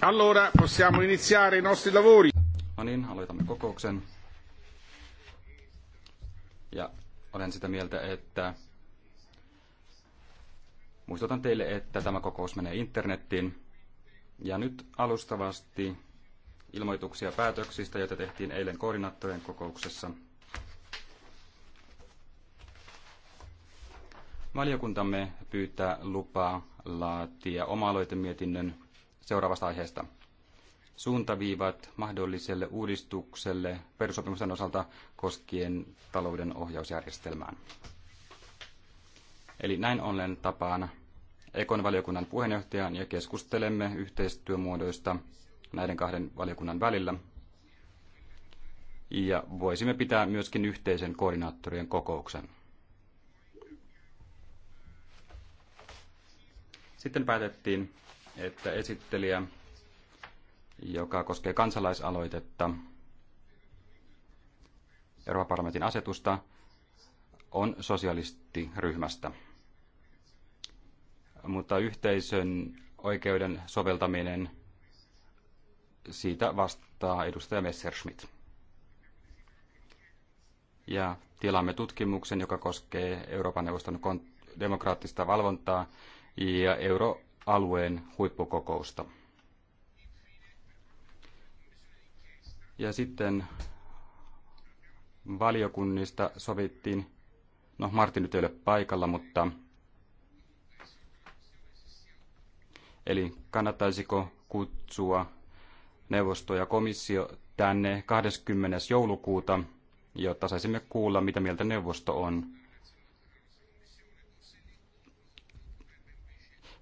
Allora possiamo iniziare i nostri lavori. No niin, aloitamme kokouksen. Ja olen sitä mieltä, että muistutan teille, että tämä kokous menee internettiin. Ja nyt alustavasti ilmoituksia päätöksistä, joita tehtiin eilen koordinaattorien kokouksessa. Valiokuntamme pyytää lupaa laatia oma-aloitemietinnön seuraavasta aiheesta. Suuntaviivat mahdolliselle uudistukselle perusopimusten osalta koskien talouden ohjausjärjestelmään. Eli näin ollen tapaan Ekon valiokunnan puheenjohtajan ja keskustelemme yhteistyömuodoista näiden kahden valiokunnan välillä. Ja voisimme pitää myöskin yhteisen koordinaattorien kokouksen. Sitten päätettiin, että esittelijä, joka koskee kansalaisaloitetta Euroopan parlamentin asetusta, on sosialistiryhmästä. Mutta yhteisön oikeuden soveltaminen, siitä vastaa edustaja Messerschmidt. Ja tilaamme tutkimuksen, joka koskee Euroopan neuvoston demokraattista valvontaa ja euro alueen huippukokousta. Ja sitten valiokunnista sovittiin, no Martin nyt ei ole paikalla, mutta eli kannattaisiko kutsua neuvosto ja komissio tänne 20. joulukuuta, jotta saisimme kuulla, mitä mieltä neuvosto on.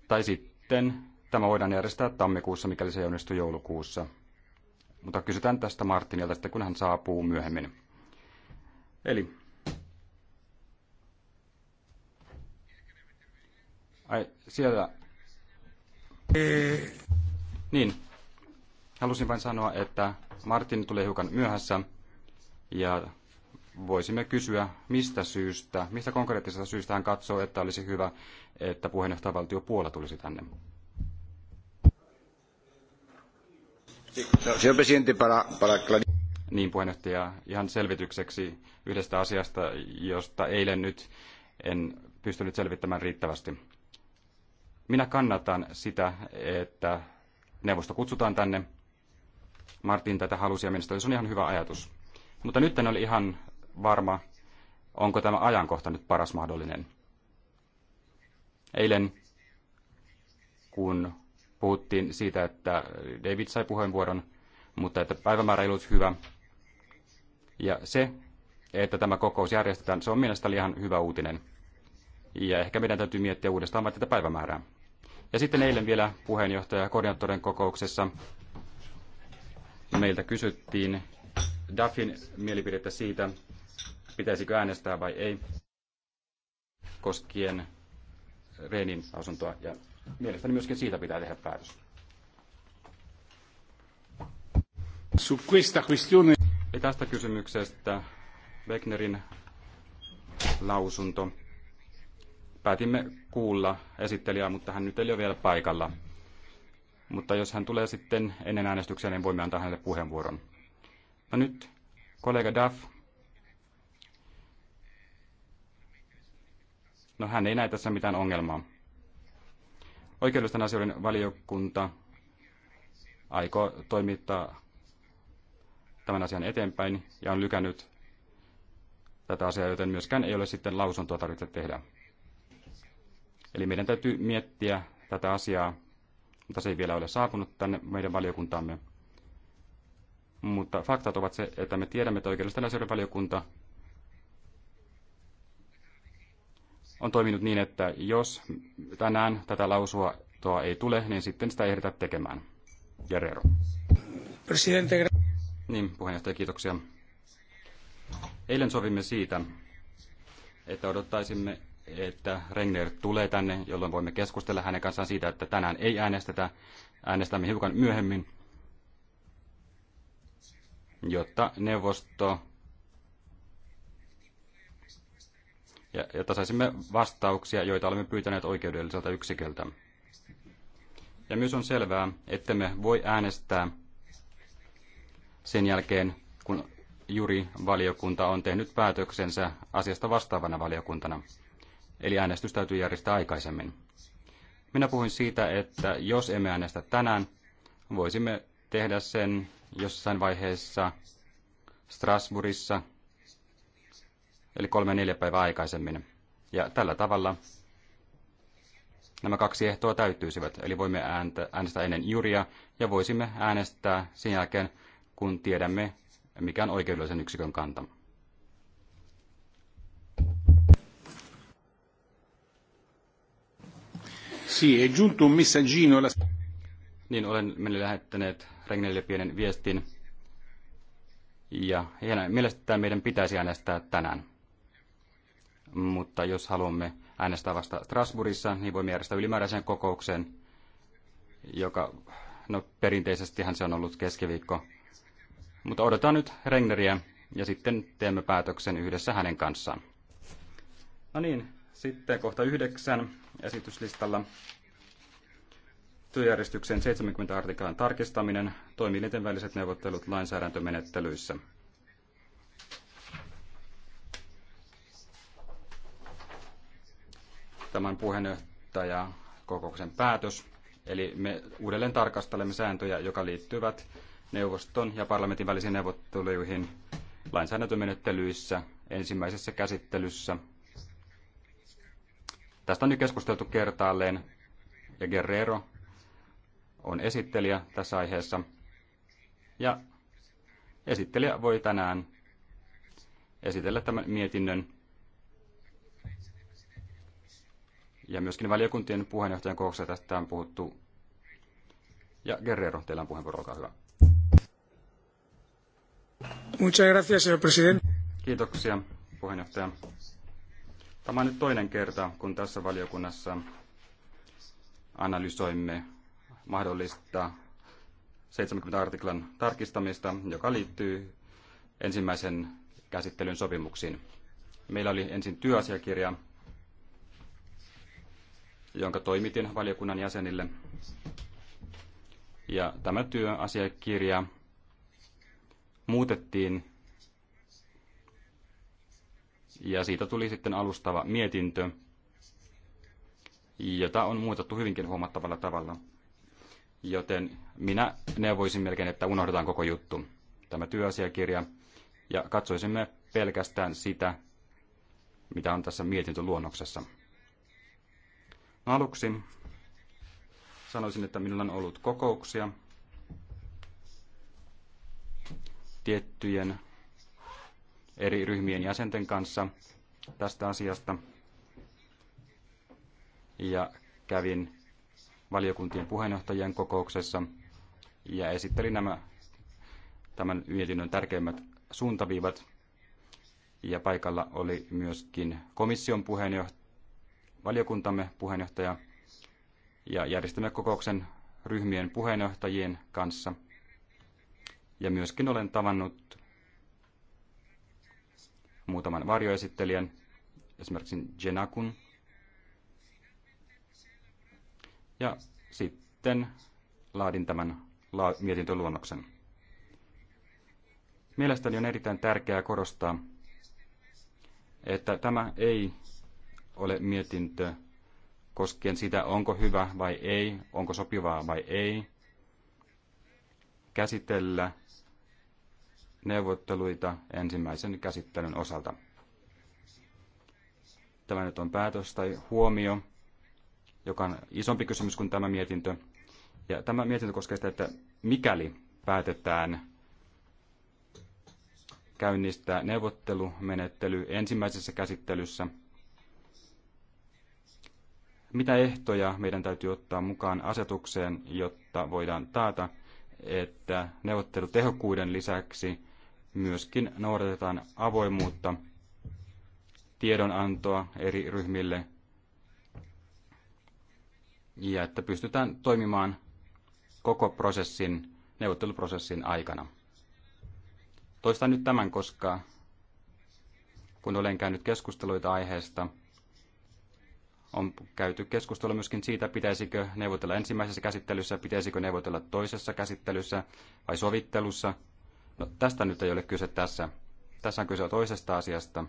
Tai sitten sitten tämä voidaan järjestää tammikuussa, mikäli se ei onnistu joulukuussa. Mutta kysytään tästä Martinilta sitten, kun hän saapuu myöhemmin. Eli Ai, siellä. Niin. Halusin vain sanoa, että Martin tulee hiukan myöhässä ja voisimme kysyä, mistä syystä, mistä konkreettisesta syystä hän katsoo, että olisi hyvä, että puheenjohtajavaltio Puola tulisi tänne. No, niin puheenjohtaja, ihan selvitykseksi yhdestä asiasta, josta eilen nyt en pystynyt selvittämään riittävästi. Minä kannatan sitä, että neuvosto kutsutaan tänne. Martin tätä halusi ja mielestäni se on ihan hyvä ajatus. Mutta nyt en ole ihan varma, onko tämä ajankohta nyt paras mahdollinen. Eilen, kun puhuttiin siitä, että David sai puheenvuoron, mutta että päivämäärä ei ollut hyvä. Ja se, että tämä kokous järjestetään, se on mielestäni ihan hyvä uutinen. Ja ehkä meidän täytyy miettiä uudestaan vain tätä päivämäärää. Ja sitten eilen vielä puheenjohtaja koordinaattorin kokouksessa meiltä kysyttiin DAFin mielipidettä siitä, pitäisikö äänestää vai ei, koskien Reinin asuntoa. Ja mielestäni myöskin siitä pitää tehdä päätös. Su questa questione... Ja tästä kysymyksestä Wegnerin lausunto. Päätimme kuulla esittelijää, mutta hän nyt ei ole vielä paikalla. Mutta jos hän tulee sitten ennen äänestyksiä, niin voimme antaa hänelle puheenvuoron. No nyt kollega Duff No hän ei näe tässä mitään ongelmaa. Oikeudellisten asioiden valiokunta aikoo toimittaa tämän asian eteenpäin ja on lykännyt tätä asiaa, joten myöskään ei ole sitten lausuntoa tarvitse tehdä. Eli meidän täytyy miettiä tätä asiaa, mutta se ei vielä ole saapunut tänne meidän valiokuntaamme. Mutta faktat ovat se, että me tiedämme, että oikeudellisten asioiden valiokunta on toiminut niin, että jos tänään tätä lausua tuo ei tule, niin sitten sitä ei ehditä tekemään. Guerrero. Presidente. Niin, puheenjohtaja, kiitoksia. Eilen sovimme siitä, että odottaisimme, että Regner tulee tänne, jolloin voimme keskustella hänen kanssaan siitä, että tänään ei äänestetä. Äänestämme hiukan myöhemmin, jotta neuvosto ja, jotta saisimme vastauksia, joita olemme pyytäneet oikeudelliselta yksiköltä. Ja myös on selvää, että me voi äänestää sen jälkeen, kun juri valiokunta on tehnyt päätöksensä asiasta vastaavana valiokuntana. Eli äänestys täytyy järjestää aikaisemmin. Minä puhuin siitä, että jos emme äänestä tänään, voisimme tehdä sen jossain vaiheessa Strasbourgissa eli kolme neljä päivää aikaisemmin. Ja tällä tavalla nämä kaksi ehtoa täyttyisivät, eli voimme äänestää ennen juria ja voisimme äänestää sen jälkeen, kun tiedämme, mikä on oikeudellisen yksikön kanta. Sì, è giunto un messaggino. La... Niin, olen meille lähettäneet Regnelle pienen viestin. Ja hienoa, mielestäni meidän pitäisi äänestää tänään mutta jos haluamme äänestää vasta Strasbourgissa, niin voimme järjestää ylimääräisen kokouksen, joka, no perinteisestihän se on ollut keskiviikko. Mutta odotetaan nyt Regneriä ja sitten teemme päätöksen yhdessä hänen kanssaan. No niin, sitten kohta yhdeksän esityslistalla työjärjestyksen 70 artiklan tarkistaminen, toimielinten väliset neuvottelut lainsäädäntömenettelyissä. tämän puheenjohtajakokouksen päätös. Eli me uudelleen tarkastelemme sääntöjä, jotka liittyvät neuvoston ja parlamentin välisiin neuvotteluihin lainsäädäntömenettelyissä ensimmäisessä käsittelyssä. Tästä on nyt keskusteltu kertaalleen ja Guerrero on esittelijä tässä aiheessa. Ja esittelijä voi tänään esitellä tämän mietinnön Ja myöskin valiokuntien puheenjohtajan kokouksessa tästä on puhuttu. Ja Guerrero, teillä on puheenvuoro, olkaa hyvä. Muchas gracias, señor presidente. Kiitoksia, puheenjohtaja. Tämä on nyt toinen kerta, kun tässä valiokunnassa analysoimme mahdollista 70 artiklan tarkistamista, joka liittyy ensimmäisen käsittelyn sopimuksiin. Meillä oli ensin työasiakirja, jonka toimitin valiokunnan jäsenille. Ja tämä työasiakirja muutettiin ja siitä tuli sitten alustava mietintö, jota on muutettu hyvinkin huomattavalla tavalla. Joten minä neuvoisin melkein, että unohdetaan koko juttu, tämä työasiakirja, ja katsoisimme pelkästään sitä, mitä on tässä mietintöluonnoksessa. Aluksi sanoisin, että minulla on ollut kokouksia tiettyjen eri ryhmien jäsenten kanssa tästä asiasta. Ja kävin valiokuntien puheenjohtajien kokouksessa ja esittelin nämä tämän mietinnön tärkeimmät suuntaviivat. Ja paikalla oli myöskin komission puheenjohtaja valiokuntamme puheenjohtaja ja järjestämme kokouksen ryhmien puheenjohtajien kanssa. Ja myöskin olen tavannut muutaman varjoesittelijän, esimerkiksi Jenakun. Ja sitten laadin tämän la- mietintöluonnoksen. Mielestäni on erittäin tärkeää korostaa, että tämä ei ole mietintö koskien sitä, onko hyvä vai ei, onko sopivaa vai ei, käsitellä neuvotteluita ensimmäisen käsittelyn osalta. Tämä nyt on päätös tai huomio, joka on isompi kysymys kuin tämä mietintö. Ja tämä mietintö koskee sitä, että mikäli päätetään käynnistää neuvottelumenettely ensimmäisessä käsittelyssä – mitä ehtoja meidän täytyy ottaa mukaan asetukseen, jotta voidaan taata, että neuvottelutehokkuuden lisäksi myöskin noudatetaan avoimuutta, tiedonantoa eri ryhmille ja että pystytään toimimaan koko prosessin, neuvotteluprosessin aikana. Toistan nyt tämän, koska kun olen käynyt keskusteluita aiheesta, on käyty keskustelua myöskin siitä, pitäisikö neuvotella ensimmäisessä käsittelyssä, pitäisikö neuvotella toisessa käsittelyssä vai sovittelussa. No, tästä nyt ei ole kyse tässä. Tässä on kyse toisesta asiasta.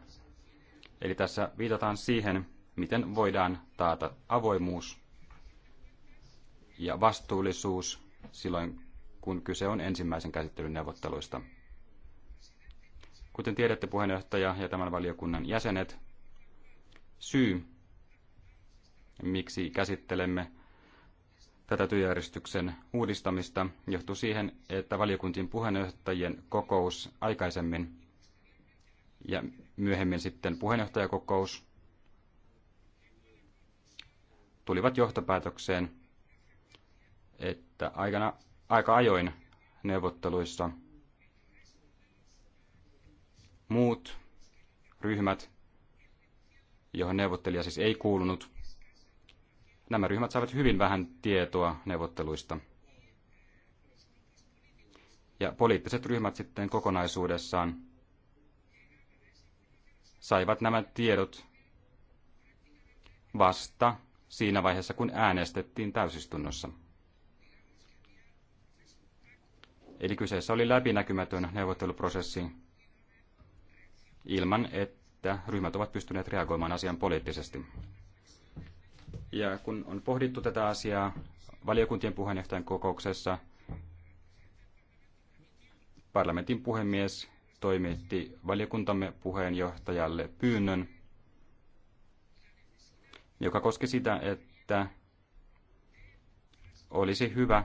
Eli tässä viitataan siihen, miten voidaan taata avoimuus ja vastuullisuus silloin, kun kyse on ensimmäisen käsittelyn neuvotteluista. Kuten tiedätte puheenjohtaja ja tämän valiokunnan jäsenet, syy, miksi käsittelemme tätä työjärjestyksen uudistamista, johtui siihen, että valiokuntien puheenjohtajien kokous aikaisemmin ja myöhemmin sitten puheenjohtajakokous tulivat johtopäätökseen, että aikana, aika ajoin neuvotteluissa muut ryhmät, johon neuvottelija siis ei kuulunut, Nämä ryhmät saivat hyvin vähän tietoa neuvotteluista. Ja poliittiset ryhmät sitten kokonaisuudessaan saivat nämä tiedot vasta siinä vaiheessa, kun äänestettiin täysistunnossa. Eli kyseessä oli läpinäkymätön neuvotteluprosessi ilman, että ryhmät ovat pystyneet reagoimaan asian poliittisesti. Ja kun on pohdittu tätä asiaa valiokuntien puheenjohtajan kokouksessa, parlamentin puhemies toimitti valiokuntamme puheenjohtajalle pyynnön, joka koski sitä, että olisi hyvä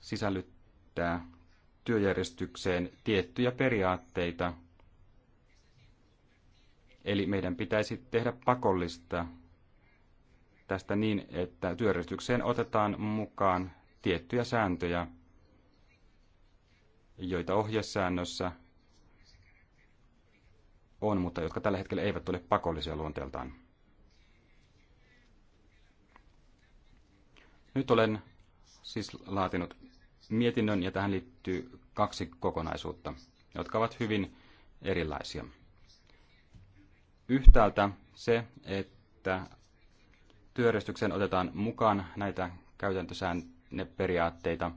sisällyttää työjärjestykseen tiettyjä periaatteita, eli meidän pitäisi tehdä pakollista tästä niin, että työjärjestykseen otetaan mukaan tiettyjä sääntöjä, joita ohjesäännössä on, mutta jotka tällä hetkellä eivät ole pakollisia luonteeltaan. Nyt olen siis laatinut mietinnön ja tähän liittyy kaksi kokonaisuutta, jotka ovat hyvin erilaisia. Yhtäältä se, että työjärjestykseen otetaan mukaan näitä käytäntösäänneperiaatteita.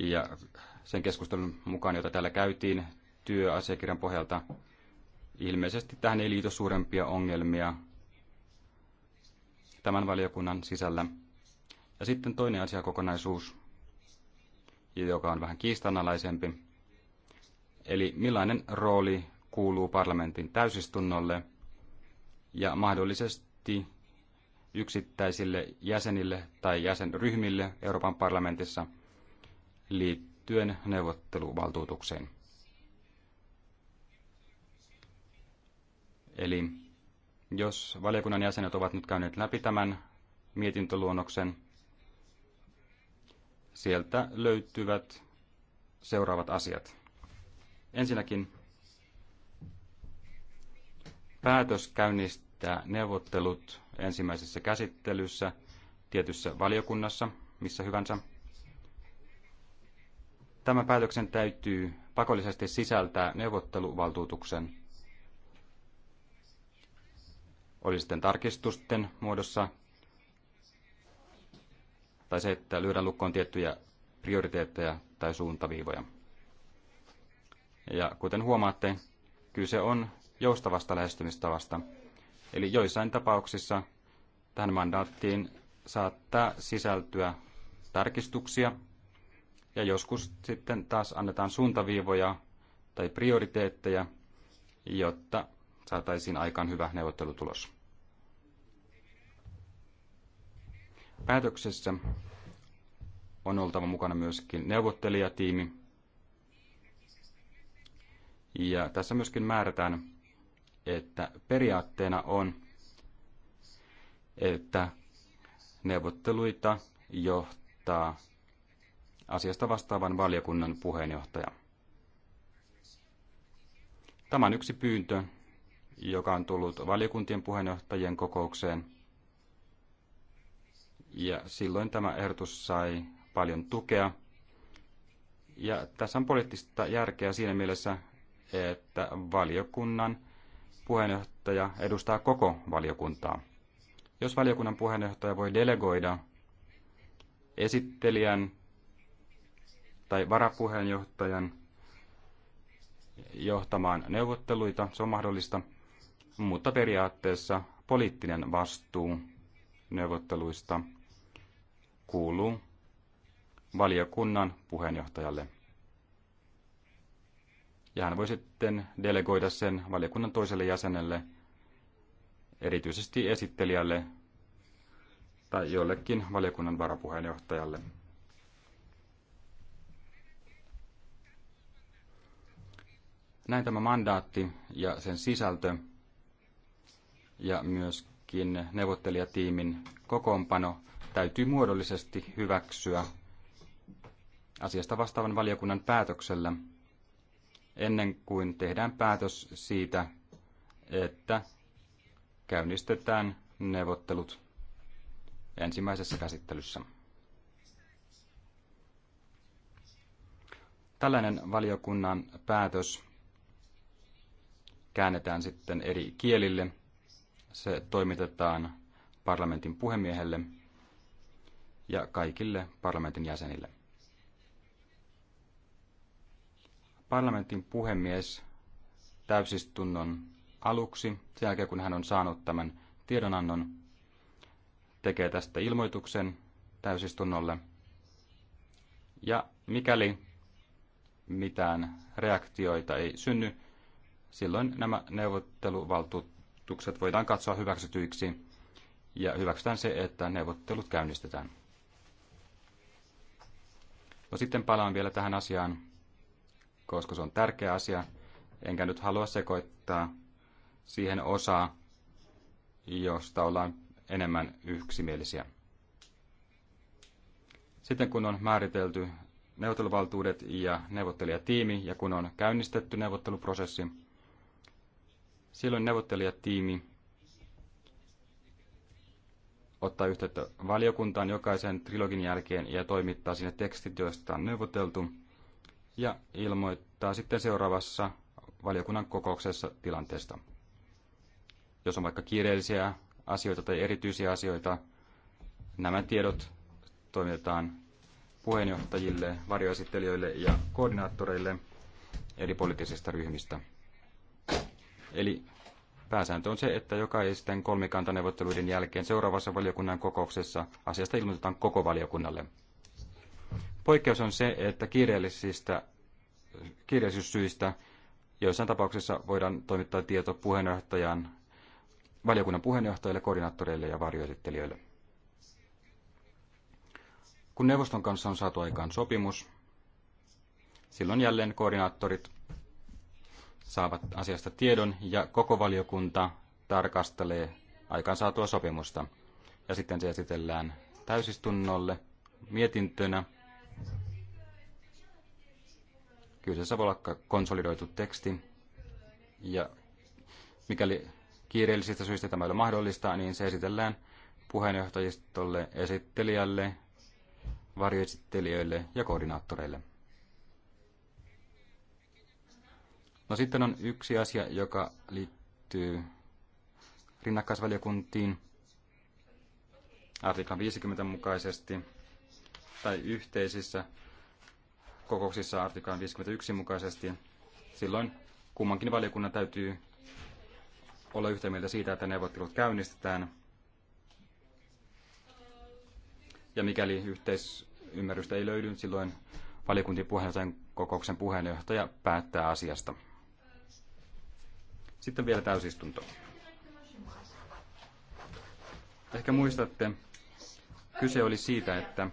Ja sen keskustelun mukaan, jota täällä käytiin työasiakirjan pohjalta, ilmeisesti tähän ei liity suurempia ongelmia tämän valiokunnan sisällä. Ja sitten toinen asiakokonaisuus, joka on vähän kiistanalaisempi. Eli millainen rooli kuuluu parlamentin täysistunnolle – ja mahdollisesti yksittäisille jäsenille tai jäsenryhmille Euroopan parlamentissa liittyen neuvotteluvaltuutukseen. Eli jos valiokunnan jäsenet ovat nyt käyneet läpi tämän mietintöluonnoksen, sieltä löytyvät seuraavat asiat. Ensinnäkin päätös käynnistää neuvottelut ensimmäisessä käsittelyssä tietyssä valiokunnassa, missä hyvänsä. Tämä päätöksen täytyy pakollisesti sisältää neuvotteluvaltuutuksen. Oli sitten tarkistusten muodossa tai se, että lyödään lukkoon tiettyjä prioriteetteja tai suuntaviivoja. Ja kuten huomaatte, kyse on joustavasta lähestymistavasta. Eli joissain tapauksissa tähän mandaattiin saattaa sisältyä tarkistuksia, ja joskus sitten taas annetaan suuntaviivoja tai prioriteetteja, jotta saataisiin aikaan hyvä neuvottelutulos. Päätöksessä on oltava mukana myöskin neuvottelijatiimi. Ja tässä myöskin määrätään, että periaatteena on, että neuvotteluita johtaa asiasta vastaavan valiokunnan puheenjohtaja. Tämä on yksi pyyntö, joka on tullut valiokuntien puheenjohtajien kokoukseen. Ja silloin tämä ehdotus sai paljon tukea. Ja tässä on poliittista järkeä siinä mielessä, että valiokunnan puheenjohtaja edustaa koko valiokuntaa. Jos valiokunnan puheenjohtaja voi delegoida esittelijän tai varapuheenjohtajan johtamaan neuvotteluita, se on mahdollista, mutta periaatteessa poliittinen vastuu neuvotteluista kuuluu valiokunnan puheenjohtajalle ja hän voi sitten delegoida sen valiokunnan toiselle jäsenelle, erityisesti esittelijälle tai jollekin valiokunnan varapuheenjohtajalle. Näin tämä mandaatti ja sen sisältö ja myöskin neuvottelijatiimin kokoonpano täytyy muodollisesti hyväksyä asiasta vastaavan valiokunnan päätöksellä – ennen kuin tehdään päätös siitä, että käynnistetään neuvottelut ensimmäisessä käsittelyssä. Tällainen valiokunnan päätös käännetään sitten eri kielille. Se toimitetaan parlamentin puhemiehelle ja kaikille parlamentin jäsenille. parlamentin puhemies täysistunnon aluksi, sen jälkeen kun hän on saanut tämän tiedonannon, tekee tästä ilmoituksen täysistunnolle. Ja mikäli mitään reaktioita ei synny, silloin nämä neuvotteluvaltuutukset voidaan katsoa hyväksytyiksi ja hyväksytään se, että neuvottelut käynnistetään. No sitten palaan vielä tähän asiaan, koska se on tärkeä asia. Enkä nyt halua sekoittaa siihen osaa, josta ollaan enemmän yksimielisiä. Sitten kun on määritelty neuvotteluvaltuudet ja neuvottelijatiimi ja kun on käynnistetty neuvotteluprosessi, silloin neuvottelijatiimi ottaa yhteyttä valiokuntaan jokaisen trilogin jälkeen ja toimittaa sinne tekstit, joista on neuvoteltu – ja ilmoittaa sitten seuraavassa valiokunnan kokouksessa tilanteesta. Jos on vaikka kiireellisiä asioita tai erityisiä asioita, nämä tiedot toimitetaan puheenjohtajille, varjoesittelijöille ja koordinaattoreille eri poliittisista ryhmistä. Eli pääsääntö on se, että jokaisten kolmikantaneuvotteluiden jälkeen seuraavassa valiokunnan kokouksessa asiasta ilmoitetaan koko valiokunnalle. Poikkeus on se, että kiireellisistä, kiireellisyyssyistä joissain tapauksissa voidaan toimittaa tieto puheenjohtajan, valiokunnan puheenjohtajille, koordinaattoreille ja varjoesittelijöille. Kun neuvoston kanssa on saatu aikaan sopimus, silloin jälleen koordinaattorit saavat asiasta tiedon ja koko valiokunta tarkastelee saatua sopimusta. Ja sitten se esitellään täysistunnolle mietintönä Kyseessä voi olla konsolidoitu teksti, ja mikäli kiireellisistä syistä tämä ei ole mahdollista, niin se esitellään puheenjohtajistolle, esittelijälle, varjoesittelijöille ja koordinaattoreille. No sitten on yksi asia, joka liittyy rinnakkaisvaliokuntiin artiklan 50 mukaisesti tai yhteisissä kokouksissa artiklan 51 mukaisesti, silloin kummankin valiokunnan täytyy olla yhtä mieltä siitä, että neuvottelut käynnistetään. Ja mikäli yhteisymmärrystä ei löydy, silloin valiokuntien puheenjohtajan kokouksen puheenjohtaja päättää asiasta. Sitten vielä täysistunto. Ehkä muistatte, kyse oli siitä, että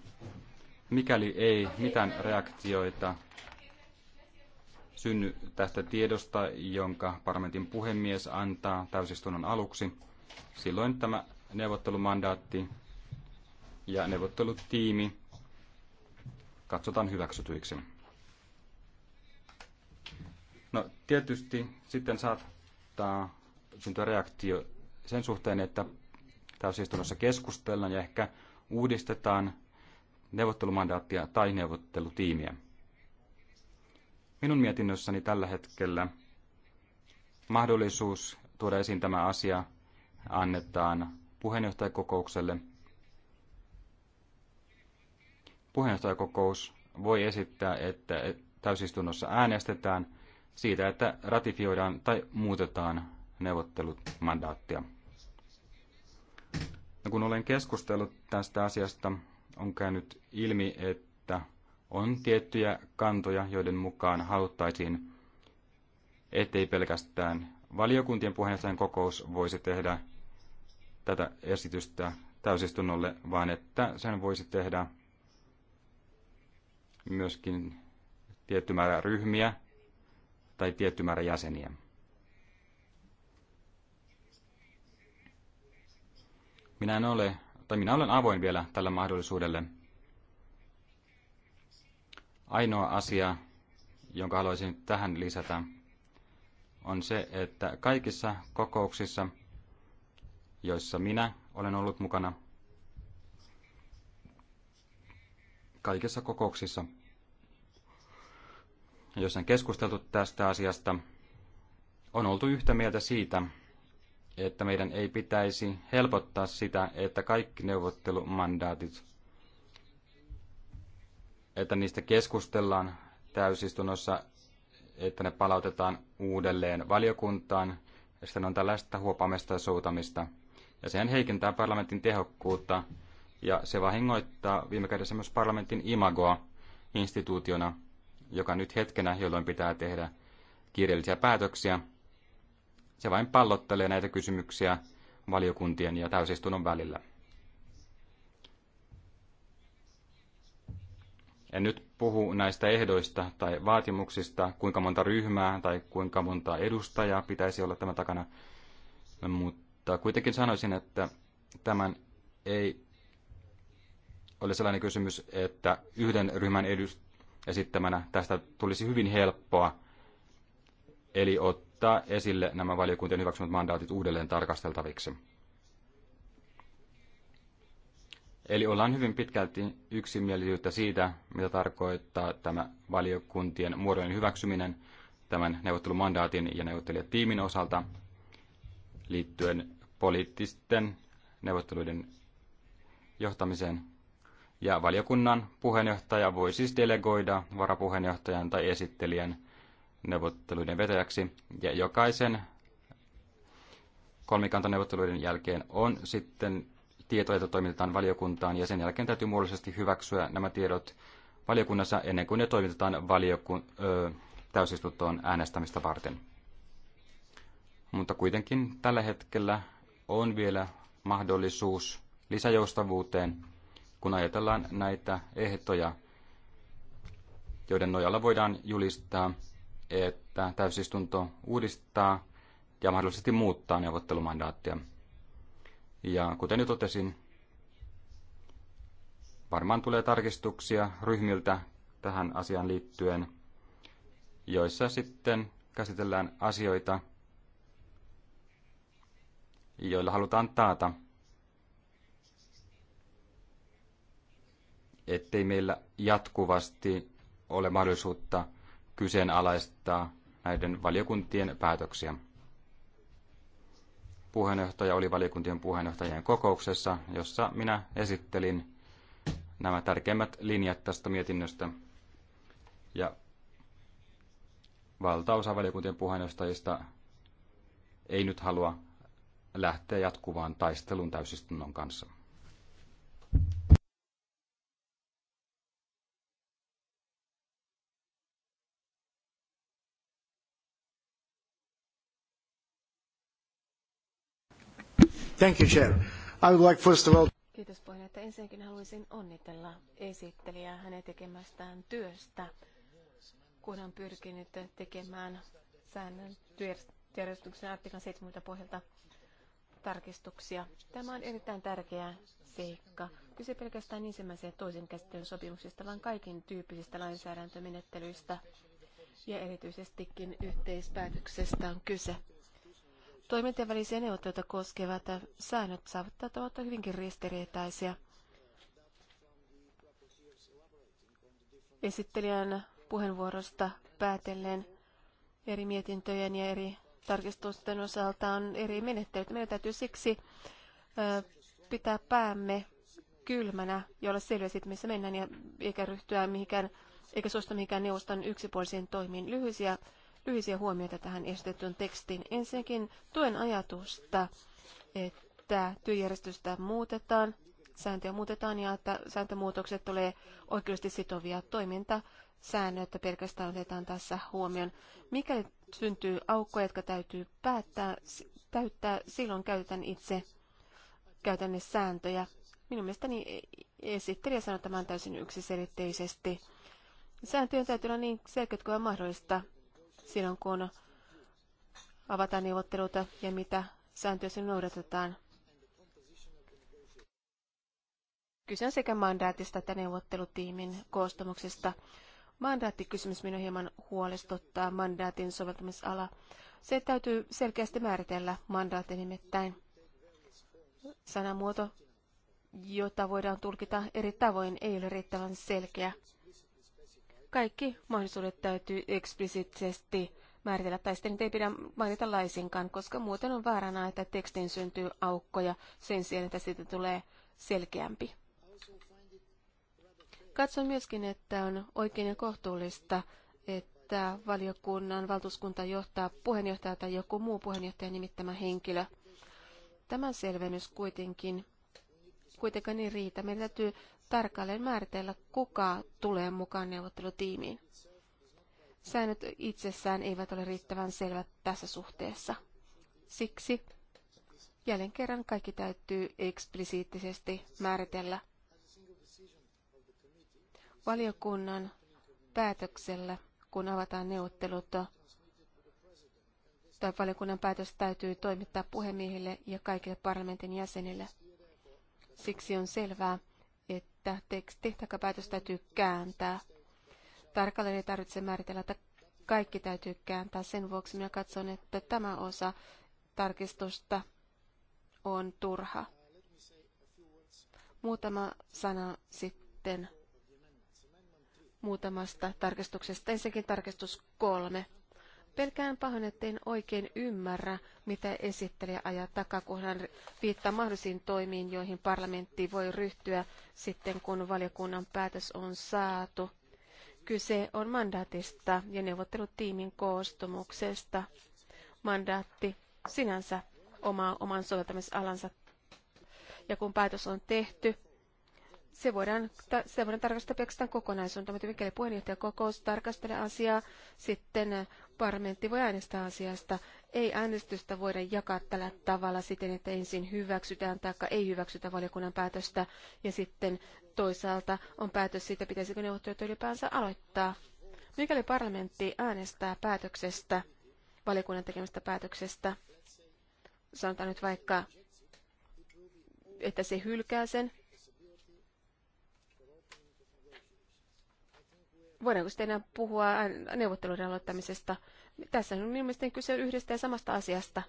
mikäli ei mitään reaktioita synny tästä tiedosta, jonka parlamentin puhemies antaa täysistunnon aluksi, silloin tämä neuvottelumandaatti ja neuvottelutiimi katsotaan hyväksytyiksi. No tietysti sitten saattaa syntyä reaktio sen suhteen, että täysistunnossa keskustellaan ja ehkä uudistetaan neuvottelumandaattia tai neuvottelutiimiä. Minun mietinnössäni tällä hetkellä mahdollisuus tuoda esiin tämä asia annetaan puheenjohtajakokoukselle. Puheenjohtajakokous voi esittää, että täysistunnossa äänestetään siitä, että ratifioidaan tai muutetaan neuvottelumandaattia. Ja no, kun olen keskustellut tästä asiasta on käynyt ilmi, että on tiettyjä kantoja, joiden mukaan haluttaisiin, ettei pelkästään valiokuntien puheenjohtajan kokous voisi tehdä tätä esitystä täysistunnolle, vaan että sen voisi tehdä myöskin tietty määrä ryhmiä tai tietty määrä jäseniä. Minä en ole mutta minä olen avoin vielä tällä mahdollisuudelle. Ainoa asia, jonka haluaisin tähän lisätä, on se, että kaikissa kokouksissa, joissa minä olen ollut mukana, kaikissa kokouksissa, joissa on keskusteltu tästä asiasta, on oltu yhtä mieltä siitä, että meidän ei pitäisi helpottaa sitä, että kaikki neuvottelumandaatit, että niistä keskustellaan täysistunnossa, että ne palautetaan uudelleen valiokuntaan, ja sitten on tällaista huopamista ja soutamista. Ja sehän heikentää parlamentin tehokkuutta, ja se vahingoittaa viime kädessä myös parlamentin imagoa instituutiona, joka nyt hetkenä, jolloin pitää tehdä kiireellisiä päätöksiä, se vain pallottelee näitä kysymyksiä valiokuntien ja täysistunnon välillä. En nyt puhu näistä ehdoista tai vaatimuksista, kuinka monta ryhmää tai kuinka monta edustajaa pitäisi olla tämän takana, mutta kuitenkin sanoisin, että tämän ei ole sellainen kysymys, että yhden ryhmän edust- esittämänä tästä tulisi hyvin helppoa eli ottaa esille nämä valiokuntien hyväksymät mandaatit uudelleen tarkasteltaviksi. Eli ollaan hyvin pitkälti yksimielisyyttä siitä, mitä tarkoittaa tämä valiokuntien muodollinen hyväksyminen tämän neuvottelumandaatin ja neuvottelijatiimin osalta liittyen poliittisten neuvotteluiden johtamiseen. Ja valiokunnan puheenjohtaja voi siis delegoida varapuheenjohtajan tai esittelijän neuvotteluiden vetäjäksi ja jokaisen kolmikantaneuvotteluiden jälkeen on sitten tietoja, joita toimitetaan valiokuntaan ja sen jälkeen täytyy muodollisesti hyväksyä nämä tiedot valiokunnassa ennen kuin ne toimitetaan valiokun, ö, täysistuntoon äänestämistä varten. Mutta kuitenkin tällä hetkellä on vielä mahdollisuus lisäjoustavuuteen, kun ajatellaan näitä ehtoja, joiden nojalla voidaan julistaa että täysistunto uudistaa ja mahdollisesti muuttaa neuvottelumandaattia. Ja kuten jo totesin, varmaan tulee tarkistuksia ryhmiltä tähän asiaan liittyen, joissa sitten käsitellään asioita, joilla halutaan taata, ettei meillä jatkuvasti ole mahdollisuutta kyseenalaistaa näiden valiokuntien päätöksiä. Puheenjohtaja oli valiokuntien puheenjohtajien kokouksessa, jossa minä esittelin nämä tärkeimmät linjat tästä mietinnöstä. Ja valtaosa valiokuntien puheenjohtajista ei nyt halua lähteä jatkuvaan taisteluun täysistunnon kanssa. Thank you, Chair. I would like first of all... Kiitos puheenjohtaja. Ensinnäkin haluaisin onnitella esittelijää hänen tekemästään työstä, kun hän pyrkinyt tekemään säännön työjärjestyksen artiklan 70 pohjalta tarkistuksia. Tämä on erittäin tärkeä seikka. Kyse pelkästään ensimmäisen ja toisen käsittelyn sopimuksista, vaan kaikin tyyppisistä lainsäädäntömenettelyistä ja erityisestikin yhteispäätöksestä on kyse. Toimintien välisiä neuvotteluita koskevat säännöt saavuttavat ovat hyvinkin ristiriitaisia. Esittelijän puheenvuorosta päätellen eri mietintöjen ja eri tarkistusten osalta on eri menettelyt. Meidän täytyy siksi pitää päämme kylmänä, jolla selviä sitten, missä mennään, ja eikä ryhtyä mihinkään, eikä suosta mihinkään neuvoston yksipuolisiin toimiin. Lyhyisiä lyhyisiä huomioita tähän esitettyyn tekstiin. Ensinnäkin tuen ajatusta, että työjärjestystä muutetaan, sääntöjä muutetaan ja että sääntömuutokset tulee oikeasti sitovia toiminta säännöt pelkästään otetaan tässä huomioon. Mikäli syntyy aukkoja, jotka täytyy päättää, täyttää, silloin käytän itse käytännön sääntöjä. Minun mielestäni esittelijä sanoi tämän täysin yksiselitteisesti. Sääntöjen täytyy olla niin selkeät kuin mahdollista silloin, kun avataan neuvotteluita ja mitä sääntöjä noudatetaan. Kyse on sekä mandaatista että neuvottelutiimin koostumuksesta. Mandaattikysymys minua hieman huolestuttaa mandaatin soveltamisala. Se täytyy selkeästi määritellä mandaatin nimittäin. Sanamuoto, jota voidaan tulkita eri tavoin, ei ole riittävän selkeä kaikki mahdollisuudet täytyy eksplisiittisesti määritellä, tai sitten niitä ei pidä mainita laisinkaan, koska muuten on vaarana, että tekstiin syntyy aukkoja sen sijaan, että siitä tulee selkeämpi. Katson myöskin, että on oikein ja kohtuullista, että valiokunnan valtuuskunta johtaa puheenjohtaja tai joku muu puheenjohtaja nimittämä henkilö. Tämä selvennys kuitenkin kuitenkaan ei riitä. Meidän täytyy tarkalleen määritellä, kuka tulee mukaan neuvottelutiimiin. Säännöt itsessään eivät ole riittävän selvät tässä suhteessa. Siksi jälleen kerran kaikki täytyy eksplisiittisesti määritellä. Valiokunnan päätöksellä, kun avataan neuvottelut, tai valiokunnan päätös täytyy toimittaa puhemiehille ja kaikille parlamentin jäsenille. Siksi on selvää, että teksti tai päätös täytyy kääntää. Tarkalleen ei tarvitse määritellä, että kaikki täytyy kääntää. Sen vuoksi minä katson, että tämä osa tarkistusta on turha. Muutama sana sitten muutamasta tarkistuksesta. Ensinnäkin tarkistus kolme. Pelkään pahoin, että en oikein ymmärrä, mitä esittelijä ajaa takaa, kun hän viittaa mahdollisiin toimiin, joihin parlamentti voi ryhtyä sitten, kun valiokunnan päätös on saatu. Kyse on mandaatista ja neuvottelutiimin koostumuksesta. Mandaatti sinänsä oma, oman soveltamisalansa. Ja kun päätös on tehty, se voidaan, ta, se voidaan tarkastaa pelkästään kokonaisuutta, mutta mikäli puheenjohtajakokous tarkastelee asiaa, sitten Parlamentti voi äänestää asiasta. Ei äänestystä voida jakaa tällä tavalla siten, että ensin hyväksytään tai ei hyväksytä valiokunnan päätöstä ja sitten toisaalta on päätös siitä, pitäisikö neuvottelut ylipäänsä aloittaa. Mikäli parlamentti äänestää päätöksestä, valiokunnan tekemästä päätöksestä, sanotaan nyt vaikka, että se hylkää sen, voidaanko sitten enää puhua neuvotteluiden aloittamisesta? Tässä on mielestäni kyse yhdestä ja samasta asiasta.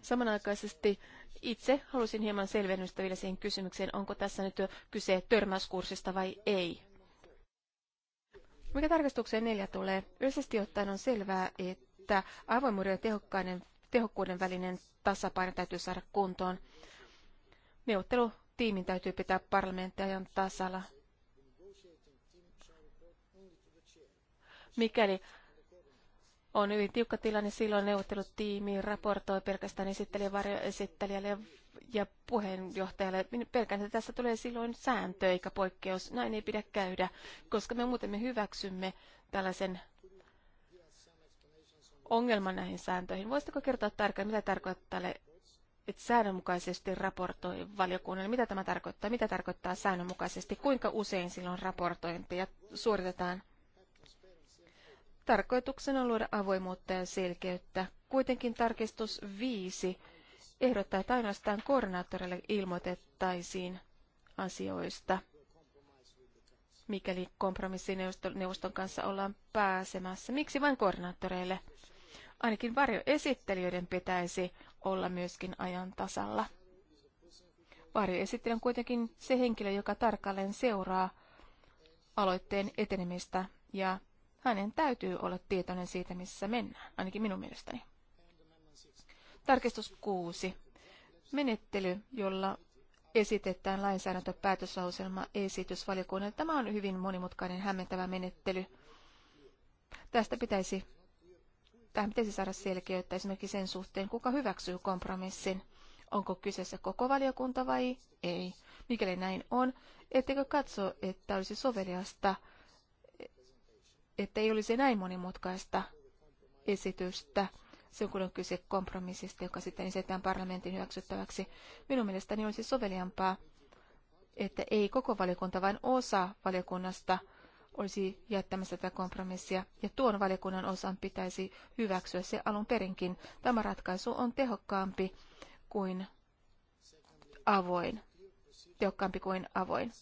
Samanaikaisesti itse halusin hieman selvennystä vielä siihen kysymykseen, onko tässä nyt kyse törmäyskurssista vai ei. Mikä tarkastukseen neljä tulee? Yleisesti ottaen on selvää, että avoimuuden ja tehokkaiden, tehokkuuden välinen tasapaino täytyy saada kuntoon. Neuvottelutiimin täytyy pitää ajan tasalla. Mikäli on hyvin tiukka tilanne, silloin neuvottelutiimi raportoi pelkästään esittelijä, esittelijälle ja puheenjohtajalle. Pelkään, että tässä tulee silloin sääntö eikä poikkeus. Näin ei pidä käydä, koska me muuten me hyväksymme tällaisen ongelman näihin sääntöihin. Voisitko kertoa tarkemmin, mitä tarkoittaa tälle, että säännönmukaisesti raportoi valiokunnalle? Mitä tämä tarkoittaa? Mitä tarkoittaa säännönmukaisesti? Kuinka usein silloin raportointia suoritetaan? Tarkoituksena on luoda avoimuutta ja selkeyttä. Kuitenkin tarkistus 5 ehdottaa, että ainoastaan koordinaattorille ilmoitettaisiin asioista, mikäli kompromissineuvoston kanssa ollaan pääsemässä. Miksi vain koordinaattoreille? Ainakin varjoesittelijöiden pitäisi olla myöskin ajan tasalla. Varjoesittelijä on kuitenkin se henkilö, joka tarkalleen seuraa aloitteen etenemistä ja hänen täytyy olla tietoinen siitä, missä mennään, ainakin minun mielestäni. Tarkistus 6. Menettely, jolla esitetään lainsäädäntöpäätöslauselma esitys valiokunnalle. Tämä on hyvin monimutkainen, hämmentävä menettely. Tästä pitäisi, tähän pitäisi saada selkeyttä esimerkiksi sen suhteen, kuka hyväksyy kompromissin. Onko kyseessä koko valiokunta vai ei? Mikäli näin on, ettekö katso, että olisi soveliasta että ei olisi näin monimutkaista esitystä se kun on kyse kompromissista, joka sitten esitetään parlamentin hyväksyttäväksi. Minun mielestäni olisi soveliampaa, että ei koko valiokunta, vain osa valiokunnasta olisi jättämässä tätä kompromissia, ja tuon valiokunnan osan pitäisi hyväksyä se alun perinkin. Tämä ratkaisu on tehokkaampi kuin avoin, tehokkaampi kuin avoin,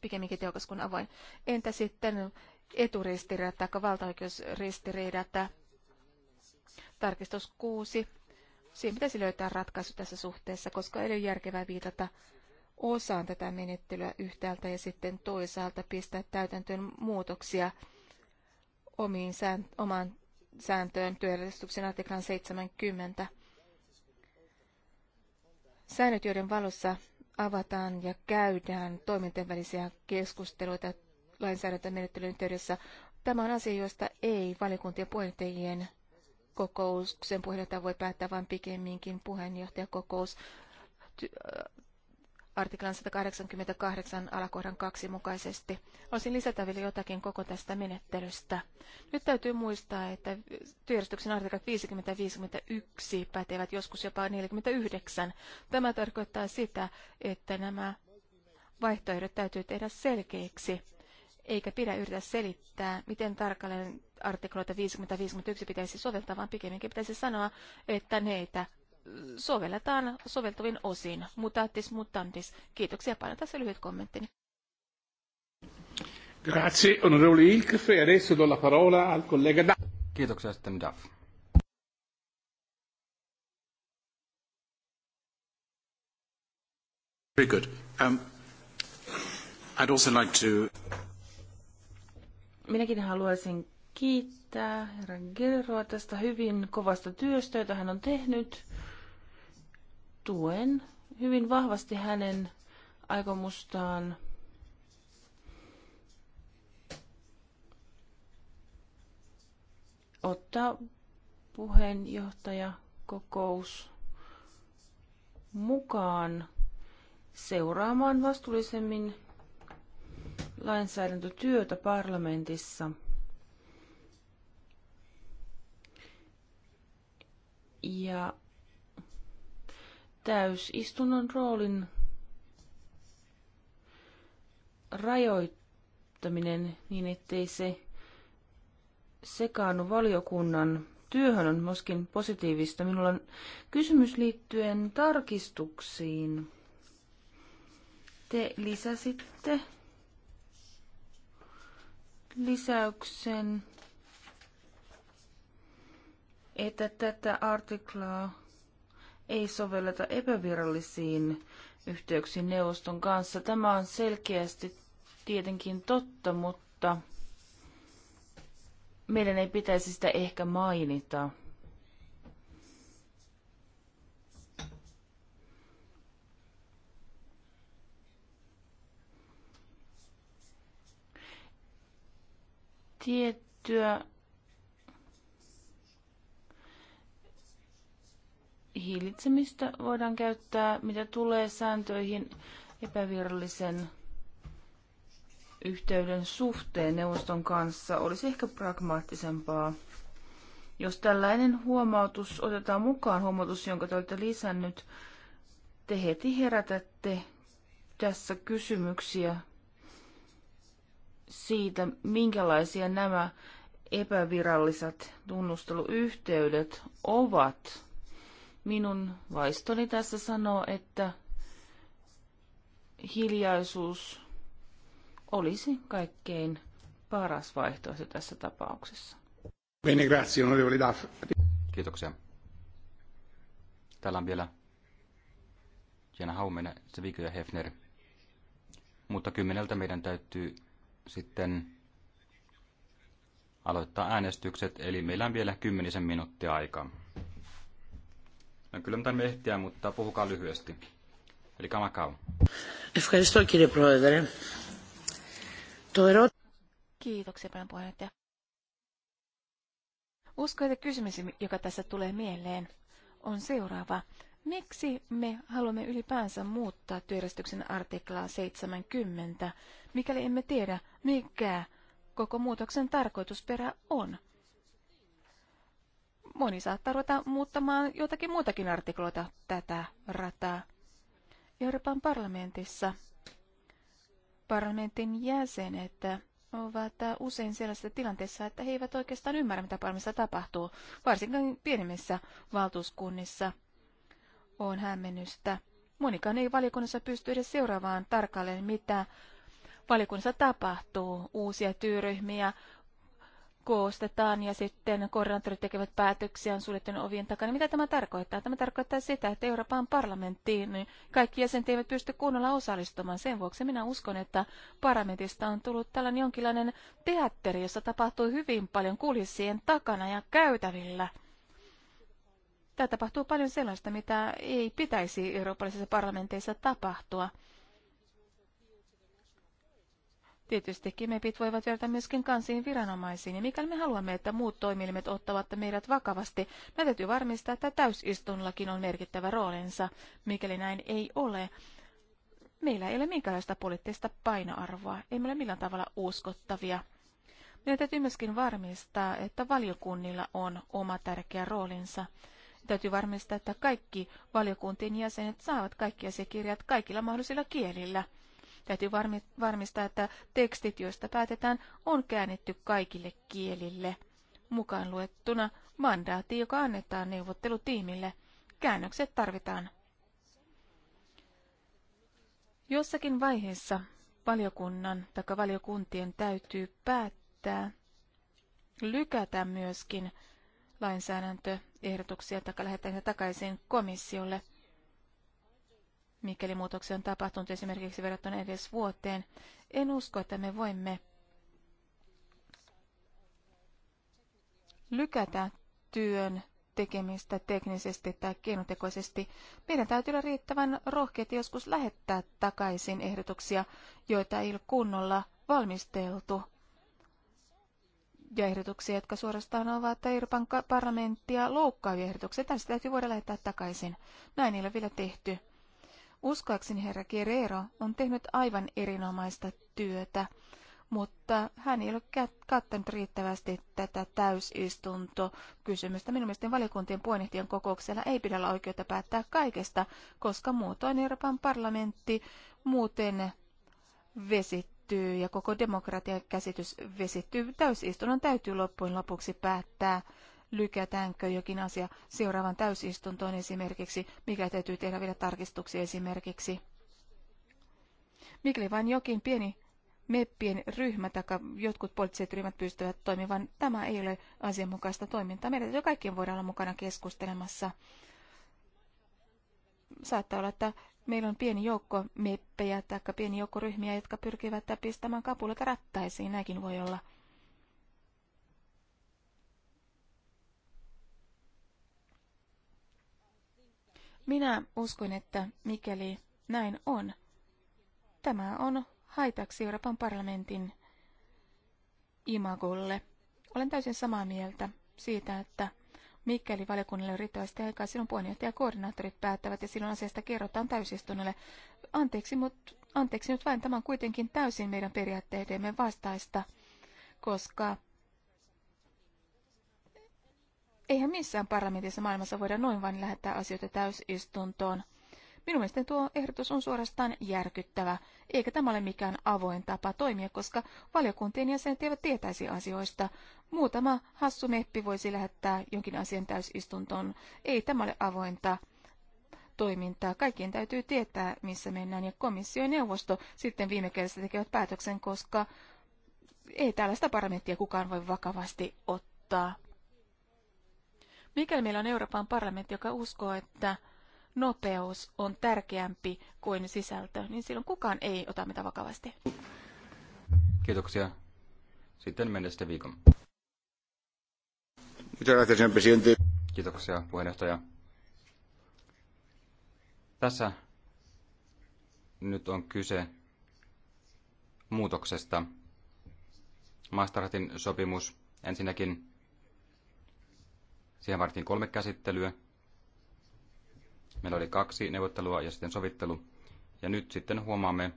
pikemminkin tehokas kuin avoin. Entä sitten eturistiriidat tai valtaoikeusristiriidat. Tarkistus kuusi. Siihen pitäisi löytää ratkaisu tässä suhteessa, koska ei ole järkevää viitata osaan tätä menettelyä yhtäältä ja sitten toisaalta pistää täytäntöön muutoksia omiin sään, omaan sääntöön työjärjestyksen artiklan 70. Säännöt, joiden valossa avataan ja käydään toimintojen välisiä keskusteluita lainsäädäntömenettelyn yhteydessä. Tämä on asia, josta ei valiokuntien puheenjohtajien kokouksen puheenjohtaja voi päättää, vaan pikemminkin puheenjohtajakokous äh, artiklan 188 alakohdan 2 mukaisesti. Olisin lisätä vielä jotakin koko tästä menettelystä. Nyt täytyy muistaa, että työjärjestyksen artiklat 50 ja 51 pätevät joskus jopa 49. Tämä tarkoittaa sitä, että nämä vaihtoehdot täytyy tehdä selkeiksi eikä pidä yritä selittää, miten tarkalleen artikloita 50-51 pitäisi soveltaa, vaan pikemminkin pitäisi sanoa, että neitä sovelletaan soveltuvin osin. Mutatis mutandis. Kiitoksia paljon. Tässä lyhyt kommenttini. Grazie, onorevole Ilkef. E adesso do la parola al collega Duff. Kiitoksia sitten Daf. Very good. Um, I'd also like to... Minäkin haluaisin kiittää herra Gerroa tästä hyvin kovasta työstä, jota hän on tehnyt. Tuen hyvin vahvasti hänen aikomustaan ottaa kokous mukaan seuraamaan vastuullisemmin lainsäädäntötyötä parlamentissa. Ja täysistunnon roolin rajoittaminen niin, ettei se sekaannu valiokunnan työhön on myöskin positiivista. Minulla on kysymys liittyen tarkistuksiin. Te lisäsitte lisäyksen, että tätä artiklaa ei sovelleta epävirallisiin yhteyksiin neuvoston kanssa. Tämä on selkeästi tietenkin totta, mutta meidän ei pitäisi sitä ehkä mainita. tiettyä hillitsemistä voidaan käyttää, mitä tulee sääntöihin epävirallisen yhteyden suhteen neuvoston kanssa, olisi ehkä pragmaattisempaa. Jos tällainen huomautus otetaan mukaan, huomautus, jonka te olette lisännyt, te heti herätätte tässä kysymyksiä siitä, minkälaisia nämä epäviralliset tunnusteluyhteydet ovat. Minun vaistoni tässä sanoo, että hiljaisuus olisi kaikkein paras vaihtoehto tässä tapauksessa. Bene, grazie, onorevoli Daff. Kiitoksia. Täällä on vielä Jena Haumena, Sevikö ja Hefner. Mutta kymmeneltä meidän täytyy sitten aloittaa äänestykset, eli meillä on vielä kymmenisen minuuttia aikaa. No kyllä mitään ehtiä, mutta puhukaa lyhyesti. Eli kamakau. Kiitoksia paljon puheenjohtaja. Usko, että kysymys, joka tässä tulee mieleen, on seuraava. Miksi me haluamme ylipäänsä muuttaa työjärjestyksen artiklaa 70, mikäli emme tiedä, mikä koko muutoksen tarkoitusperä on? Moni saattaa ruveta muuttamaan jotakin muutakin artikloita tätä rataa. Euroopan parlamentissa parlamentin jäsenet ovat usein sellaisessa tilanteessa, että he eivät oikeastaan ymmärrä, mitä parlamentissa tapahtuu, varsinkin pienemmissä valtuuskunnissa – on hämmennystä. Monikaan ei valiokunnassa pysty edes seuraavaan tarkalleen, mitä valiokunnassa tapahtuu. Uusia työryhmiä koostetaan ja sitten koordinaattorit tekevät päätöksiä on suljettujen ovien takana. Mitä tämä tarkoittaa? Tämä tarkoittaa sitä, että Euroopan parlamenttiin niin kaikki jäsenet eivät pysty kunnolla osallistumaan. Sen vuoksi minä uskon, että parlamentista on tullut tällainen jonkinlainen teatteri, jossa tapahtuu hyvin paljon kulissien takana ja käytävillä – Tämä tapahtuu paljon sellaista, mitä ei pitäisi eurooppalaisissa parlamenteissa tapahtua. Tietystikin mepit voivat verrata myöskin kansiin viranomaisiin, ja mikäli me haluamme, että muut toimielimet ottavat meidät vakavasti, me täytyy varmistaa, että täysistunnollakin on merkittävä roolinsa. Mikäli näin ei ole, meillä ei ole minkäänlaista poliittista painoarvoa, emme ole millään tavalla uskottavia. Meidän täytyy myöskin varmistaa, että valiokunnilla on oma tärkeä roolinsa. Täytyy varmistaa, että kaikki valiokuntien jäsenet saavat kaikki asiakirjat kaikilla mahdollisilla kielillä. Täytyy varmistaa, että tekstit, joista päätetään, on käännetty kaikille kielille. Mukaan luettuna mandaatti, joka annetaan neuvottelutiimille. Käännökset tarvitaan. Jossakin vaiheessa valiokunnan tai valiokuntien täytyy päättää lykätä myöskin lainsäädäntöehdotuksia tai lähetetään ne takaisin komissiolle, mikäli muutoksia on tapahtunut esimerkiksi verrattuna edes vuoteen. En usko, että me voimme lykätä työn tekemistä teknisesti tai keinotekoisesti. Meidän täytyy olla riittävän rohkeita joskus lähettää takaisin ehdotuksia, joita ei ole kunnolla valmisteltu ja ehdotuksia, jotka suorastaan ovat Euroopan parlamenttia loukkaavia ehdotuksia. Tästä täytyy voida lähettää takaisin. Näin ei ole vielä tehty. Uskoakseni herra Guerrero on tehnyt aivan erinomaista työtä, mutta hän ei ole kattanut riittävästi tätä täysistuntokysymystä. Minun mielestäni valiokuntien puheenjohtajan kokouksella ei pidä olla oikeutta päättää kaikesta, koska muutoin Euroopan parlamentti muuten vesittää vesittyy ja koko käsitys vesittyy. Täysistunnon täytyy loppujen lopuksi päättää, lykätäänkö jokin asia seuraavan täysistuntoon esimerkiksi, mikä täytyy tehdä vielä tarkistuksia esimerkiksi. Mikäli vain jokin pieni meppien ryhmä tai jotkut poliittiset ryhmät pystyvät toimimaan, tämä ei ole asianmukaista toimintaa. Meidän täytyy kaikkien voidaan olla mukana keskustelemassa. Saattaa olla, että meillä on pieni joukko meppejä tai pieni joukko ryhmiä, jotka pyrkivät pistämään kapuleita rattaisiin. Näinkin voi olla. Minä uskon, että mikäli näin on, tämä on haitaksi Euroopan parlamentin imagolle. Olen täysin samaa mieltä siitä, että Mikäli valiokunnalle on riittävästi aikaa, silloin puheenjohtaja ja koordinaattorit päättävät ja silloin asiasta kerrotaan täysistunnolle. Anteeksi, mutta anteeksi nyt vain, tämä on kuitenkin täysin meidän periaatteidemme vastaista, koska eihän missään parlamentissa maailmassa voida noin vain lähettää asioita täysistuntoon. Minun mielestäni tuo ehdotus on suorastaan järkyttävä, eikä tämä ole mikään avoin tapa toimia, koska valiokuntien jäsenet eivät tietäisi asioista. Muutama hassu meppi voisi lähettää jonkin asian täysistuntoon. Ei tämä ole avointa toimintaa. Kaikkien täytyy tietää, missä mennään, ja komissio ja neuvosto sitten viime kädessä tekevät päätöksen, koska ei tällaista parlamenttia kukaan voi vakavasti ottaa. Mikäli meillä on Euroopan parlamentti, joka uskoo, että nopeus on tärkeämpi kuin sisältö, niin silloin kukaan ei ota mitä vakavasti. Kiitoksia. Sitten sitten viikon. Kiitoksia puheenjohtaja. Tässä nyt on kyse muutoksesta. Maastrahtin sopimus ensinnäkin. Siihen vartin kolme käsittelyä. Meillä oli kaksi neuvottelua ja sitten sovittelu. Ja nyt sitten huomaamme,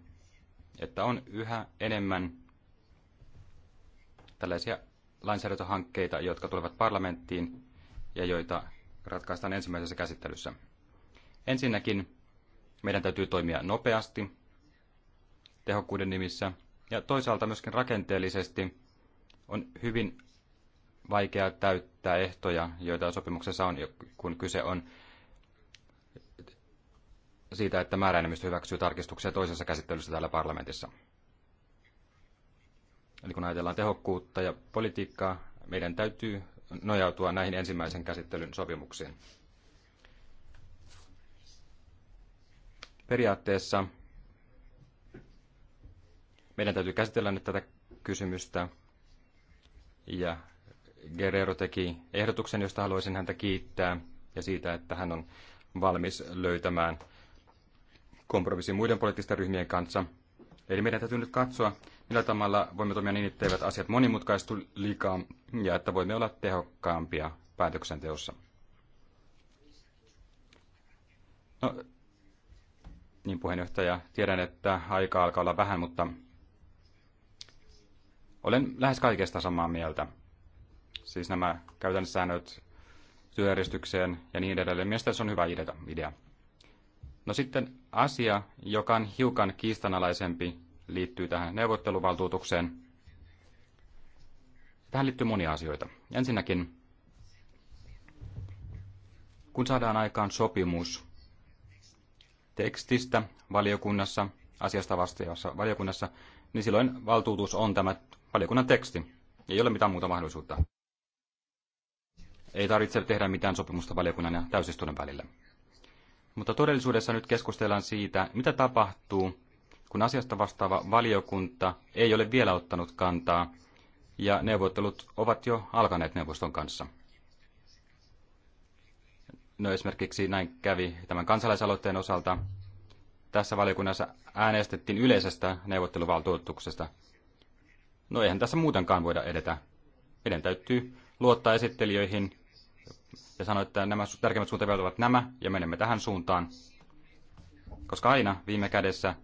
että on yhä enemmän tällaisia lainsäädäntöhankkeita, jotka tulevat parlamenttiin ja joita ratkaistaan ensimmäisessä käsittelyssä. Ensinnäkin meidän täytyy toimia nopeasti tehokkuuden nimissä ja toisaalta myöskin rakenteellisesti on hyvin vaikea täyttää ehtoja, joita sopimuksessa on, kun kyse on siitä, että määräenemmistö hyväksyy tarkistuksia toisessa käsittelyssä täällä parlamentissa. Eli kun ajatellaan tehokkuutta ja politiikkaa, meidän täytyy nojautua näihin ensimmäisen käsittelyn sopimuksiin. Periaatteessa meidän täytyy käsitellä nyt tätä kysymystä. Ja Guerrero teki ehdotuksen, josta haluaisin häntä kiittää ja siitä, että hän on valmis löytämään Kompromissi muiden poliittisten ryhmien kanssa. Eli meidän täytyy nyt katsoa, millä tavalla voimme toimia niin, etteivät asiat monimutkaistu liikaa ja että voimme olla tehokkaampia päätöksenteossa. No, niin puheenjohtaja, tiedän, että aika alkaa olla vähän, mutta olen lähes kaikesta samaa mieltä. Siis nämä käytännössäännöt työjärjestykseen ja niin edelleen. Mielestäni se on hyvä idea. No sitten asia, joka on hiukan kiistanalaisempi, liittyy tähän neuvotteluvaltuutukseen. Tähän liittyy monia asioita. Ensinnäkin, kun saadaan aikaan sopimus tekstistä valiokunnassa, asiasta vastaavassa valiokunnassa, niin silloin valtuutus on tämä valiokunnan teksti. Ei ole mitään muuta mahdollisuutta. Ei tarvitse tehdä mitään sopimusta valiokunnan ja täysistunnon välillä. Mutta todellisuudessa nyt keskustellaan siitä, mitä tapahtuu, kun asiasta vastaava valiokunta ei ole vielä ottanut kantaa ja neuvottelut ovat jo alkaneet neuvoston kanssa. No esimerkiksi näin kävi tämän kansalaisaloitteen osalta. Tässä valiokunnassa äänestettiin yleisestä neuvotteluvaltuutuksesta. No eihän tässä muutenkaan voida edetä. Meidän täytyy luottaa esittelijöihin ja sanoi, että nämä tärkeimmät suuntaviivat ovat nämä ja menemme tähän suuntaan. Koska aina viime kädessä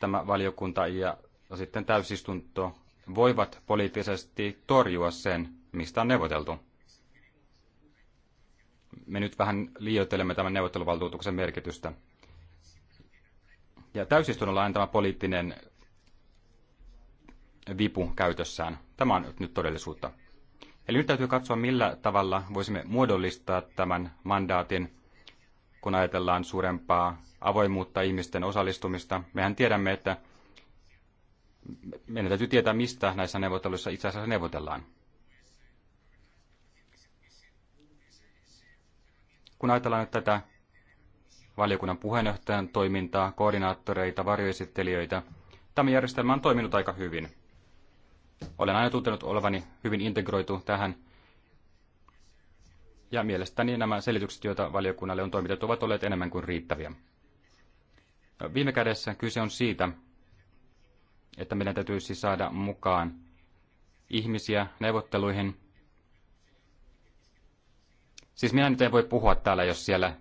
tämä valiokunta ja sitten täysistunto voivat poliittisesti torjua sen, mistä on neuvoteltu. Me nyt vähän liioittelemme tämän neuvotteluvaltuutuksen merkitystä. Ja täysistunnolla on tämä poliittinen vipu käytössään. Tämä on nyt todellisuutta. Eli nyt täytyy katsoa, millä tavalla voisimme muodollistaa tämän mandaatin, kun ajatellaan suurempaa avoimuutta ihmisten osallistumista. Mehän tiedämme, että meidän täytyy tietää, mistä näissä neuvotteluissa itse asiassa neuvotellaan. Kun ajatellaan nyt tätä valiokunnan puheenjohtajan toimintaa, koordinaattoreita, varjoesittelijöitä, tämä järjestelmä on toiminut aika hyvin. Olen aina tuntenut olevani hyvin integroitu tähän. Ja mielestäni nämä selitykset, joita valiokunnalle on toimitettu, ovat olleet enemmän kuin riittäviä. No, viime kädessä kyse on siitä, että meidän täytyisi saada mukaan ihmisiä neuvotteluihin. Siis minä nyt en voi puhua täällä, jos siellä...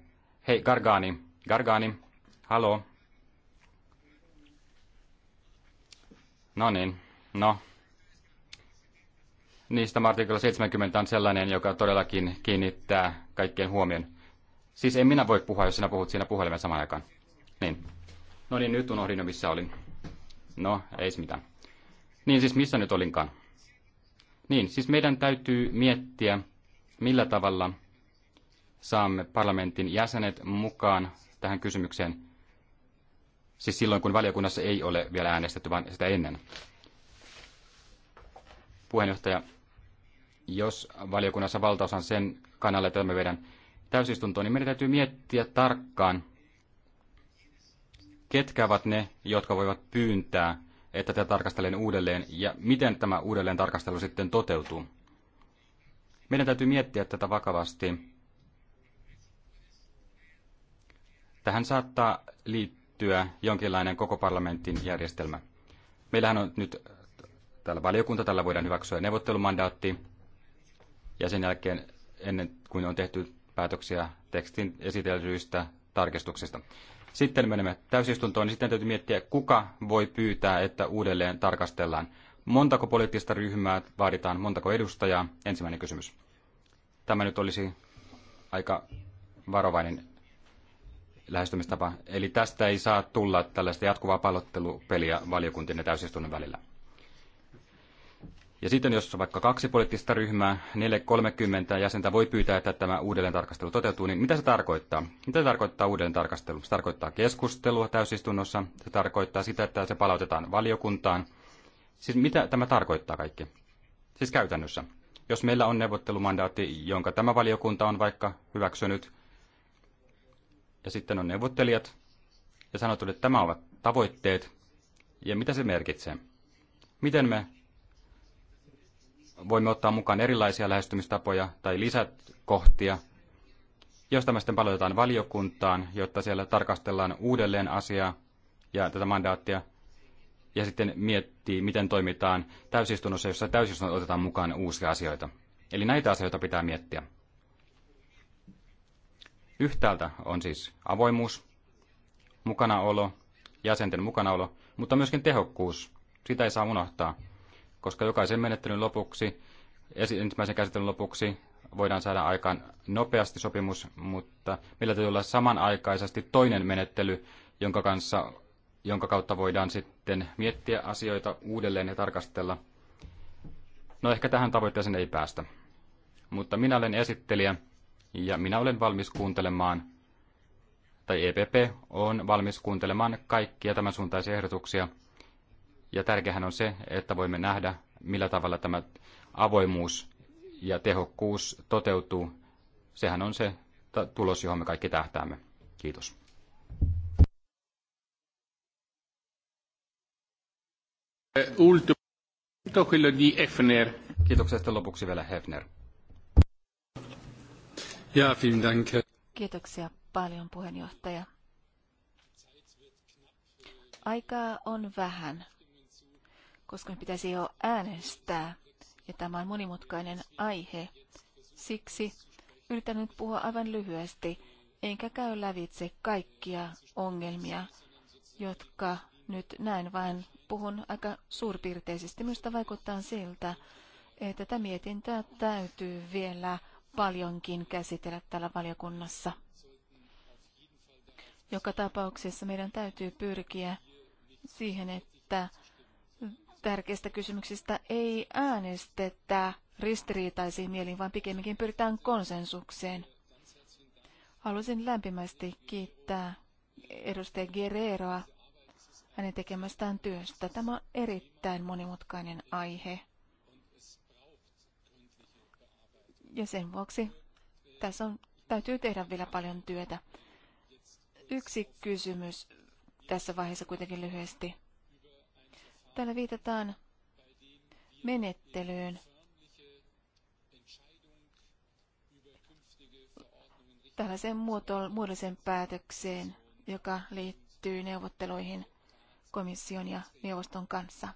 Hei, Gargani, Gargani, haloo. No niin, no, niistä artikla 70 on sellainen, joka todellakin kiinnittää kaikkien huomion. Siis en minä voi puhua, jos sinä puhut siinä puhelimen samaan aikaan. Niin. No niin, nyt unohdin jo missä olin. No, ei mitään. Niin siis missä nyt olinkaan? Niin, siis meidän täytyy miettiä, millä tavalla saamme parlamentin jäsenet mukaan tähän kysymykseen. Siis silloin, kun valiokunnassa ei ole vielä äänestetty, vaan sitä ennen. Puheenjohtaja, jos valiokunnassa on sen kannalle, että me vedän täysistuntoon, niin meidän täytyy miettiä tarkkaan, ketkä ovat ne, jotka voivat pyyntää, että tätä tarkastelen uudelleen, ja miten tämä uudelleen tarkastelu sitten toteutuu. Meidän täytyy miettiä tätä vakavasti. Tähän saattaa liittyä jonkinlainen koko parlamentin järjestelmä. Meillähän on nyt täällä valiokunta, tällä voidaan hyväksyä neuvottelumandaatti, ja sen jälkeen, ennen kuin on tehty päätöksiä tekstin esitellyistä tarkistuksista. Sitten menemme täysistuntoon, niin sitten täytyy miettiä, kuka voi pyytää, että uudelleen tarkastellaan. Montako poliittista ryhmää vaaditaan, montako edustajaa? Ensimmäinen kysymys. Tämä nyt olisi aika varovainen lähestymistapa. Eli tästä ei saa tulla tällaista jatkuvaa pallottelupeliä valiokuntien ja täysistunnon välillä. Ja sitten jos vaikka kaksi poliittista ryhmää, 4 kolmekymmentä jäsentä voi pyytää, että tämä uudelleen tarkastelu toteutuu, niin mitä se tarkoittaa? Mitä se tarkoittaa uudelleen tarkastelu? Se tarkoittaa keskustelua täysistunnossa, se tarkoittaa sitä, että se palautetaan valiokuntaan. Siis mitä tämä tarkoittaa kaikki? Siis käytännössä. Jos meillä on neuvottelumandaatti, jonka tämä valiokunta on vaikka hyväksynyt, ja sitten on neuvottelijat, ja sanottu, että tämä ovat tavoitteet, ja mitä se merkitsee? Miten me voimme ottaa mukaan erilaisia lähestymistapoja tai lisäkohtia, jos me sitten palautetaan valiokuntaan, jotta siellä tarkastellaan uudelleen asiaa ja tätä mandaattia, ja sitten miettii, miten toimitaan täysistunnossa, jossa täysistunnossa otetaan mukaan uusia asioita. Eli näitä asioita pitää miettiä. Yhtäältä on siis avoimuus, mukanaolo, jäsenten mukanaolo, mutta myöskin tehokkuus. Sitä ei saa unohtaa koska jokaisen menettelyn lopuksi, ensimmäisen käsittelyn lopuksi, voidaan saada aikaan nopeasti sopimus, mutta meillä täytyy olla samanaikaisesti toinen menettely, jonka, kanssa, jonka kautta voidaan sitten miettiä asioita uudelleen ja tarkastella. No ehkä tähän tavoitteeseen ei päästä. Mutta minä olen esittelijä ja minä olen valmis kuuntelemaan, tai EPP on valmis kuuntelemaan kaikkia tämän suuntaisia ehdotuksia – ja tärkeähän on se, että voimme nähdä, millä tavalla tämä avoimuus ja tehokkuus toteutuu. Sehän on se tulos, johon me kaikki tähtäämme. Kiitos. Kiitoksia lopuksi vielä Hefner. Ja, Kiitoksia paljon puheenjohtaja. Aikaa on vähän koska me pitäisi jo äänestää. Ja tämä on monimutkainen aihe. Siksi yritän nyt puhua aivan lyhyesti, enkä käy lävitse kaikkia ongelmia, jotka nyt näin vain puhun aika suurpiirteisesti. Minusta vaikuttaa siltä, että tätä mietintää täytyy vielä paljonkin käsitellä täällä valiokunnassa. Joka tapauksessa meidän täytyy pyrkiä siihen, että tärkeistä kysymyksistä ei äänestetä ristiriitaisiin mielin, vaan pikemminkin pyritään konsensukseen. Haluaisin lämpimästi kiittää edustaja Guerreroa hänen tekemästään työstä. Tämä on erittäin monimutkainen aihe. Ja sen vuoksi tässä on, täytyy tehdä vielä paljon työtä. Yksi kysymys tässä vaiheessa kuitenkin lyhyesti. Täällä viitataan menettelyyn. Tällaiseen muodolliseen päätökseen, joka liittyy neuvotteluihin komission ja neuvoston kanssa.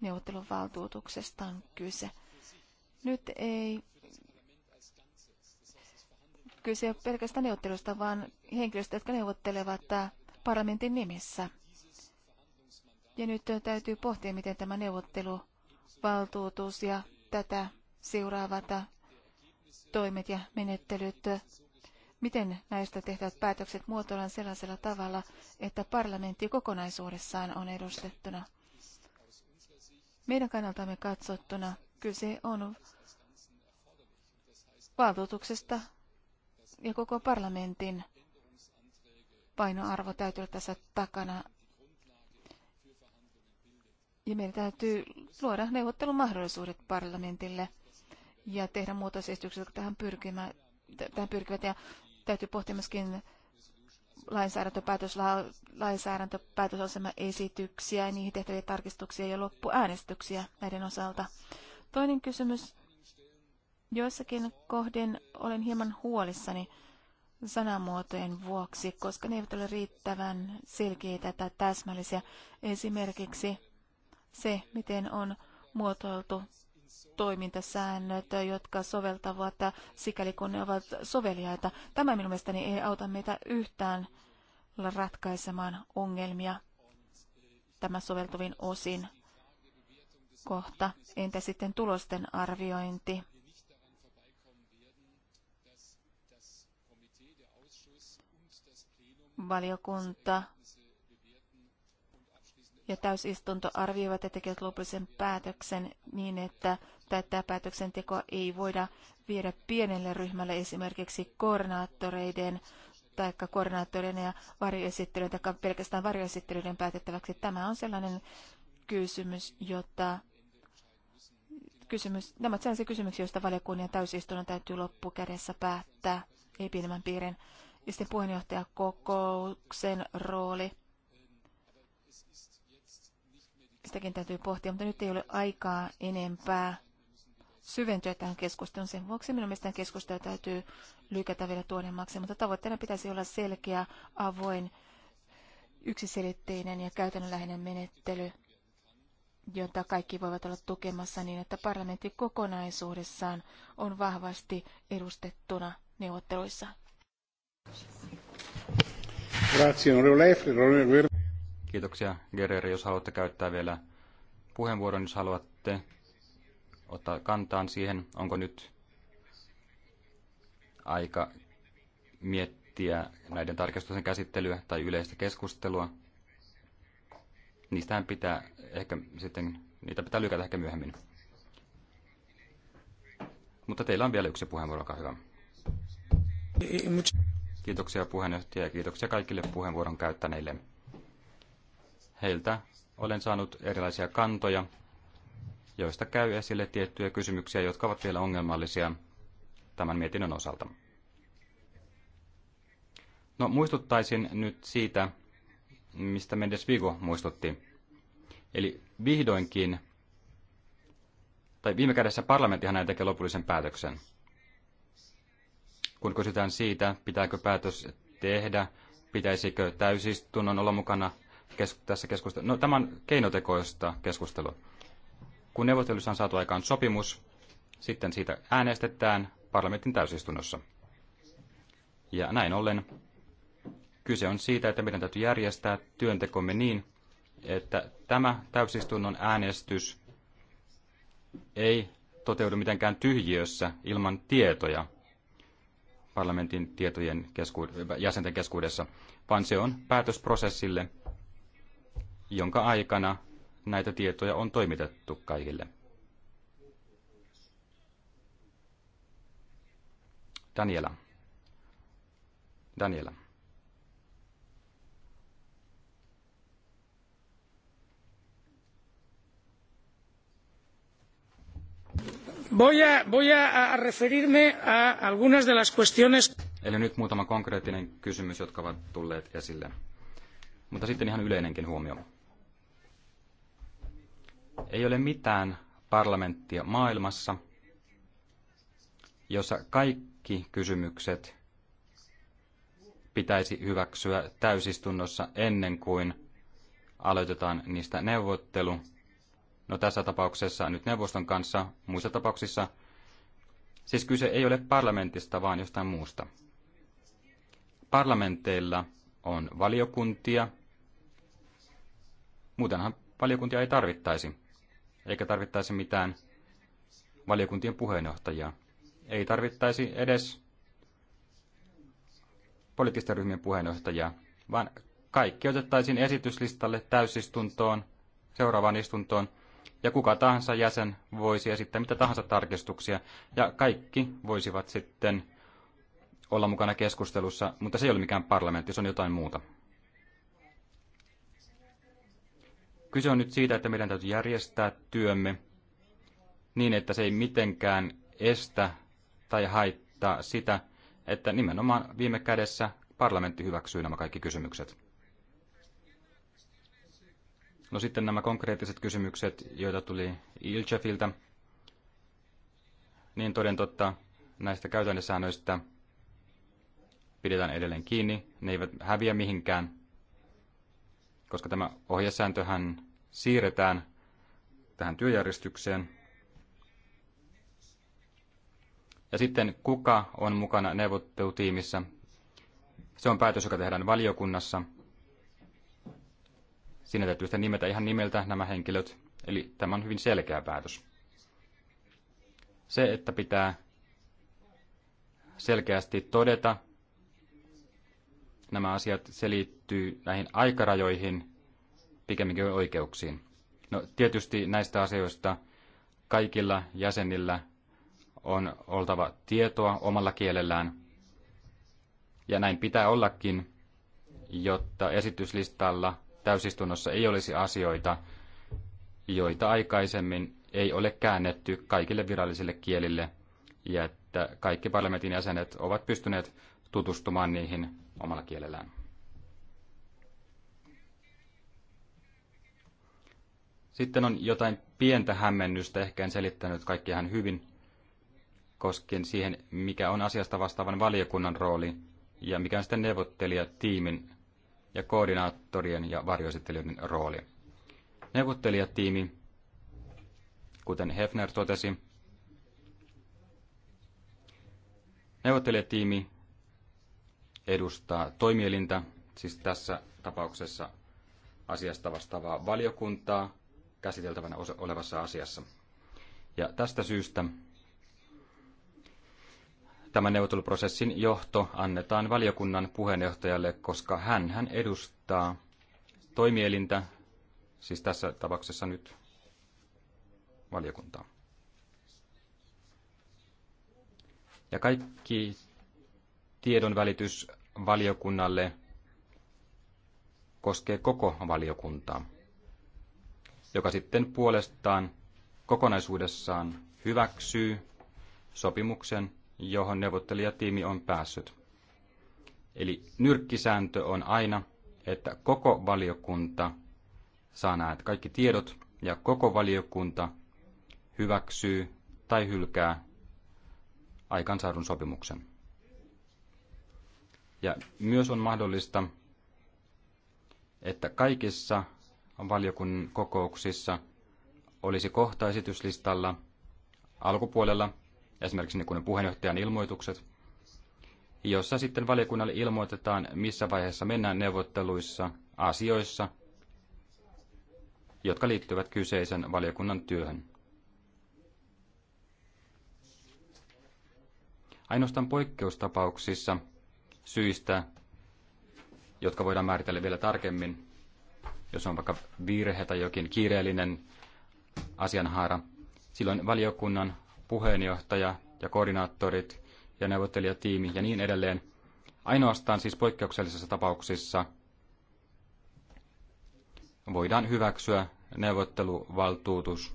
Neuvottelun valtuutuksesta on kyse. Nyt ei kyse ole pelkästään neuvottelusta, vaan henkilöstä, jotka neuvottelevat äh, parlamentin nimissä. Ja nyt täytyy pohtia, miten tämä neuvotteluvaltuutus ja tätä seuraavat toimet ja menettelyt, miten näistä tehtävät päätökset muotoillaan sellaisella tavalla, että parlamentti kokonaisuudessaan on edustettuna. Meidän kannaltamme katsottuna kyse on valtuutuksesta ja koko parlamentin painoarvo täytyy olla tässä takana ja meidän täytyy luoda neuvottelumahdollisuudet parlamentille ja tehdä muutosesitykset, jotka tähän, pyrkimä, tähän pyrkivät. Ja täytyy pohtia myöskin lainsäädäntöpäätös, lainsäädäntöpäätösasema esityksiä ja niihin tehtäviä tarkistuksia ja loppuäänestyksiä näiden osalta. Toinen kysymys. Joissakin kohdin olen hieman huolissani sanamuotojen vuoksi, koska ne eivät ole riittävän selkeitä tai täsmällisiä. Esimerkiksi se, miten on muotoiltu toimintasäännöt, jotka soveltavat sikäli kun ne ovat soveliaita. Tämä minun mielestäni ei auta meitä yhtään ratkaisemaan ongelmia tämä soveltuvin osin kohta. Entä sitten tulosten arviointi? Valiokunta ja täysistunto arvioivat ja tekevät lopullisen päätöksen niin, että tätä päätöksentekoa ei voida viedä pienelle ryhmälle esimerkiksi koordinaattoreiden tai koordinaattoreiden ja varjoesittelyiden tai pelkästään varjoesittelyiden päätettäväksi. Tämä on sellainen kysymys, jota kysymys, nämä ovat sellaisia kysymyksiä, joista valiokunnan täysistunnon täytyy loppukädessä päättää, ei pienemmän piirin. Ja sitten puheenjohtajakokouksen rooli. sitäkin täytyy pohtia, mutta nyt ei ole aikaa enempää syventyä tähän keskusteluun. Sen vuoksi minun mielestäni keskustelu täytyy lykätä vielä tuonemmaksi, mutta tavoitteena pitäisi olla selkeä, avoin, yksiselitteinen ja käytännönläheinen menettely, jota kaikki voivat olla tukemassa niin, että parlamentti kokonaisuudessaan on vahvasti edustettuna neuvotteluissa. Grazie, onorevole Kiitoksia Gereri, jos haluatte käyttää vielä puheenvuoron, jos haluatte ottaa kantaan siihen, onko nyt aika miettiä näiden tarkastusten käsittelyä tai yleistä keskustelua. Niistähän pitää ehkä sitten, niitä pitää lykätä ehkä myöhemmin. Mutta teillä on vielä yksi puheenvuoro, olkaa hyvä. Kiitoksia puheenjohtaja ja kiitoksia kaikille puheenvuoron käyttäneille. Heiltä olen saanut erilaisia kantoja, joista käy esille tiettyjä kysymyksiä, jotka ovat vielä ongelmallisia tämän mietinnön osalta. No muistuttaisin nyt siitä, mistä Mendes Vigo muistutti. Eli vihdoinkin, tai viime kädessä parlamenttihan näin tekee lopullisen päätöksen. Kun kysytään siitä, pitääkö päätös tehdä, pitäisikö täysistunnon olla mukana kes- tässä keskustelussa? No, tämä on keinotekoista keskustelua. Kun neuvottelussa on saatu aikaan sopimus, sitten siitä äänestetään parlamentin täysistunnossa. Ja näin ollen kyse on siitä, että meidän täytyy järjestää työntekomme niin, että tämä täysistunnon äänestys ei toteudu mitenkään tyhjiössä ilman tietoja parlamentin tietojen kesku- jäsenten keskuudessa, vaan se on päätösprosessille, jonka aikana näitä tietoja on toimitettu kaikille. Daniela. Daniela. Voy a, voy a referirme a algunas de las cuestiones. Eli nyt muutama konkreettinen kysymys, jotka ovat tulleet esille. Mutta sitten ihan yleinenkin huomio. Ei ole mitään parlamenttia maailmassa, jossa kaikki kysymykset pitäisi hyväksyä täysistunnossa ennen kuin aloitetaan niistä neuvottelu. No tässä tapauksessa nyt neuvoston kanssa, muissa tapauksissa Siis kyse ei ole parlamentista, vaan jostain muusta. Parlamenteilla on valiokuntia. Muutenhan valiokuntia ei tarvittaisi eikä tarvittaisi mitään valiokuntien puheenjohtajia. Ei tarvittaisi edes poliittisten ryhmien puheenjohtajia, vaan kaikki otettaisiin esityslistalle täysistuntoon, seuraavaan istuntoon, ja kuka tahansa jäsen voisi esittää mitä tahansa tarkistuksia, ja kaikki voisivat sitten olla mukana keskustelussa, mutta se ei ole mikään parlamentti, se on jotain muuta. Kyse on nyt siitä, että meidän täytyy järjestää työmme niin, että se ei mitenkään estä tai haittaa sitä, että nimenomaan viime kädessä parlamentti hyväksyy nämä kaikki kysymykset. No sitten nämä konkreettiset kysymykset, joita tuli Ilchefiltä. Niin toden totta, näistä käytännössäännöistä pidetään edelleen kiinni. Ne eivät häviä mihinkään koska tämä ohjesääntöhän siirretään tähän työjärjestykseen. Ja sitten kuka on mukana neuvottelutiimissä? Se on päätös, joka tehdään valiokunnassa. Siinä täytyy sitten nimetä ihan nimeltä nämä henkilöt. Eli tämä on hyvin selkeä päätös. Se, että pitää selkeästi todeta, nämä asiat, selittyy näihin aikarajoihin pikemminkin oikeuksiin. No, tietysti näistä asioista kaikilla jäsenillä on oltava tietoa omalla kielellään. Ja näin pitää ollakin, jotta esityslistalla täysistunnossa ei olisi asioita, joita aikaisemmin ei ole käännetty kaikille virallisille kielille, ja että kaikki parlamentin jäsenet ovat pystyneet tutustumaan niihin omalla kielellään. Sitten on jotain pientä hämmennystä, ehkä en selittänyt kaikki ihan hyvin, koskien siihen, mikä on asiasta vastaavan valiokunnan rooli ja mikä on sitten neuvottelijatiimin ja koordinaattorien ja varjoesittelijöiden rooli. Neuvottelijatiimi, kuten Hefner totesi, neuvottelijatiimi edustaa toimielintä, siis tässä tapauksessa asiasta vastaavaa valiokuntaa käsiteltävänä olevassa asiassa. Ja tästä syystä tämän neuvotteluprosessin johto annetaan valiokunnan puheenjohtajalle, koska hän, hän edustaa toimielintä, siis tässä tapauksessa nyt valiokuntaa. Ja kaikki tiedonvälitys valiokunnalle koskee koko valiokuntaa, joka sitten puolestaan kokonaisuudessaan hyväksyy sopimuksen, johon neuvottelijatiimi on päässyt. Eli nyrkkisääntö on aina, että koko valiokunta saa nämä kaikki tiedot ja koko valiokunta hyväksyy tai hylkää aikansaadun sopimuksen. Ja myös on mahdollista, että kaikissa valiokunnan kokouksissa olisi kohta esityslistalla alkupuolella, esimerkiksi niin kuin puheenjohtajan ilmoitukset, jossa sitten valiokunnalle ilmoitetaan, missä vaiheessa mennään neuvotteluissa asioissa, jotka liittyvät kyseisen valiokunnan työhön. Ainoastaan poikkeustapauksissa syistä, jotka voidaan määritellä vielä tarkemmin, jos on vaikka virhe tai jokin kiireellinen asianhaara. Silloin valiokunnan puheenjohtaja ja koordinaattorit ja neuvottelijatiimi ja niin edelleen. Ainoastaan siis poikkeuksellisissa tapauksissa voidaan hyväksyä neuvotteluvaltuutus,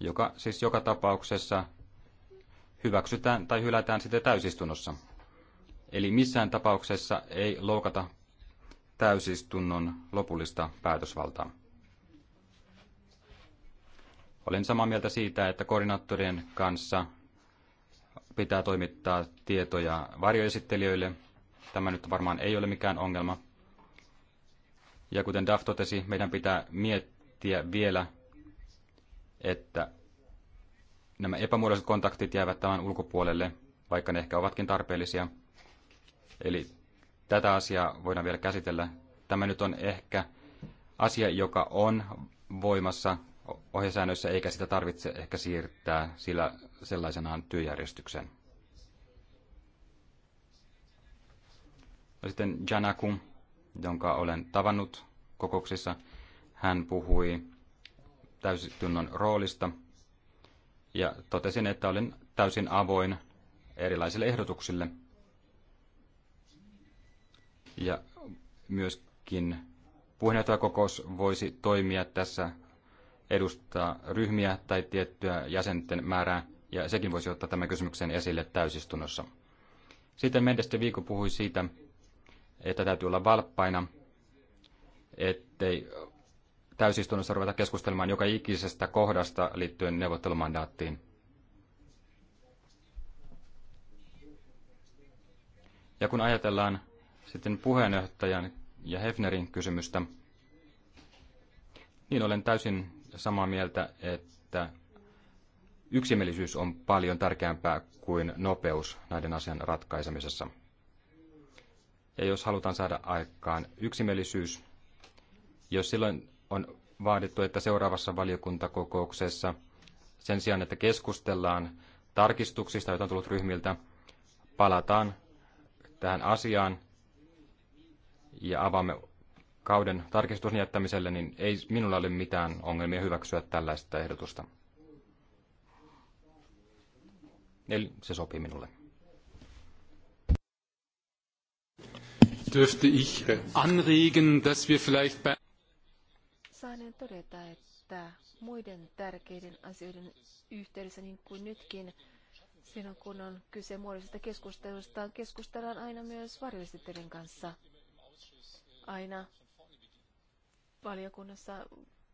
joka siis joka tapauksessa hyväksytään tai hylätään sitten täysistunnossa. Eli missään tapauksessa ei loukata täysistunnon lopullista päätösvaltaa. Olen samaa mieltä siitä, että koordinaattorien kanssa pitää toimittaa tietoja varjoesittelijöille. Tämä nyt varmaan ei ole mikään ongelma. Ja kuten Daf totesi, meidän pitää miettiä vielä, että nämä epämuodolliset kontaktit jäävät tämän ulkopuolelle, vaikka ne ehkä ovatkin tarpeellisia – Eli tätä asiaa voidaan vielä käsitellä. Tämä nyt on ehkä asia, joka on voimassa ohjesäännöissä, eikä sitä tarvitse ehkä siirtää sillä sellaisenaan työjärjestyksen Sitten Janaku, jonka olen tavannut kokouksissa, hän puhui täysitunnon roolista ja totesin, että olen täysin avoin erilaisille ehdotuksille – ja myöskin puheenjohtajakokous voisi toimia tässä edustaa ryhmiä tai tiettyä jäsenten määrää, ja sekin voisi ottaa tämän kysymyksen esille täysistunnossa. Sitten Mendeste Viikko puhui siitä, että täytyy olla valppaina, ettei täysistunnossa ruveta keskustelemaan joka ikisestä kohdasta liittyen neuvottelumandaattiin. Ja kun ajatellaan sitten puheenjohtajan ja Hefnerin kysymystä. Niin olen täysin samaa mieltä, että yksimielisyys on paljon tärkeämpää kuin nopeus näiden asian ratkaisemisessa. Ja jos halutaan saada aikaan yksimielisyys, jos silloin on vaadittu, että seuraavassa valiokuntakokouksessa sen sijaan, että keskustellaan tarkistuksista, joita on tullut ryhmiltä, palataan tähän asiaan ja avaamme kauden tarkistuksen jättämiselle, niin ei minulla ole mitään ongelmia hyväksyä tällaista ehdotusta. Eli se sopii minulle. Dürfte ich äh, anregen, dass wir vielleicht bei... Saanen todeta, että muiden tärkeiden asioiden yhteydessä, niin kuin nytkin, silloin kun on kyse muodollisesta keskustelusta, keskustellaan aina myös varjoesittelijän kanssa – aina valiokunnassa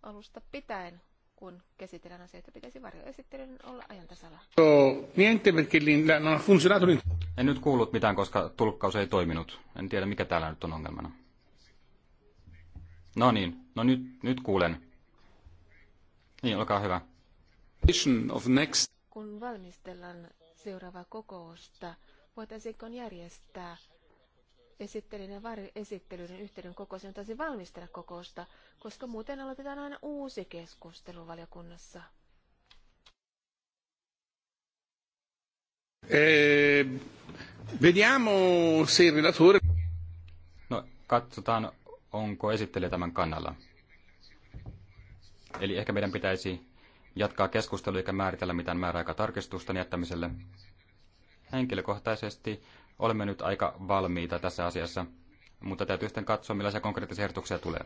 alusta pitäen, kun käsitellään asioita, pitäisi varjoesittelyn olla ajan tasalla. En nyt kuullut mitään, koska tulkkaus ei toiminut. En tiedä, mikä täällä nyt on ongelmana. No niin, no nyt, nyt kuulen. Niin, olkaa hyvä. Of next. Kun valmistellaan seuraavaa kokousta, voitaisiinko järjestää esittelyn ja varjoesittelyiden yhteyden kokous, jota valmistella kokousta, koska muuten aloitetaan aina uusi keskustelu valiokunnassa. Eh, vediamo se il relatore... No, katsotaan, onko esittelijä tämän kannalla. Eli ehkä meidän pitäisi jatkaa keskustelua eikä määritellä mitään määräaikatarkistusta jättämiselle. Henkilökohtaisesti olemme nyt aika valmiita tässä asiassa, mutta täytyy sitten katsoa, millaisia konkreettisia ehdotuksia tulee.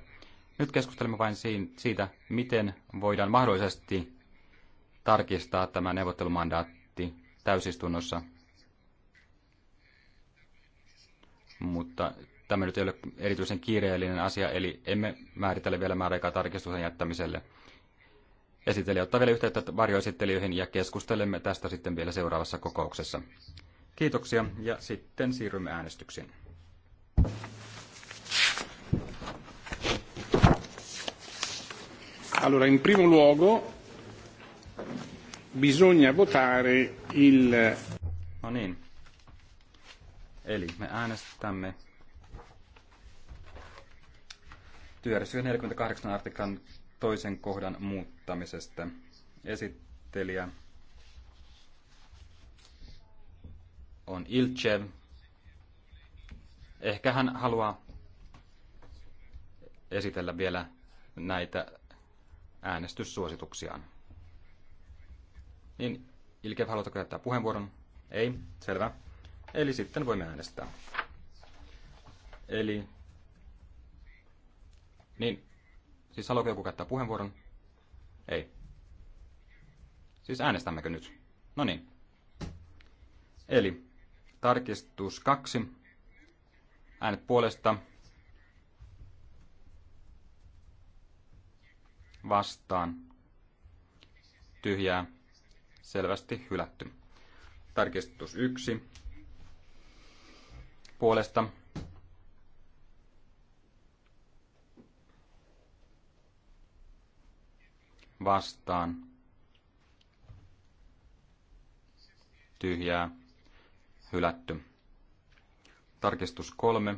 Nyt keskustelemme vain siitä, miten voidaan mahdollisesti tarkistaa tämä neuvottelumandaatti täysistunnossa. Mutta tämä nyt ei ole erityisen kiireellinen asia, eli emme määritele vielä määräaikaa tarkistuksen jättämiselle. Esittelijä ottaa vielä yhteyttä varjoesittelijöihin ja keskustelemme tästä sitten vielä seuraavassa kokouksessa. Kiitoksia ja sitten siirrymme äänestyksiin. Allora, in primo luogo bisogna votare il... No niin. Eli me äänestämme työjärjestyksen 48 artiklan toisen kohdan muuttamisesta. Esittelijä on Ilchev. Ehkä hän haluaa esitellä vielä näitä äänestyssuosituksiaan. Niin, Ilkev, haluatko käyttää puheenvuoron? Ei, selvä. Eli sitten voimme äänestää. Eli, niin, siis haluatko joku käyttää puheenvuoron? Ei. Siis äänestämmekö nyt? No niin. Eli Tarkistus 2. Äänet puolesta. Vastaan. Tyhjää. Selvästi hylätty. Tarkistus 1. Puolesta. Vastaan. Tyhjää hylätty. Tarkistus kolme.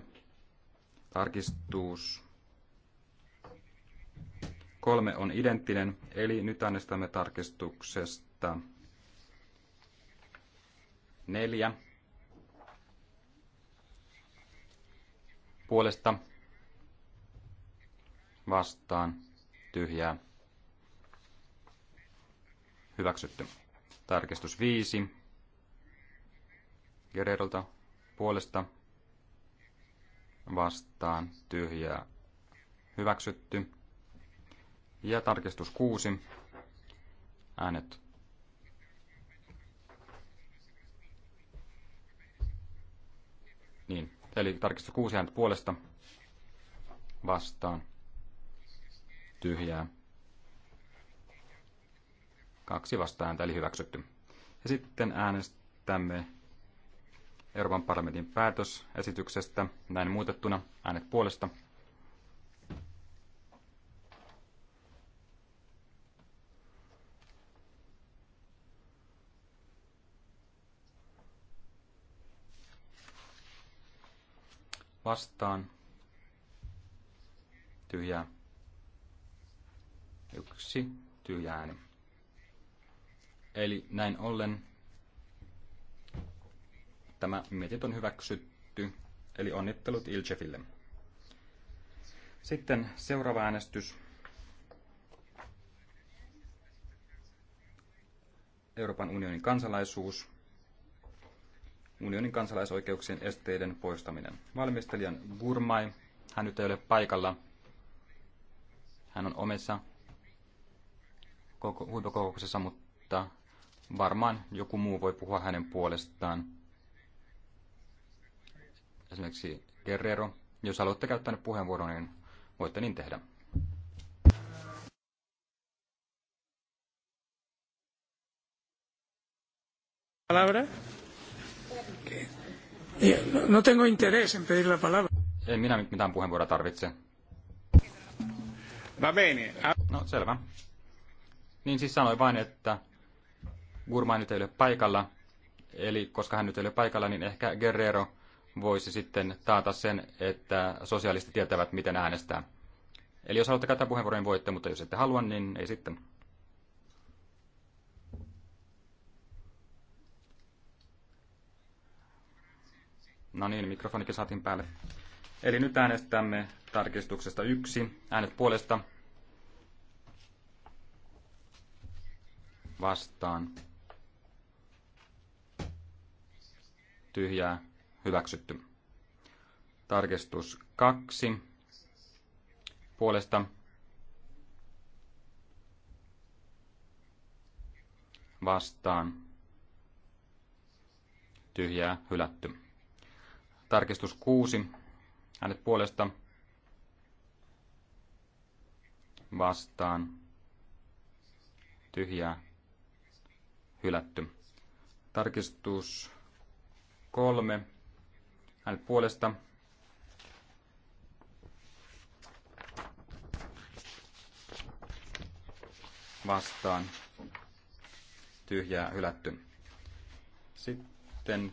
Tarkistus kolme on identtinen, eli nyt äänestämme tarkistuksesta neljä. Puolesta vastaan tyhjää hyväksytty. Tarkistus 5 Guerrerolta puolesta vastaan tyhjää hyväksytty. Ja tarkistus 6. Äänet. Niin, eli tarkistus kuusi ääntä puolesta vastaan tyhjää. Kaksi vastaan, eli hyväksytty. Ja sitten äänestämme Euroopan parlamentin päätösesityksestä näin muutettuna äänet puolesta. Vastaan. Tyhjää. Yksi tyhjä ääni. Eli näin ollen Tämä mietit on hyväksytty, eli onnittelut Ilchefille. Sitten seuraava äänestys. Euroopan unionin kansalaisuus. Unionin kansalaisoikeuksien esteiden poistaminen. Valmistelijan Gurmai. Hän nyt ei ole paikalla. Hän on omessa huippukokouksessa, mutta varmaan joku muu voi puhua hänen puolestaan esimerkiksi Guerrero. Jos haluatte käyttää nyt puheenvuoron, niin voitte niin tehdä. palabra? Eh, no, no tengo interés en pedir la palabra. En minä mitään puheenvuoroa tarvitse. Va bene. No selvä. Niin siis sanoi vain, että Gurma nyt ei ole paikalla. Eli koska hän nyt ei ole paikalla, niin ehkä Guerrero voisi sitten taata sen, että sosiaalisti tietävät, miten äänestää. Eli jos haluatte käyttää puheenvuoron, niin voitte, mutta jos ette halua, niin ei sitten. No niin, mikrofonikin saatiin päälle. Eli nyt äänestämme tarkistuksesta yksi. Äänet puolesta. Vastaan. Tyhjää hyväksytty. Tarkistus 2 puolesta vastaan tyhjää hylätty. Tarkistus 6 äänet puolesta vastaan tyhjää hylätty. Tarkistus kolme hän puolesta vastaan tyhjää hylätty. Sitten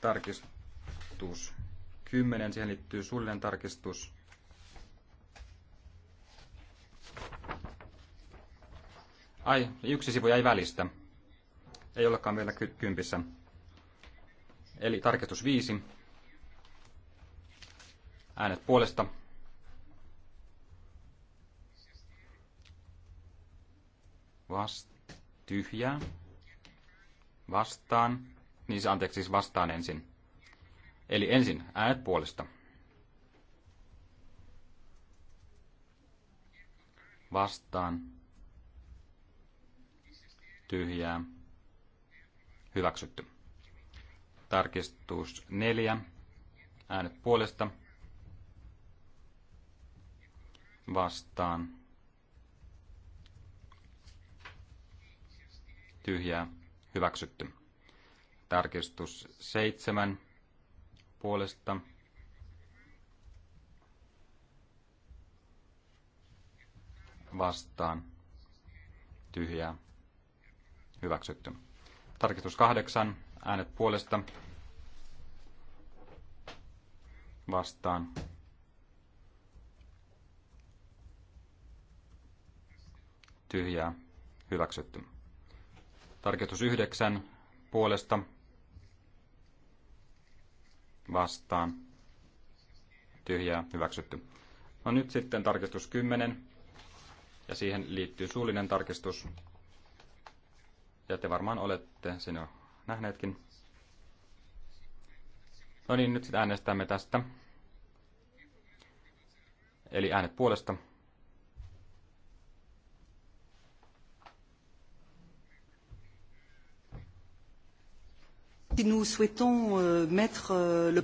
tarkistus 10, siihen liittyy suullinen tarkistus. Ai, yksi sivu jäi välistä. Ei ollakaan vielä kympissä. Eli tarkistus 5 Äänet puolesta. Vast, tyhjää. Vastaan. Niin anteeksi, siis vastaan ensin. Eli ensin äänet puolesta. Vastaan. Tyhjää. Hyväksytty. Tarkistus neljä. Äänet puolesta. vastaan tyhjää hyväksytty. Tarkistus seitsemän puolesta vastaan tyhjää hyväksytty. Tarkistus kahdeksan äänet puolesta vastaan tyhjää hyväksytty. Tarkistus yhdeksän puolesta vastaan tyhjää hyväksytty. No nyt sitten tarkistus 10 ja siihen liittyy suullinen tarkistus. Ja te varmaan olette sen jo nähneetkin. No niin, nyt sitten äänestämme tästä. Eli äänet puolesta Euh, euh,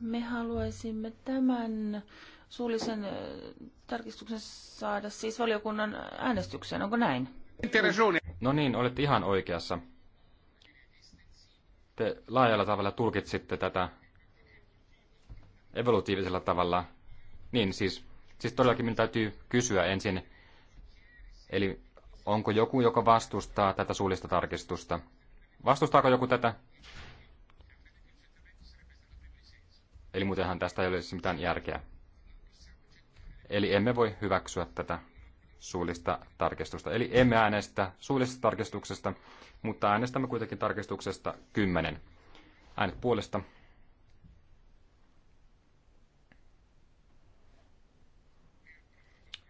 Me haluaisimme tämän suullisen äh, tarkistuksen saada siis valiokunnan äänestykseen, onko näin? No niin, olette ihan oikeassa. Te laajalla tavalla tulkitsitte tätä evolutiivisella tavalla. Niin, siis, siis todellakin minun täytyy kysyä ensin, eli onko joku, joka vastustaa tätä suullista tarkistusta? Vastustaako joku tätä? Eli muutenhan tästä ei olisi mitään järkeä. Eli emme voi hyväksyä tätä suullista tarkistusta. Eli emme äänestä suullisesta tarkistuksesta, mutta äänestämme kuitenkin tarkistuksesta 10. Äänet puolesta.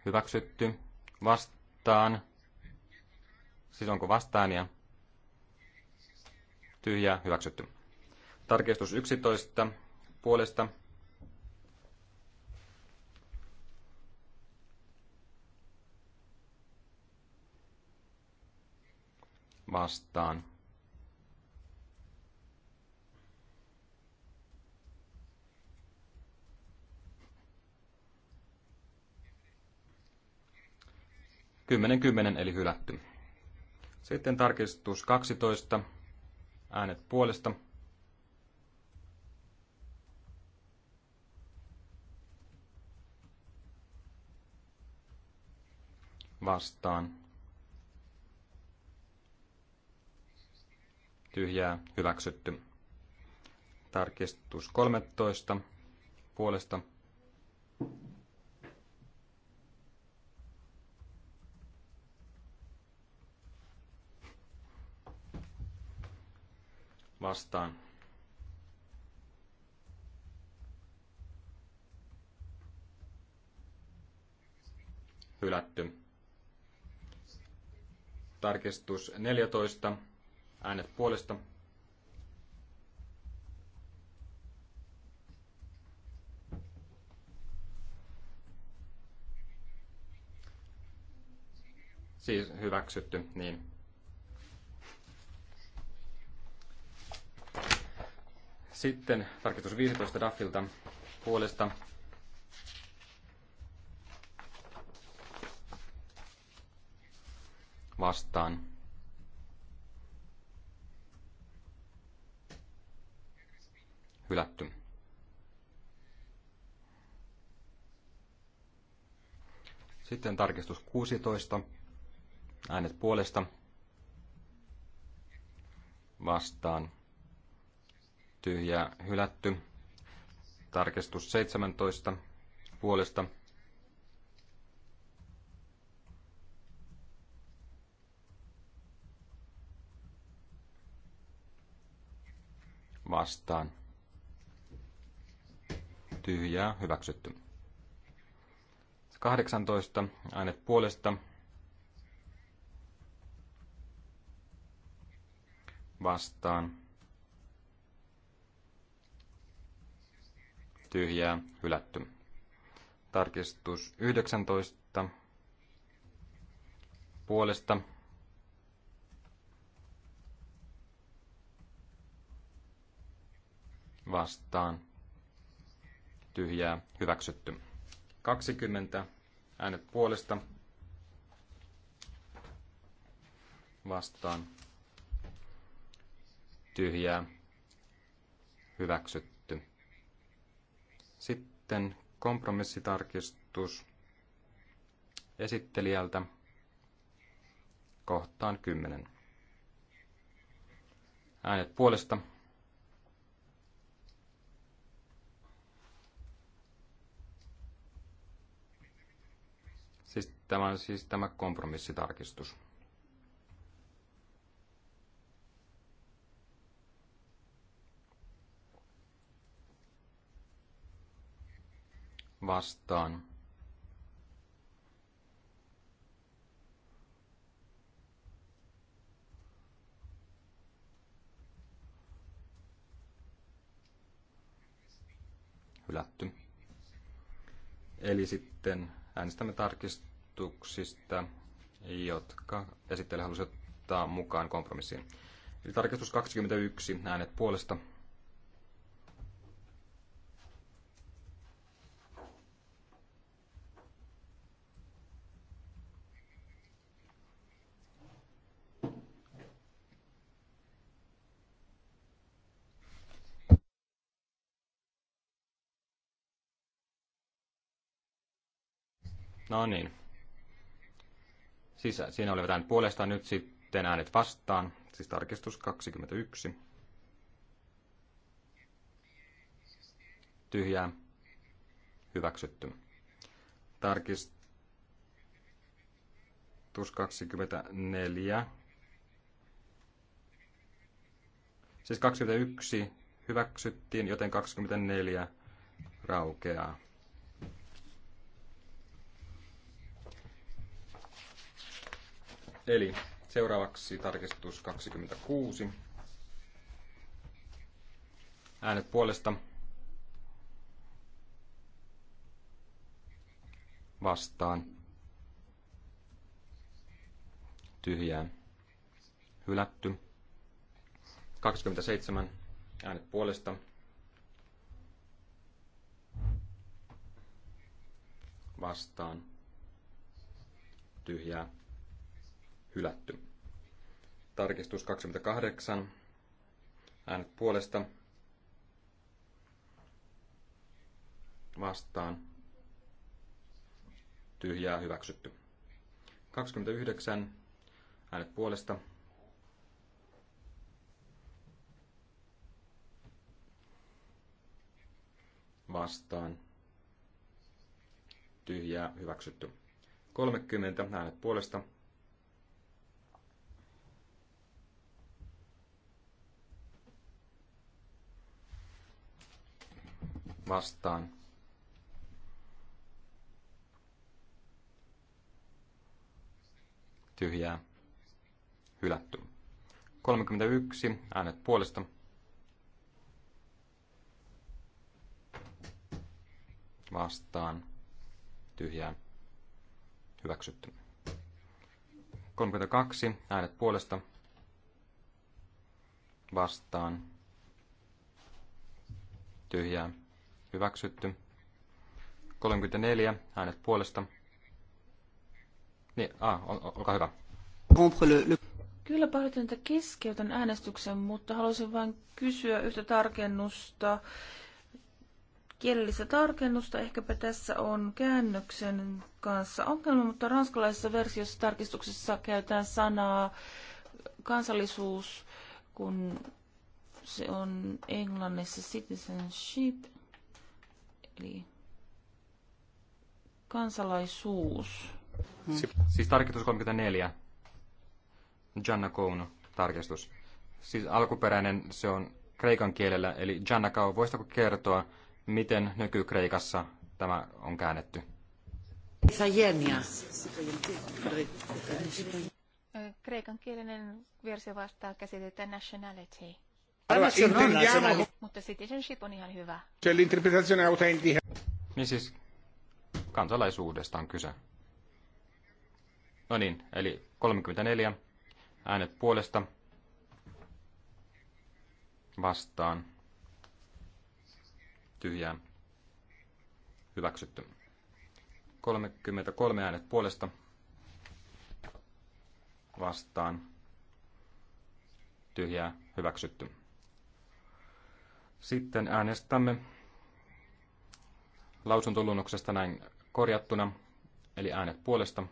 Hyväksytty. Vastaan. Siis onko vastaan ja tyhjä hyväksytty. Tarkistus 11 puolesta vastaan. Kymmenen kymmenen eli hylätty. Sitten tarkistus 12. Äänet puolesta. vastaan. Tyhjää hyväksytty. Tarkistus 13 puolesta vastaan. Hylätty. Tarkistus 14. Äänet puolesta. Siis hyväksytty, niin. Sitten tarkistus 15 Daffilta puolesta vastaan. Hylätty. Sitten tarkistus 16. Äänet puolesta. Vastaan. Tyhjää hylätty. Tarkistus 17. Puolesta vastaan. Tyhjää hyväksytty. 18 Aine puolesta vastaan. Tyhjää hylätty. Tarkistus 19 puolesta vastaan tyhjää hyväksytty. 20 äänet puolesta vastaan tyhjää hyväksytty. Sitten kompromissitarkistus esittelijältä kohtaan 10. Äänet puolesta Tämä on siis tämä kompromissitarkistus. Vastaan. Hylätty. Eli sitten äänestämme tarkistus tarkistuksista, jotka esittelijä halusi ottaa mukaan kompromissiin. Eli tarkistus 21, äänet puolesta. No niin, Siis siinä olivat äänet puolesta, nyt sitten äänet vastaan, siis tarkistus 21. Tyhjää, hyväksytty. Tarkistus 24. Siis 21 hyväksyttiin, joten 24 raukeaa. Eli seuraavaksi tarkistus 26. Äänet puolesta. Vastaan. Tyhjään. Hylätty. 27. Äänet puolesta. Vastaan. Tyhjää hylätty. Tarkistus 28. Äänet puolesta. Vastaan. Tyhjää hyväksytty. 29. Äänet puolesta. Vastaan. Tyhjää hyväksytty. 30. Äänet puolesta. vastaan. Tyhjää. Hylätty. 31. Äänet puolesta. Vastaan. Tyhjää. Hyväksytty. 32. Äänet puolesta. Vastaan. Tyhjää hyväksytty. 34, äänet puolesta. Niin, ah, ol, olkaa hyvä. Kyllä pahoitan, että keskeytän äänestyksen, mutta haluaisin vain kysyä yhtä tarkennusta. Kielellistä tarkennusta ehkäpä tässä on käännöksen kanssa ongelma, mutta ranskalaisessa versiossa tarkistuksessa käytetään sanaa kansallisuus, kun se on englannissa citizenship – Eli kansalaisuus. Hmm. Si- Siis tarkistus 34. Janna Kouno, tarkistus. Siis alkuperäinen se on kreikan kielellä, eli Janna Kau, voisitko kertoa, miten nykykreikassa tämä on käännetty? Kreikan kielinen versio vastaa käsitettä nationality. Allora, intendiamo... Mutta citizenship on ihan hyvä. Se l'interpretazione autentica. Niin siis kansalaisuudesta on kyse. No niin, eli 34 äänet puolesta vastaan tyhjää hyväksytty. 33 äänet puolesta vastaan tyhjää hyväksytty. Sitten äänestämme lausuntoluonnoksesta näin korjattuna, eli äänet puolesta.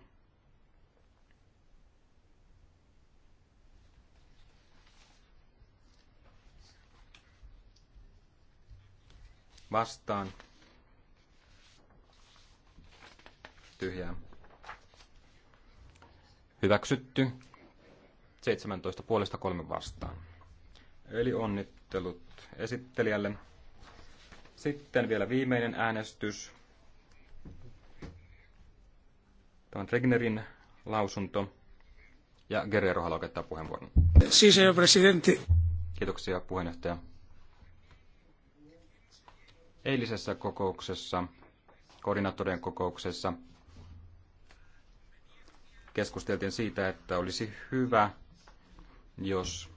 Vastaan. Tyhjää. Hyväksytty. 17 puolesta kolme vastaan. Eli onnittelut esittelijälle. Sitten vielä viimeinen äänestys. Tämä on Regnerin lausunto. Ja Guerrero haluaa käyttää puheenvuoron. presidentti. Kiitoksia puheenjohtaja. Eilisessä kokouksessa, koordinaattorien kokouksessa, keskusteltiin siitä, että olisi hyvä, jos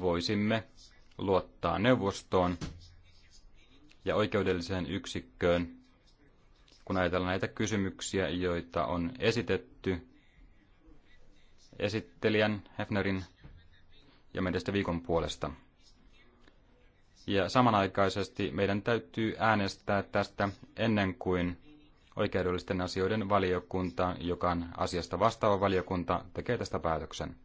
voisimme luottaa neuvostoon ja oikeudelliseen yksikköön, kun ajatellaan näitä kysymyksiä, joita on esitetty esittelijän Hefnerin ja meidän viikon puolesta. Ja samanaikaisesti meidän täytyy äänestää tästä ennen kuin oikeudellisten asioiden valiokunta, joka on asiasta vastaava valiokunta, tekee tästä päätöksen.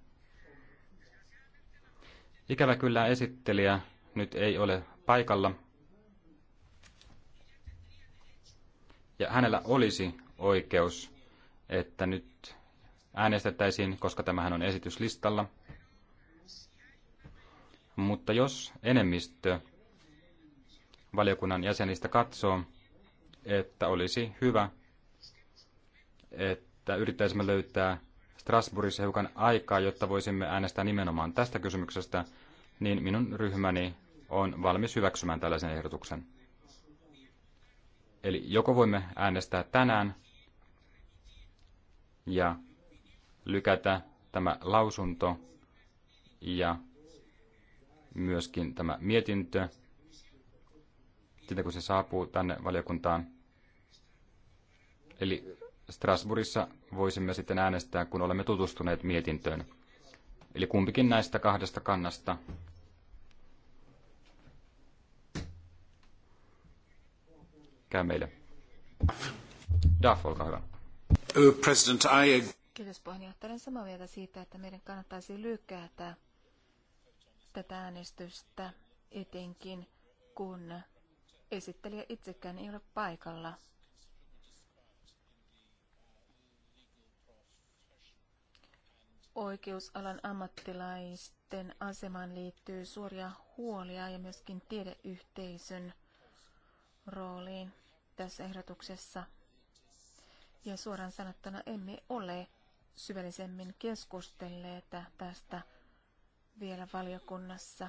Ikävä kyllä esittelijä nyt ei ole paikalla. Ja hänellä olisi oikeus, että nyt äänestettäisiin, koska tämähän on esityslistalla. Mutta jos enemmistö valiokunnan jäsenistä katsoo, että olisi hyvä, että yrittäisimme löytää Strasbourgissa hiukan aikaa, jotta voisimme äänestää nimenomaan tästä kysymyksestä, niin minun ryhmäni on valmis hyväksymään tällaisen ehdotuksen. Eli joko voimme äänestää tänään ja lykätä tämä lausunto ja myöskin tämä mietintö, sitten kun se saapuu tänne valiokuntaan. Eli Strasbourgissa voisimme sitten äänestää, kun olemme tutustuneet mietintöön. Eli kumpikin näistä kahdesta kannasta. Käy meille. Daff, olkaa hyvä. Uh, President, I... Kiitos puheenjohtaja. Olen samaa mieltä siitä, että meidän kannattaisi lykätä tätä äänestystä etenkin, kun esittelijä itsekään ei ole paikalla. oikeusalan ammattilaisten asemaan liittyy suoria huolia ja myöskin tiedeyhteisön rooliin tässä ehdotuksessa. Ja suoraan sanottuna emme ole syvällisemmin keskustelleet tästä vielä valiokunnassa.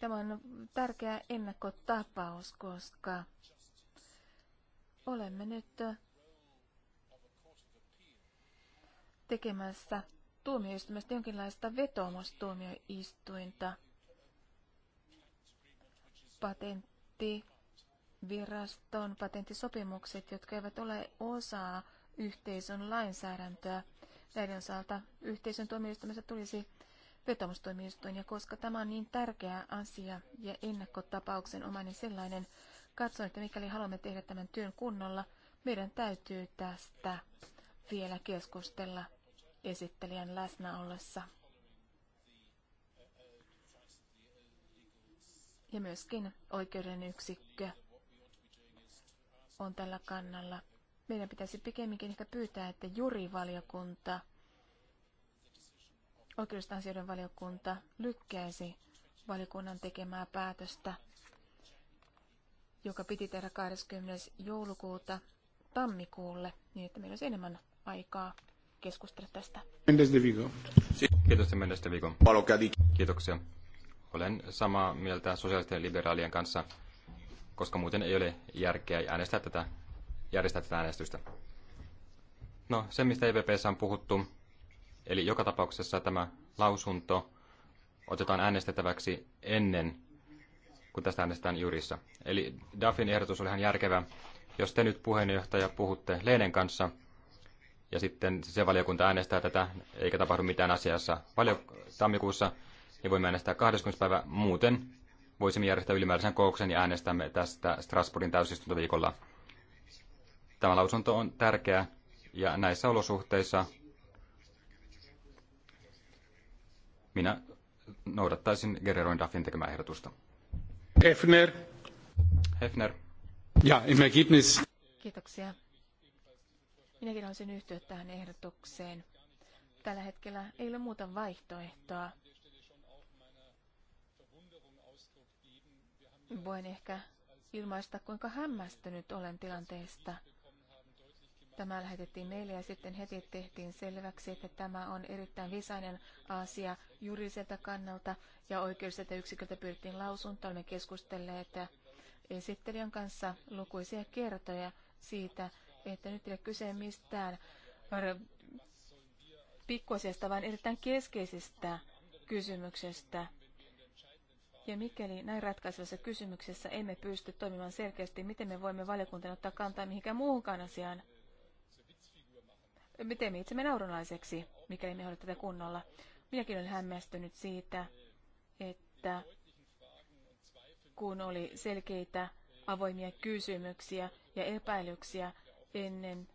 Tämä on tärkeä ennakkotapaus, koska olemme nyt tekemässä tuomioistuimesta jonkinlaista vetoomustuomioistuinta. Patenttiviraston patenttisopimukset, jotka eivät ole osa yhteisön lainsäädäntöä. Näiden osalta yhteisön tuomioistuimesta tulisi vetomustuomioistuin, ja koska tämä on niin tärkeä asia ja ennakkotapauksen omainen sellainen, katson, että mikäli haluamme tehdä tämän työn kunnolla, meidän täytyy tästä vielä keskustella esittelijän läsnä ollessa. Ja myöskin oikeuden yksikkö on tällä kannalla. Meidän pitäisi pikemminkin ehkä pyytää, että jurivaliokunta, oikeudellisten valiokunta, lykkäisi valiokunnan tekemää päätöstä, joka piti tehdä 20. joulukuuta tammikuulle, niin että meillä olisi enemmän aikaa keskustella tästä. Mendes de Vigo. Kiitos te Mendes de Kiitoksia. Olen samaa mieltä sosiaalisten liberaalien kanssa, koska muuten ei ole järkeä äänestää tätä, järjestää tätä äänestystä. No, se mistä EVPssä on puhuttu, eli joka tapauksessa tämä lausunto otetaan äänestettäväksi ennen kuin tästä äänestetään jurissa. Eli Duffin ehdotus oli ihan järkevä. Jos te nyt puheenjohtaja puhutte Leenen kanssa, ja sitten se valiokunta äänestää tätä, eikä tapahdu mitään asiassa valio- tammikuussa, niin voimme äänestää 20. päivä muuten. Voisimme järjestää ylimääräisen kokouksen ja äänestämme tästä Strasbourgin täysistuntoviikolla. Tämä lausunto on tärkeä ja näissä olosuhteissa minä noudattaisin Gereroin Daffin tekemää ehdotusta. Hefner. Hefner. Ja, im Ergebnis. Kiitoksia. Minäkin haluaisin yhtyä tähän ehdotukseen. Tällä hetkellä ei ole muuta vaihtoehtoa. Voin ehkä ilmaista, kuinka hämmästynyt olen tilanteesta. Tämä lähetettiin meille ja sitten heti tehtiin selväksi, että tämä on erittäin visainen asia juridiselta kannalta ja oikeudelliselta yksiköltä pyrittiin lausunto. Olemme keskustelleet esittelijän kanssa lukuisia kertoja siitä, että nyt ei ole kyse mistään pikkuasiasta, vaan erittäin keskeisistä kysymyksestä. Ja mikäli näin ratkaisevassa kysymyksessä emme pysty toimimaan selkeästi, miten me voimme valiokuntana ottaa kantaa mihinkään muuhunkaan asiaan? Miten me itsemme naurunlaiseksi, mikäli me ole tätä kunnolla? Minäkin olen hämmästynyt siitä, että kun oli selkeitä avoimia kysymyksiä ja epäilyksiä ennen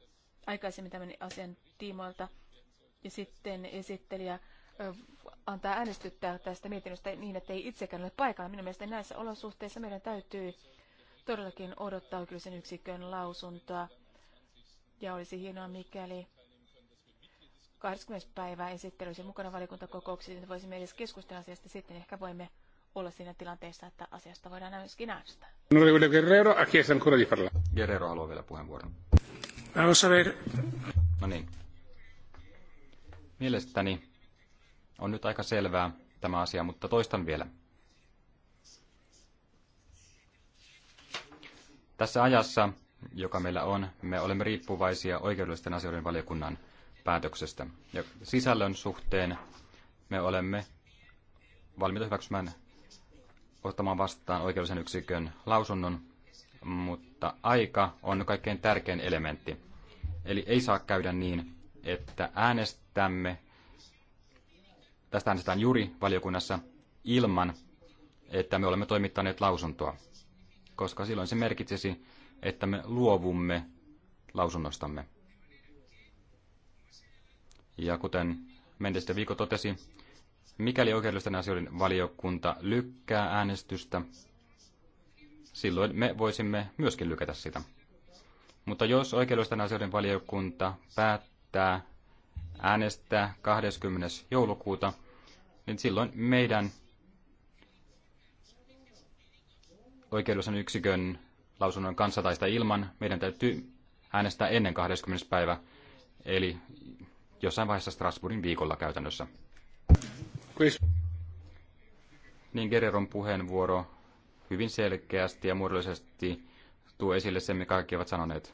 aikaisemmin tämän asian tiimoilta. Ja sitten esittelijä antaa äänestyttää tästä mietinnöstä niin, että ei itsekään ole paikalla. Minun mielestäni näissä olosuhteissa meidän täytyy todellakin odottaa oikeudellisen yksikön lausuntoa. Ja olisi hienoa, mikäli 20. päivää olisi mukana valiokuntakokouksessa, niin voisimme edes keskustella asiasta. Sitten ehkä voimme olla siinä tilanteessa, että asiasta voidaan myöskin äänestää. Guerrero haluaa vielä puheenvuoron. Vamos a No niin. Mielestäni on nyt aika selvää tämä asia, mutta toistan vielä. Tässä ajassa, joka meillä on, me olemme riippuvaisia oikeudellisten asioiden valiokunnan päätöksestä. Ja sisällön suhteen me olemme valmiita hyväksymään ottamaan vastaan oikeudellisen yksikön lausunnon mutta aika on kaikkein tärkein elementti. Eli ei saa käydä niin, että äänestämme, tästä äänestetään juuri valiokunnassa ilman, että me olemme toimittaneet lausuntoa, koska silloin se merkitsisi, että me luovumme lausunnostamme. Ja kuten Mendes de Viiko totesi, mikäli oikeudellisten asioiden valiokunta lykkää äänestystä, silloin me voisimme myöskin lykätä sitä. Mutta jos oikeudellisten asioiden valiokunta päättää äänestää 20. joulukuuta, niin silloin meidän oikeudellisen yksikön lausunnon kanssa tai sitä ilman meidän täytyy äänestää ennen 20. päivä, eli jossain vaiheessa Strasbourgin viikolla käytännössä. Niin Gereron puheenvuoro hyvin selkeästi ja muodollisesti tuo esille sen, mikä kaikki ovat sanoneet.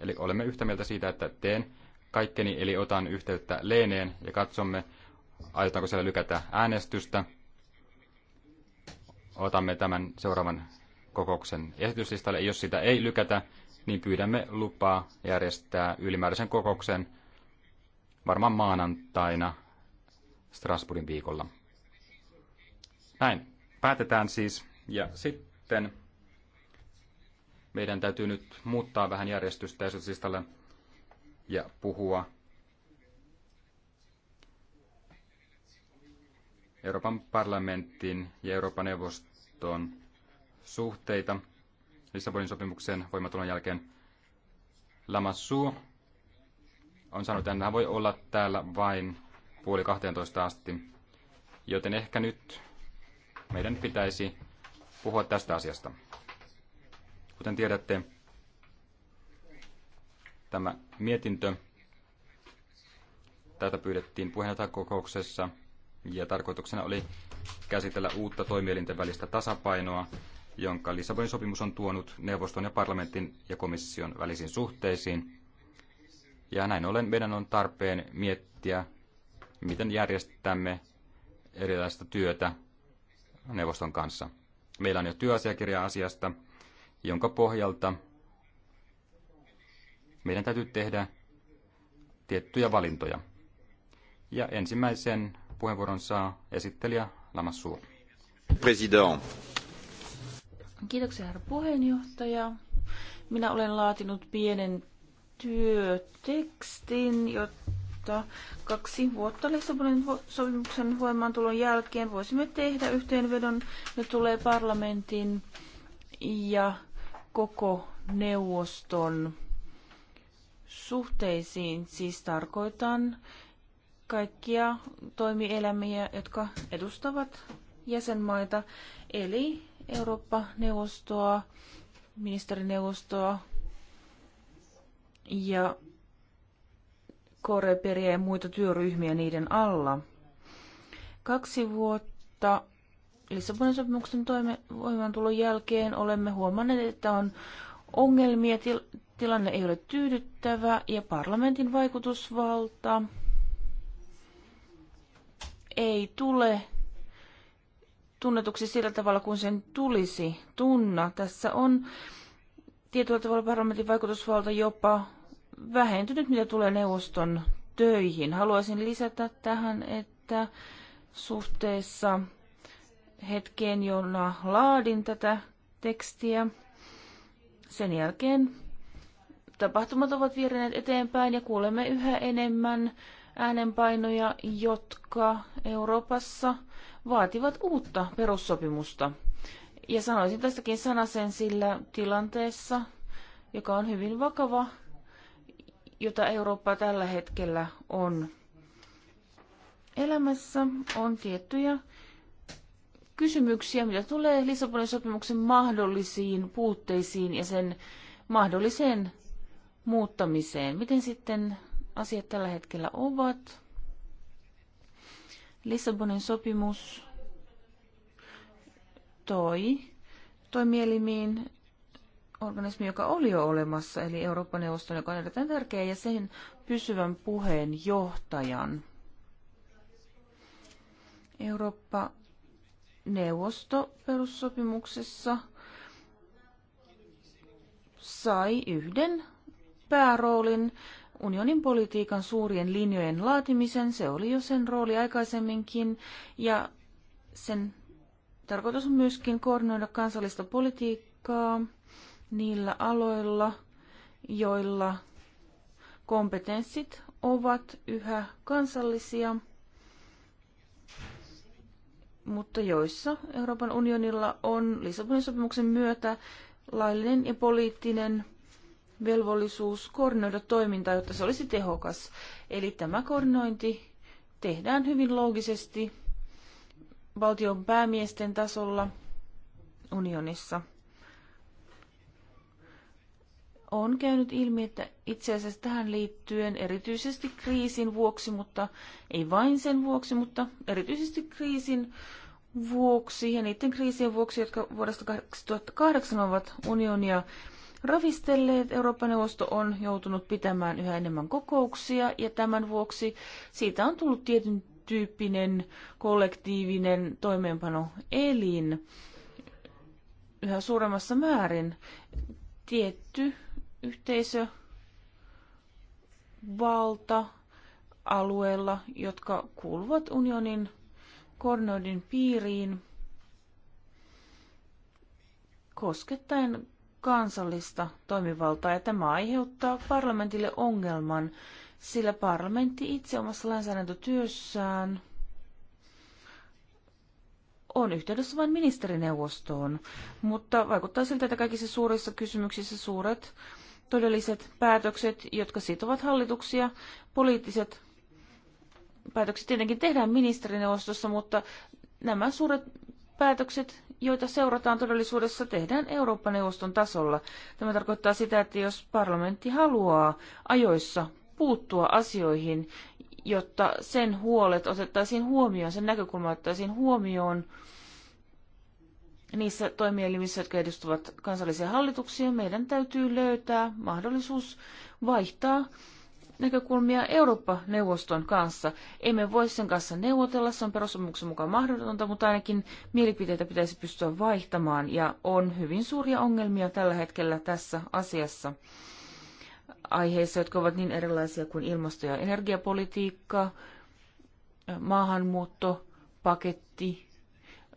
Eli olemme yhtä mieltä siitä, että teen kaikkeni, eli otan yhteyttä Leeneen ja katsomme, aiotaanko siellä lykätä äänestystä. Otamme tämän seuraavan kokouksen esityslistalle. Jos sitä ei lykätä, niin pyydämme lupaa järjestää ylimääräisen kokouksen varmaan maanantaina Strasbourgin viikolla. Näin. Päätetään siis ja sitten meidän täytyy nyt muuttaa vähän järjestystä esityslistalle ja puhua Euroopan parlamentin ja Euroopan neuvoston suhteita Lissabonin sopimuksen voimatulon jälkeen. Lamassu on sanonut, että hän voi olla täällä vain puoli 12 asti, joten ehkä nyt meidän pitäisi puhua tästä asiasta. Kuten tiedätte, tämä mietintö, tätä pyydettiin puheenjohtajakokouksessa ja tarkoituksena oli käsitellä uutta toimielinten välistä tasapainoa, jonka Lissabonin sopimus on tuonut neuvoston ja parlamentin ja komission välisiin suhteisiin. Ja näin ollen meidän on tarpeen miettiä, miten järjestämme erilaista työtä neuvoston kanssa. Meillä on jo työasiakirja asiasta, jonka pohjalta meidän täytyy tehdä tiettyjä valintoja. Ja ensimmäisen puheenvuoron saa esittelijä Lamassuur. President. Kiitoksia herra puheenjohtaja. Minä olen laatinut pienen työtekstin, jotta kohta. Kaksi vuotta Lissabonin sopimuksen voimaantulon jälkeen voisimme tehdä yhteenvedon. Ne tulee parlamentin ja koko neuvoston suhteisiin. Siis tarkoitan kaikkia toimielämiä, jotka edustavat jäsenmaita, eli Eurooppa-neuvostoa, ministerineuvostoa ja Koreperiä ja muita työryhmiä niiden alla. Kaksi vuotta Lissabonin sopimuksen voimaantulon jälkeen olemme huomanneet, että on ongelmia, til, tilanne ei ole tyydyttävä ja parlamentin vaikutusvalta ei tule tunnetuksi sillä tavalla kun sen tulisi tunna. Tässä on tietyllä tavalla parlamentin vaikutusvalta jopa vähentynyt, mitä tulee neuvoston töihin. Haluaisin lisätä tähän, että suhteessa hetkeen, jona laadin tätä tekstiä, sen jälkeen tapahtumat ovat vierineet eteenpäin ja kuulemme yhä enemmän äänenpainoja, jotka Euroopassa vaativat uutta perussopimusta. Ja sanoisin tästäkin sanasen, sillä tilanteessa, joka on hyvin vakava, jota Eurooppa tällä hetkellä on. Elämässä on tiettyjä kysymyksiä, mitä tulee Lissabonin sopimuksen mahdollisiin puutteisiin ja sen mahdolliseen muuttamiseen. Miten sitten asiat tällä hetkellä ovat? Lissabonin sopimus toi toimielimiin organismi, joka oli jo olemassa, eli Euroopan neuvoston, joka on erittäin tärkeä, ja sen pysyvän puheenjohtajan. Eurooppa-neuvosto perussopimuksessa sai yhden pääroolin unionin politiikan suurien linjojen laatimisen. Se oli jo sen rooli aikaisemminkin ja sen tarkoitus on myöskin koordinoida kansallista politiikkaa niillä aloilla, joilla kompetenssit ovat yhä kansallisia, mutta joissa Euroopan unionilla on Lissabonin sopimuksen myötä laillinen ja poliittinen velvollisuus koordinoida toimintaa, jotta se olisi tehokas. Eli tämä koordinointi tehdään hyvin loogisesti valtion päämiesten tasolla unionissa on käynyt ilmi, että itse asiassa tähän liittyen erityisesti kriisin vuoksi, mutta ei vain sen vuoksi, mutta erityisesti kriisin vuoksi ja niiden kriisien vuoksi, jotka vuodesta 2008 ovat unionia ravistelleet, Euroopan neuvosto on joutunut pitämään yhä enemmän kokouksia ja tämän vuoksi siitä on tullut tietyn tyyppinen kollektiivinen toimeenpanoelin yhä suuremmassa määrin. Tietty yhteisövalta alueella, jotka kuuluvat unionin koordinoidin piiriin koskettaen kansallista toimivaltaa. Ja tämä aiheuttaa parlamentille ongelman, sillä parlamentti itse omassa lainsäädäntötyössään on yhteydessä vain ministerineuvostoon, mutta vaikuttaa siltä, että kaikissa suurissa kysymyksissä suuret todelliset päätökset, jotka sitovat hallituksia, poliittiset päätökset tietenkin tehdään ministerineuvostossa, mutta nämä suuret päätökset, joita seurataan todellisuudessa, tehdään Eurooppa-neuvoston tasolla. Tämä tarkoittaa sitä, että jos parlamentti haluaa ajoissa puuttua asioihin, jotta sen huolet otettaisiin huomioon, sen näkökulma otettaisiin huomioon, niissä toimielimissä, jotka edustavat kansallisia hallituksia, meidän täytyy löytää mahdollisuus vaihtaa näkökulmia Eurooppa-neuvoston kanssa. Emme voi sen kanssa neuvotella, se on perussopimuksen mukaan mahdotonta, mutta ainakin mielipiteitä pitäisi pystyä vaihtamaan ja on hyvin suuria ongelmia tällä hetkellä tässä asiassa aiheissa, jotka ovat niin erilaisia kuin ilmasto- ja energiapolitiikka, maahanmuuttopaketti,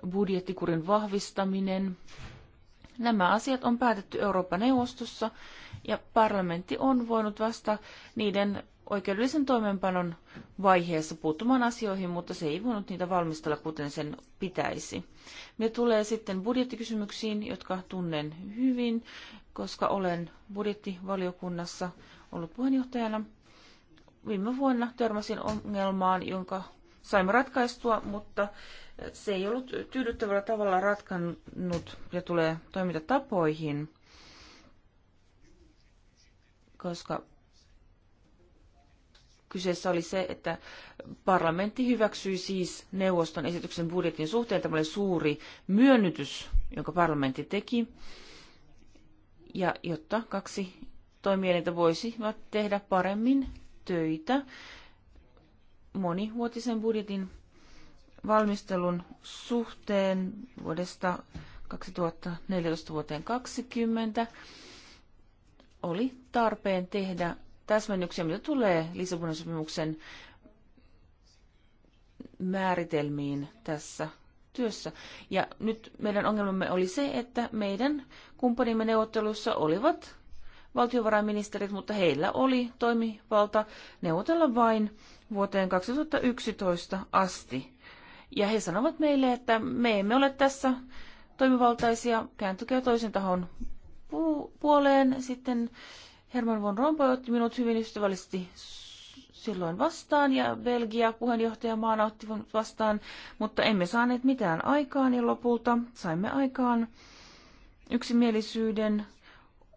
budjettikurin vahvistaminen. Nämä asiat on päätetty Euroopan neuvostossa ja parlamentti on voinut vasta niiden oikeudellisen toimenpanon vaiheessa puuttumaan asioihin, mutta se ei voinut niitä valmistella kuten sen pitäisi. Me tulee sitten budjettikysymyksiin, jotka tunnen hyvin, koska olen budjettivaliokunnassa ollut puheenjohtajana. Viime vuonna törmäsin ongelmaan, jonka saimme ratkaistua, mutta se ei ollut tyydyttävällä tavalla ratkannut ja tulee toimintatapoihin, koska kyseessä oli se, että parlamentti hyväksyi siis neuvoston esityksen budjetin suhteen. Tämä oli suuri myönnytys, jonka parlamentti teki. Ja jotta kaksi toimielintä voisivat tehdä paremmin töitä monivuotisen budjetin valmistelun suhteen vuodesta 2014 vuoteen 2020 oli tarpeen tehdä täsmennyksiä, mitä tulee Lissabonin sopimuksen määritelmiin tässä työssä. Ja nyt meidän ongelmamme oli se, että meidän kumppanimme neuvottelussa olivat valtiovarainministerit, mutta heillä oli toimivalta neuvotella vain vuoteen 2011 asti. Ja he sanovat meille, että me emme ole tässä toimivaltaisia, kääntykää toisen tahon puoleen. Sitten Herman von Rompuy otti minut hyvin ystävällisesti silloin vastaan ja Belgia maana otti vastaan, mutta emme saaneet mitään aikaan ja lopulta saimme aikaan yksimielisyyden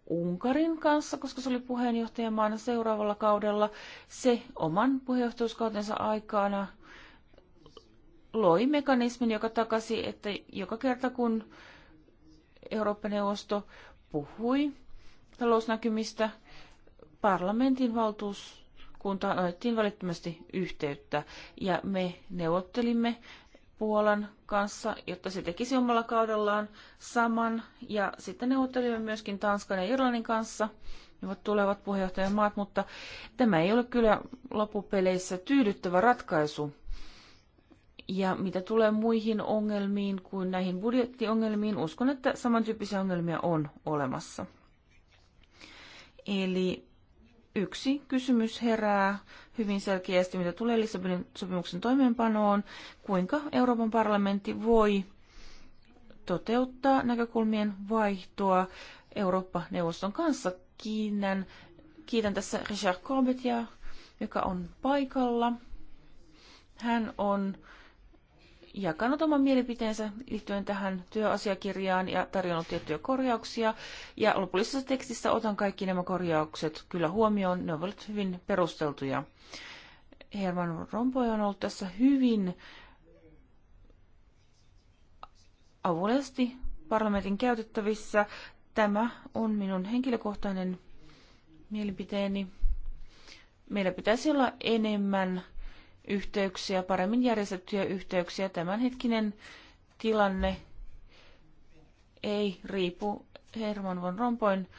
Unkarin kanssa, koska se oli puheenjohtajamaana seuraavalla kaudella. Se oman puheenjohtajuuskautensa aikana loi mekanismin, joka takasi, että joka kerta kun Eurooppa-neuvosto puhui talousnäkymistä, parlamentin valtuuskunta otettiin välittömästi yhteyttä ja me neuvottelimme Puolan kanssa, jotta se tekisi omalla kaudellaan saman. Ja sitten neuvottelimme myöskin Tanskan ja Irlannin kanssa, ne tulevat puheenjohtajamaat, mutta tämä ei ole kyllä loppupeleissä tyydyttävä ratkaisu. Ja mitä tulee muihin ongelmiin kuin näihin budjettiongelmiin, uskon, että samantyyppisiä ongelmia on olemassa. Eli yksi kysymys herää hyvin selkeästi, mitä tulee Lissabonin sopimuksen toimeenpanoon. Kuinka Euroopan parlamentti voi toteuttaa näkökulmien vaihtoa Eurooppa-neuvoston kanssa? Kiinnän, kiitän tässä Richard Corbettia, joka on paikalla. Hän on jakanut oman mielipiteensä liittyen tähän työasiakirjaan ja tarjonnut tiettyjä korjauksia. Ja lopullisessa tekstissä otan kaikki nämä korjaukset kyllä huomioon. Ne ovat hyvin perusteltuja. Herman Rompoy on ollut tässä hyvin avulesti parlamentin käytettävissä. Tämä on minun henkilökohtainen mielipiteeni. Meillä pitäisi olla enemmän yhteyksiä, paremmin järjestettyjä yhteyksiä. Tämänhetkinen tilanne ei riipu Herman von Rompoin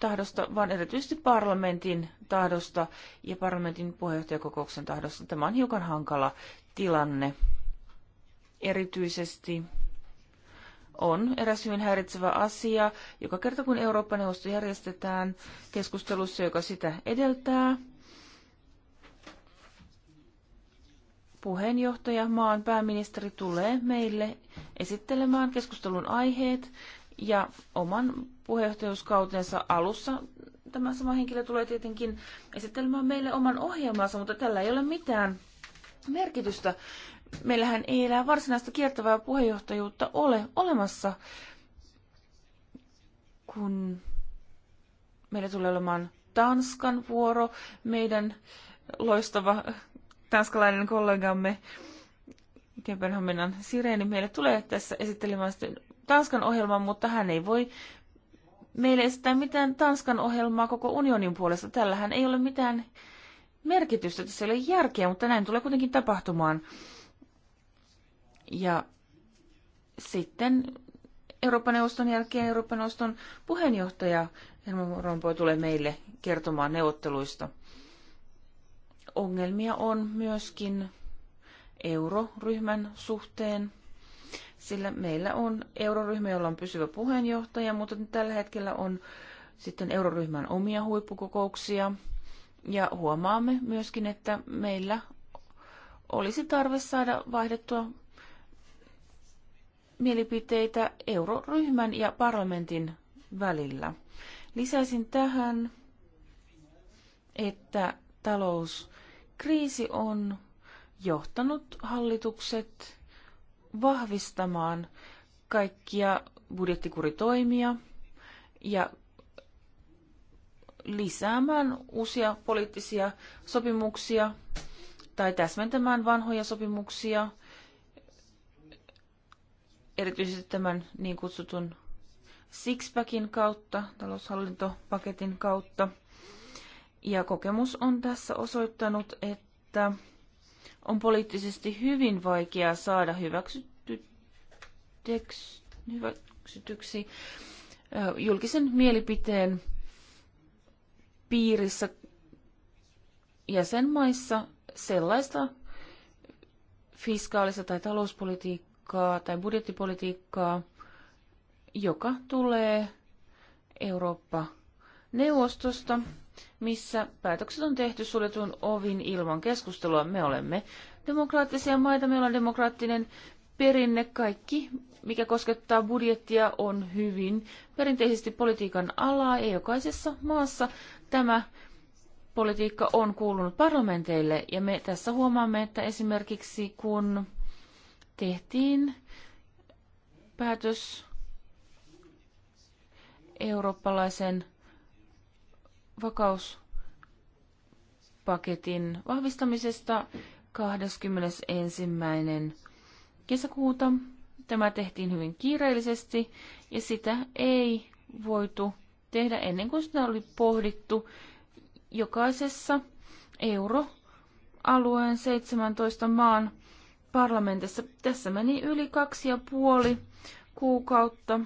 tahdosta, vaan erityisesti parlamentin tahdosta ja parlamentin puheenjohtajakokouksen tahdosta. Tämä on hiukan hankala tilanne. Erityisesti on eräs hyvin häiritsevä asia, joka kerta kun Eurooppa-neuvosto järjestetään keskustelussa, joka sitä edeltää – puheenjohtaja, maan pääministeri tulee meille esittelemään keskustelun aiheet ja oman puheenjohtajuuskautensa alussa tämä sama henkilö tulee tietenkin esittelemään meille oman ohjelmansa, mutta tällä ei ole mitään merkitystä. Meillähän ei enää varsinaista kiertävää puheenjohtajuutta ole olemassa, kun meillä tulee olemaan Tanskan vuoro, meidän loistava tanskalainen kollegamme Kööpenhaminan Sireeni meille tulee tässä esittelemään Tanskan ohjelman, mutta hän ei voi meille esittää mitään Tanskan ohjelmaa koko unionin puolesta. Tällähän ei ole mitään merkitystä, tässä ei ole järkeä, mutta näin tulee kuitenkin tapahtumaan. Ja sitten Euroopan neuvoston jälkeen Euroopan neuvoston puheenjohtaja Herman Rompoi tulee meille kertomaan neuvotteluista. Ongelmia on myöskin euroryhmän suhteen, sillä meillä on euroryhmä, jolla on pysyvä puheenjohtaja, mutta tällä hetkellä on sitten euroryhmän omia huippukokouksia. Ja huomaamme myöskin, että meillä olisi tarve saada vaihdettua mielipiteitä euroryhmän ja parlamentin välillä. Lisäisin tähän, että talous- Kriisi on johtanut hallitukset vahvistamaan kaikkia budjettikuritoimia ja lisäämään uusia poliittisia sopimuksia tai täsmentämään vanhoja sopimuksia, erityisesti tämän niin kutsutun sixpackin kautta, taloushallintopaketin kautta – ja kokemus on tässä osoittanut, että on poliittisesti hyvin vaikea saada hyväksytyksi julkisen mielipiteen piirissä jäsenmaissa sellaista fiskaalista tai talouspolitiikkaa tai budjettipolitiikkaa, joka tulee Eurooppa-neuvostosta missä päätökset on tehty suljetun ovin ilman keskustelua. Me olemme demokraattisia maita, meillä on demokraattinen perinne. Kaikki, mikä koskettaa budjettia, on hyvin perinteisesti politiikan alaa Ei jokaisessa maassa tämä politiikka on kuulunut parlamenteille. Ja me tässä huomaamme, että esimerkiksi kun tehtiin päätös eurooppalaisen vakauspaketin vahvistamisesta 21. kesäkuuta. Tämä tehtiin hyvin kiireellisesti ja sitä ei voitu tehdä ennen kuin sitä oli pohdittu jokaisessa euroalueen 17 maan parlamentissa. Tässä meni yli kaksi ja puoli kuukautta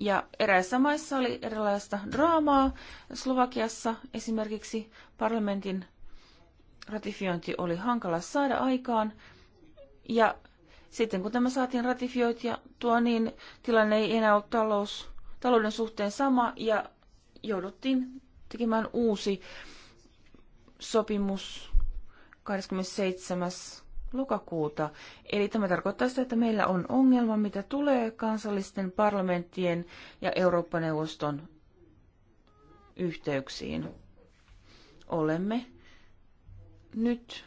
ja eräissä maissa oli erilaista draamaa. Slovakiassa esimerkiksi parlamentin ratifiointi oli hankala saada aikaan. Ja sitten kun tämä saatiin ratifioitua, tuo niin tilanne ei enää ollut talous, talouden suhteen sama ja jouduttiin tekemään uusi sopimus 27 lokakuuta. Eli tämä tarkoittaa sitä, että meillä on ongelma, mitä tulee kansallisten parlamenttien ja Eurooppa-neuvoston yhteyksiin. Olemme nyt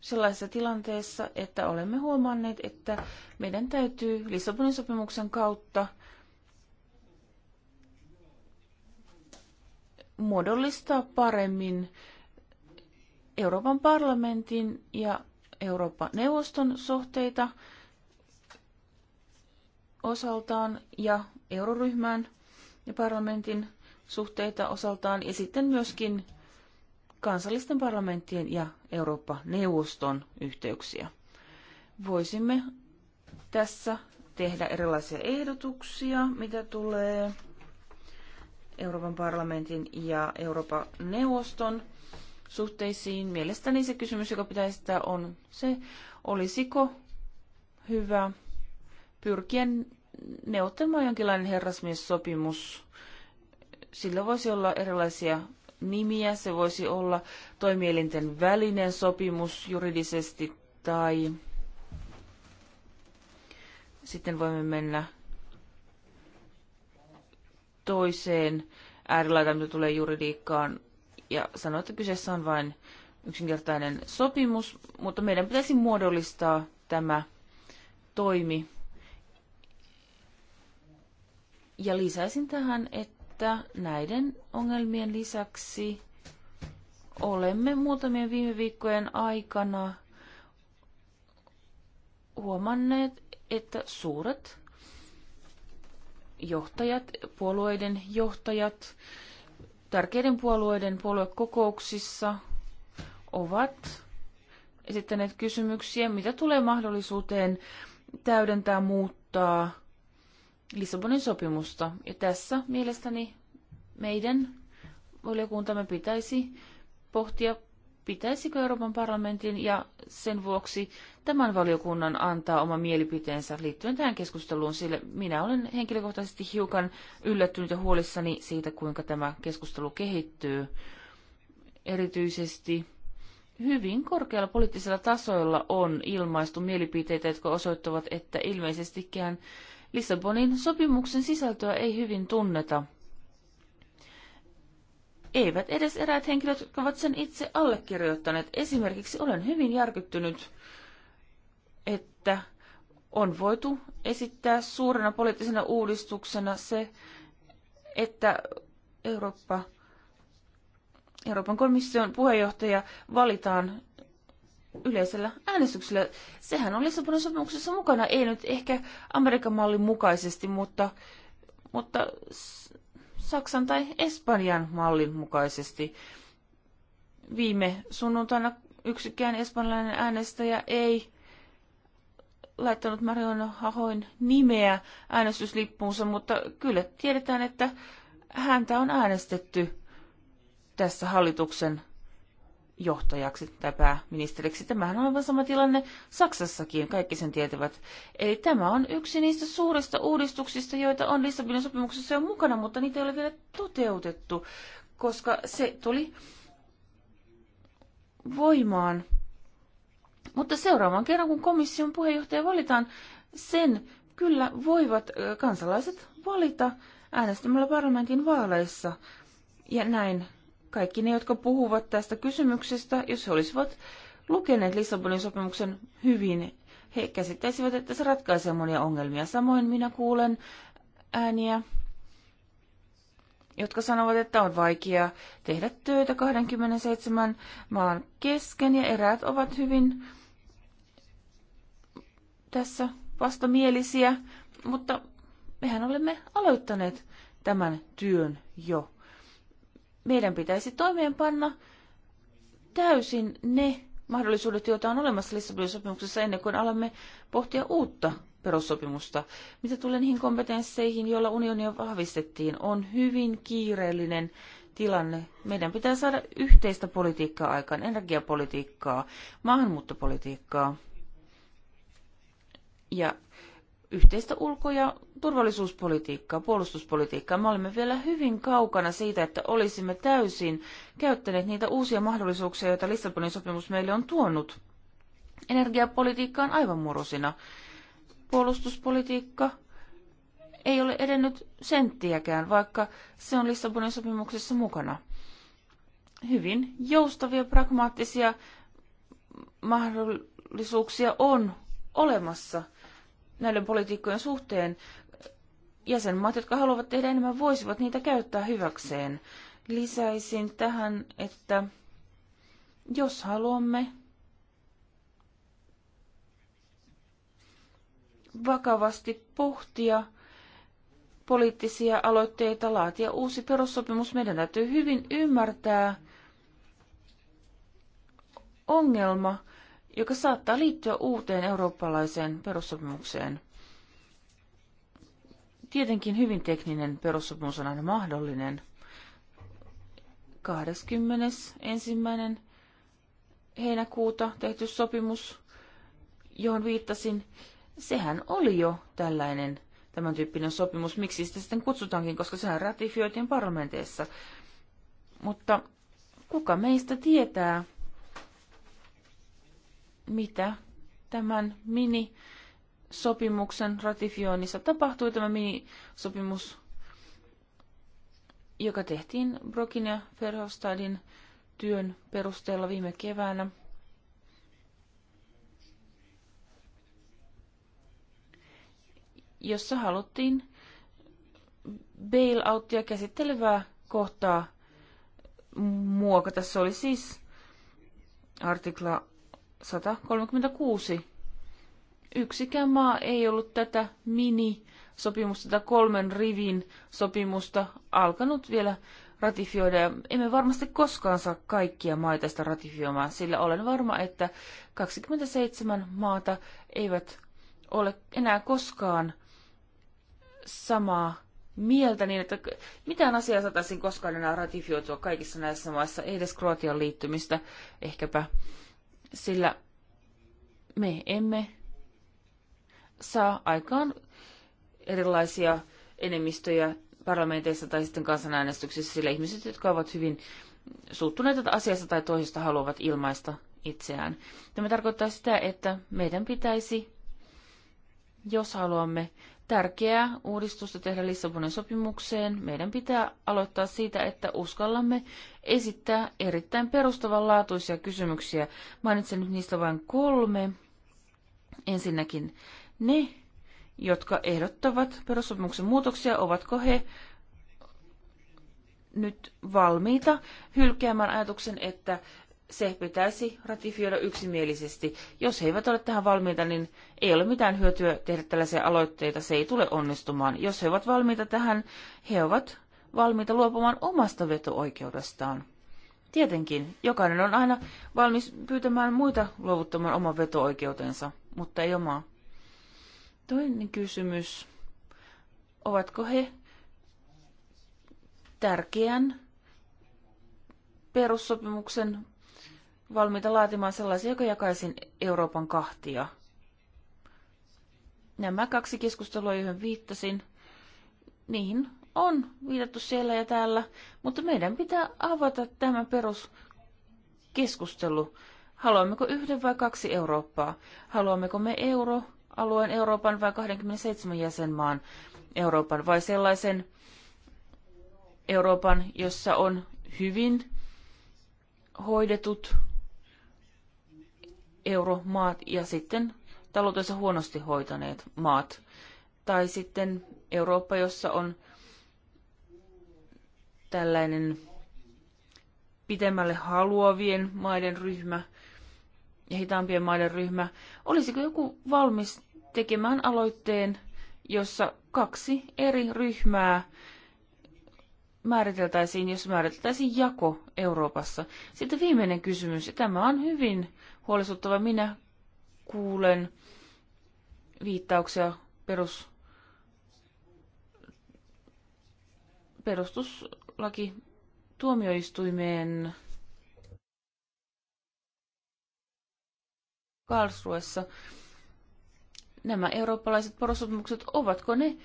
sellaisessa tilanteessa, että olemme huomanneet, että meidän täytyy Lissabonin sopimuksen kautta muodollistaa paremmin Euroopan parlamentin ja Eurooppa-neuvoston suhteita osaltaan ja euroryhmään ja parlamentin suhteita osaltaan ja sitten myöskin kansallisten parlamenttien ja Eurooppa-neuvoston yhteyksiä. Voisimme tässä tehdä erilaisia ehdotuksia, mitä tulee Euroopan parlamentin ja Euroopan neuvoston suhteisiin. Mielestäni se kysymys, joka pitäisi esittää, on se, olisiko hyvä pyrkiä neuvottelemaan jonkinlainen herrasmiessopimus. Sillä voisi olla erilaisia nimiä, se voisi olla toimielinten välinen sopimus juridisesti tai sitten voimme mennä toiseen äärilaitaan, mitä tulee juridiikkaan ja sanoi, että kyseessä on vain yksinkertainen sopimus, mutta meidän pitäisi muodollistaa tämä toimi. Ja lisäisin tähän, että näiden ongelmien lisäksi olemme muutamien viime viikkojen aikana huomanneet, että suuret johtajat, puolueiden johtajat, tärkeiden puolueiden puoluekokouksissa ovat esittäneet kysymyksiä, mitä tulee mahdollisuuteen täydentää, muuttaa Lissabonin sopimusta. Ja tässä mielestäni meidän valiokuntamme pitäisi pohtia pitäisikö Euroopan parlamentin ja sen vuoksi tämän valiokunnan antaa oma mielipiteensä liittyen tähän keskusteluun, sillä minä olen henkilökohtaisesti hiukan yllättynyt ja huolissani siitä, kuinka tämä keskustelu kehittyy. Erityisesti hyvin korkealla poliittisella tasoilla on ilmaistu mielipiteitä, jotka osoittavat, että ilmeisestikään Lissabonin sopimuksen sisältöä ei hyvin tunneta – eivät edes eräät henkilöt, jotka ovat sen itse allekirjoittaneet. Esimerkiksi olen hyvin järkyttynyt, että on voitu esittää suurena poliittisena uudistuksena se, että Eurooppa, Euroopan komission puheenjohtaja valitaan yleisellä äänestyksellä. Sehän on Lissabonin sopimuksessa mukana, ei nyt ehkä Amerikan mallin mukaisesti, mutta, mutta Saksan tai Espanjan mallin mukaisesti. Viime sunnuntaina yksikään espanjalainen äänestäjä ei laittanut Marion Hahoin nimeä äänestyslippuunsa, mutta kyllä tiedetään, että häntä on äänestetty tässä hallituksen johtajaksi tai pääministeriksi. Tämähän on aivan sama tilanne Saksassakin, kaikki sen tietävät. Eli tämä on yksi niistä suurista uudistuksista, joita on Lissabonin sopimuksessa jo mukana, mutta niitä ei ole vielä toteutettu, koska se tuli voimaan. Mutta seuraavan kerran, kun komission puheenjohtaja valitaan, sen kyllä voivat kansalaiset valita äänestämällä parlamentin vaaleissa. Ja näin kaikki ne, jotka puhuvat tästä kysymyksestä, jos he olisivat lukeneet Lissabonin sopimuksen hyvin, he käsittäisivät, että se ratkaisee monia ongelmia. Samoin minä kuulen ääniä, jotka sanovat, että on vaikea tehdä töitä 27 maan kesken ja eräät ovat hyvin tässä vastamielisiä, mutta mehän olemme aloittaneet tämän työn jo meidän pitäisi toimeenpanna täysin ne mahdollisuudet, joita on olemassa Lissabonin sopimuksessa ennen kuin alamme pohtia uutta perussopimusta. Mitä tulee niihin kompetensseihin, joilla unionia vahvistettiin, on hyvin kiireellinen tilanne. Meidän pitää saada yhteistä politiikkaa aikaan, energiapolitiikkaa, maahanmuuttopolitiikkaa. Ja yhteistä ulko- ja turvallisuuspolitiikkaa, puolustuspolitiikkaa. Me olemme vielä hyvin kaukana siitä, että olisimme täysin käyttäneet niitä uusia mahdollisuuksia, joita Lissabonin sopimus meille on tuonut. Energiapolitiikka on aivan murusina. Puolustuspolitiikka ei ole edennyt senttiäkään, vaikka se on Lissabonin sopimuksessa mukana. Hyvin joustavia, pragmaattisia mahdollisuuksia on olemassa näiden politiikkojen suhteen jäsenmaat, jotka haluavat tehdä enemmän, voisivat niitä käyttää hyväkseen. Lisäisin tähän, että jos haluamme vakavasti pohtia poliittisia aloitteita, laatia uusi perussopimus, meidän täytyy hyvin ymmärtää ongelma, joka saattaa liittyä uuteen eurooppalaiseen perussopimukseen. Tietenkin hyvin tekninen perussopimus on aina mahdollinen. 21. heinäkuuta tehty sopimus, johon viittasin, sehän oli jo tällainen tämän tyyppinen sopimus. Miksi sitä sitten kutsutaankin, koska sehän ratifioitiin parlamenteissa. Mutta kuka meistä tietää, mitä tämän mini-sopimuksen ratifioinnissa tapahtui. Tämä mini-sopimus, joka tehtiin Brokin ja Verhofstadin työn perusteella viime keväänä. jossa haluttiin bailouttia käsittelevää kohtaa muokata. Se oli siis artikla 136. Yksikään maa ei ollut tätä mini-sopimusta tätä kolmen rivin sopimusta alkanut vielä ratifioida. Ja emme varmasti koskaan saa kaikkia maita sitä ratifioimaan, sillä olen varma, että 27 maata eivät ole enää koskaan samaa mieltä niin, että mitään asiaa saataisiin koskaan enää ratifioitua kaikissa näissä maissa, ei edes Kroatian liittymistä ehkäpä sillä me emme saa aikaan erilaisia enemmistöjä parlamenteissa tai sitten kansanäänestyksissä, sillä ihmiset, jotka ovat hyvin suuttuneita asiasta tai toisesta, haluavat ilmaista itseään. Tämä tarkoittaa sitä, että meidän pitäisi, jos haluamme tärkeää uudistusta tehdä Lissabonin sopimukseen, meidän pitää aloittaa siitä, että uskallamme esittää erittäin perustavanlaatuisia kysymyksiä. Mainitsen nyt niistä vain kolme. Ensinnäkin ne, jotka ehdottavat perussopimuksen muutoksia, ovatko he nyt valmiita hylkäämään ajatuksen, että se pitäisi ratifioida yksimielisesti. Jos he eivät ole tähän valmiita, niin ei ole mitään hyötyä tehdä tällaisia aloitteita, se ei tule onnistumaan. Jos he ovat valmiita tähän, he ovat valmiita luopumaan omasta veto-oikeudestaan. Tietenkin, jokainen on aina valmis pyytämään muita luovuttamaan oman veto-oikeutensa, mutta ei omaa. Toinen kysymys. Ovatko he tärkeän perussopimuksen valmiita laatimaan sellaisia, joka jakaisin Euroopan kahtia. Nämä kaksi keskustelua, joihin viittasin, niihin on viitattu siellä ja täällä, mutta meidän pitää avata tämä peruskeskustelu. Haluammeko yhden vai kaksi Eurooppaa? Haluammeko me euroalueen Euroopan vai 27 jäsenmaan Euroopan vai sellaisen Euroopan, jossa on hyvin hoidetut euromaat ja sitten taloutensa huonosti hoitaneet maat. Tai sitten Eurooppa, jossa on tällainen pitemmälle haluavien maiden ryhmä ja hitaampien maiden ryhmä. Olisiko joku valmis tekemään aloitteen, jossa kaksi eri ryhmää määriteltäisiin, jos määriteltäisiin jako Euroopassa. Sitten viimeinen kysymys, ja tämä on hyvin huolestuttava. Minä kuulen viittauksia perus, perustuslaki tuomioistuimeen Karlsruessa. Nämä eurooppalaiset porosopimukset, ovatko ne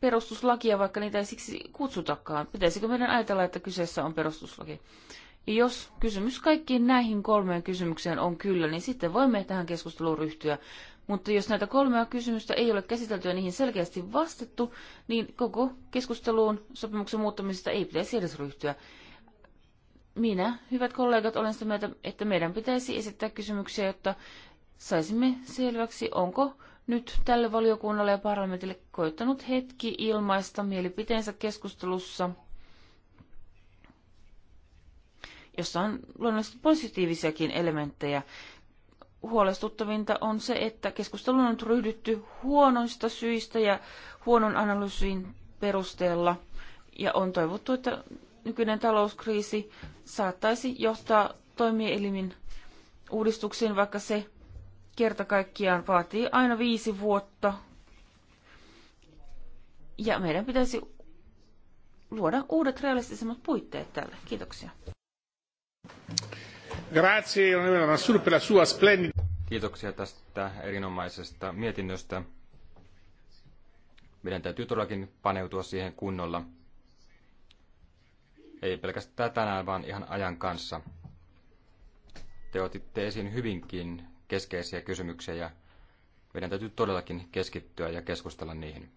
perustuslakia, vaikka niitä ei siksi kutsutakaan? Pitäisikö meidän ajatella, että kyseessä on perustuslaki? Jos kysymys kaikkiin näihin kolmeen kysymykseen on kyllä, niin sitten voimme tähän keskusteluun ryhtyä. Mutta jos näitä kolmea kysymystä ei ole käsitelty ja niihin selkeästi vastattu, niin koko keskusteluun sopimuksen muuttamisesta ei pitäisi edes ryhtyä. Minä, hyvät kollegat, olen sitä mieltä, että meidän pitäisi esittää kysymyksiä, jotta saisimme selväksi, onko nyt tälle valiokunnalle ja parlamentille koittanut hetki ilmaista mielipiteensä keskustelussa – jossa on luonnollisesti positiivisiakin elementtejä. Huolestuttavinta on se, että keskusteluun on ryhdytty huonoista syistä ja huonon analyysin perusteella. Ja on toivottu, että nykyinen talouskriisi saattaisi johtaa toimielimin uudistuksiin, vaikka se kerta kaikkiaan vaatii aina viisi vuotta. Ja meidän pitäisi luoda uudet realistisemmat puitteet tälle. Kiitoksia. Grazie, per la sua splendida... Kiitoksia tästä erinomaisesta mietinnöstä. Meidän täytyy todellakin paneutua siihen kunnolla. Ei pelkästään tänään, vaan ihan ajan kanssa. Te otitte esiin hyvinkin keskeisiä kysymyksiä ja meidän täytyy todellakin keskittyä ja keskustella niihin.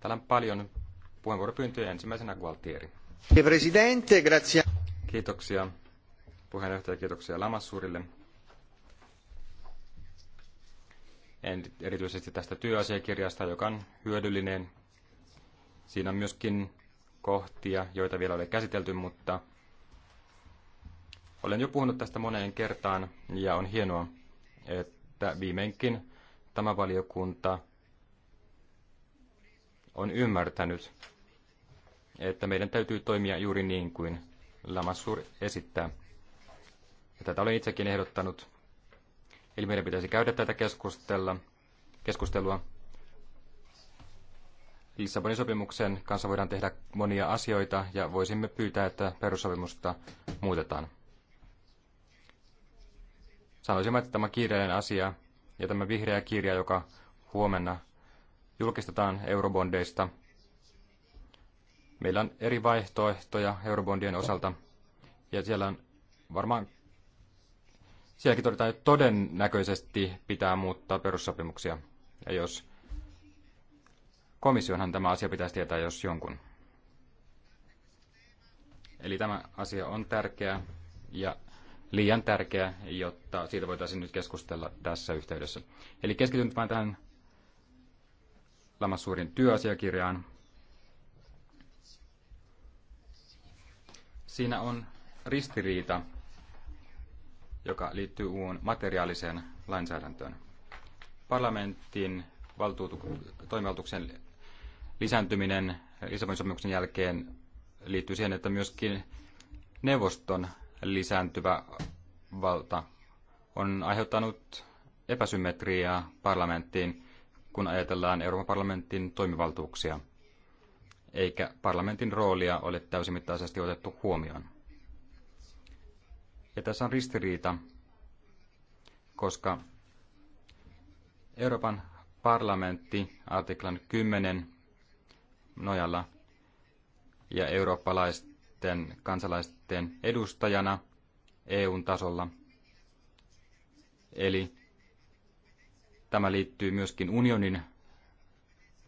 Täällä on paljon puheenvuoropyyntöjä ensimmäisenä Gualtieri. Presidente, grazie. Kiitoksia puheenjohtaja, kiitoksia Lamassuurille. En erityisesti tästä työasiakirjasta, joka on hyödyllinen. Siinä on myöskin kohtia, joita vielä ole käsitelty, mutta olen jo puhunut tästä moneen kertaan ja on hienoa, että viimeinkin tämä valiokunta on ymmärtänyt, että meidän täytyy toimia juuri niin kuin Lamassur esittää ja tätä olen itsekin ehdottanut. Eli meidän pitäisi käydä tätä keskustella, keskustelua. Lissabonin sopimuksen kanssa voidaan tehdä monia asioita ja voisimme pyytää, että perussopimusta muutetaan. Sanoisin, että tämä kiireellinen asia ja tämä vihreä kirja, joka huomenna julkistetaan eurobondeista, meillä on eri vaihtoehtoja eurobondien osalta ja siellä on varmaan Sielläkin todetaan, että todennäköisesti pitää muuttaa perussopimuksia. Ja jos komissionhan tämä asia pitäisi tietää, jos jonkun. Eli tämä asia on tärkeä ja liian tärkeä, jotta siitä voitaisiin nyt keskustella tässä yhteydessä. Eli keskityn nyt vain tähän Lamassuurin työasiakirjaan. Siinä on ristiriita joka liittyy UUn materiaaliseen lainsäädäntöön. Parlamentin valtuutu- toimivaltuuksien lisääntyminen Lissabonin sopimuksen jälkeen liittyy siihen, että myöskin neuvoston lisääntyvä valta on aiheuttanut epäsymmetriaa parlamenttiin, kun ajatellaan Euroopan parlamentin toimivaltuuksia, eikä parlamentin roolia ole täysimittaisesti otettu huomioon. Ja tässä on ristiriita, koska Euroopan parlamentti artiklan 10 nojalla ja eurooppalaisten kansalaisten edustajana EUn tasolla. Eli tämä liittyy myöskin unionin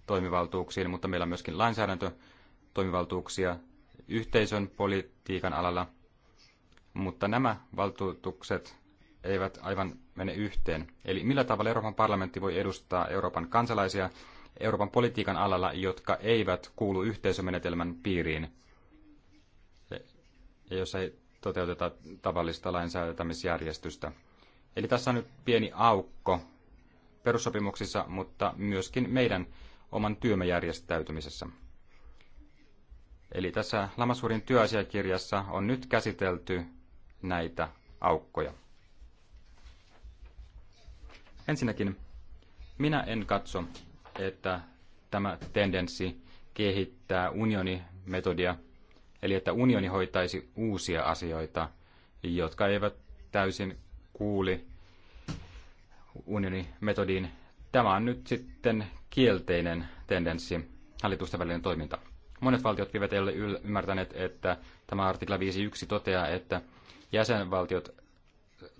toimivaltuuksiin, mutta meillä on myöskin lainsäädäntötoimivaltuuksia yhteisön politiikan alalla mutta nämä valtuutukset eivät aivan mene yhteen. Eli millä tavalla Euroopan parlamentti voi edustaa Euroopan kansalaisia Euroopan politiikan alalla, jotka eivät kuulu yhteisömenetelmän piiriin, jos ei toteuteta tavallista lainsäätämisjärjestystä. Eli tässä on nyt pieni aukko perussopimuksissa, mutta myöskin meidän oman työmme järjestäytymisessä. Eli tässä Lamassuurin työasiakirjassa on nyt käsitelty näitä aukkoja. Ensinnäkin minä en katso, että tämä tendenssi kehittää unionimetodia, eli että unioni hoitaisi uusia asioita, jotka eivät täysin kuuli unionimetodiin. Tämä on nyt sitten kielteinen tendenssi, hallitusten välinen toiminta. Monet valtiot eivät ole ymmärtäneet, että tämä artikla 5.1 toteaa, että jäsenvaltiot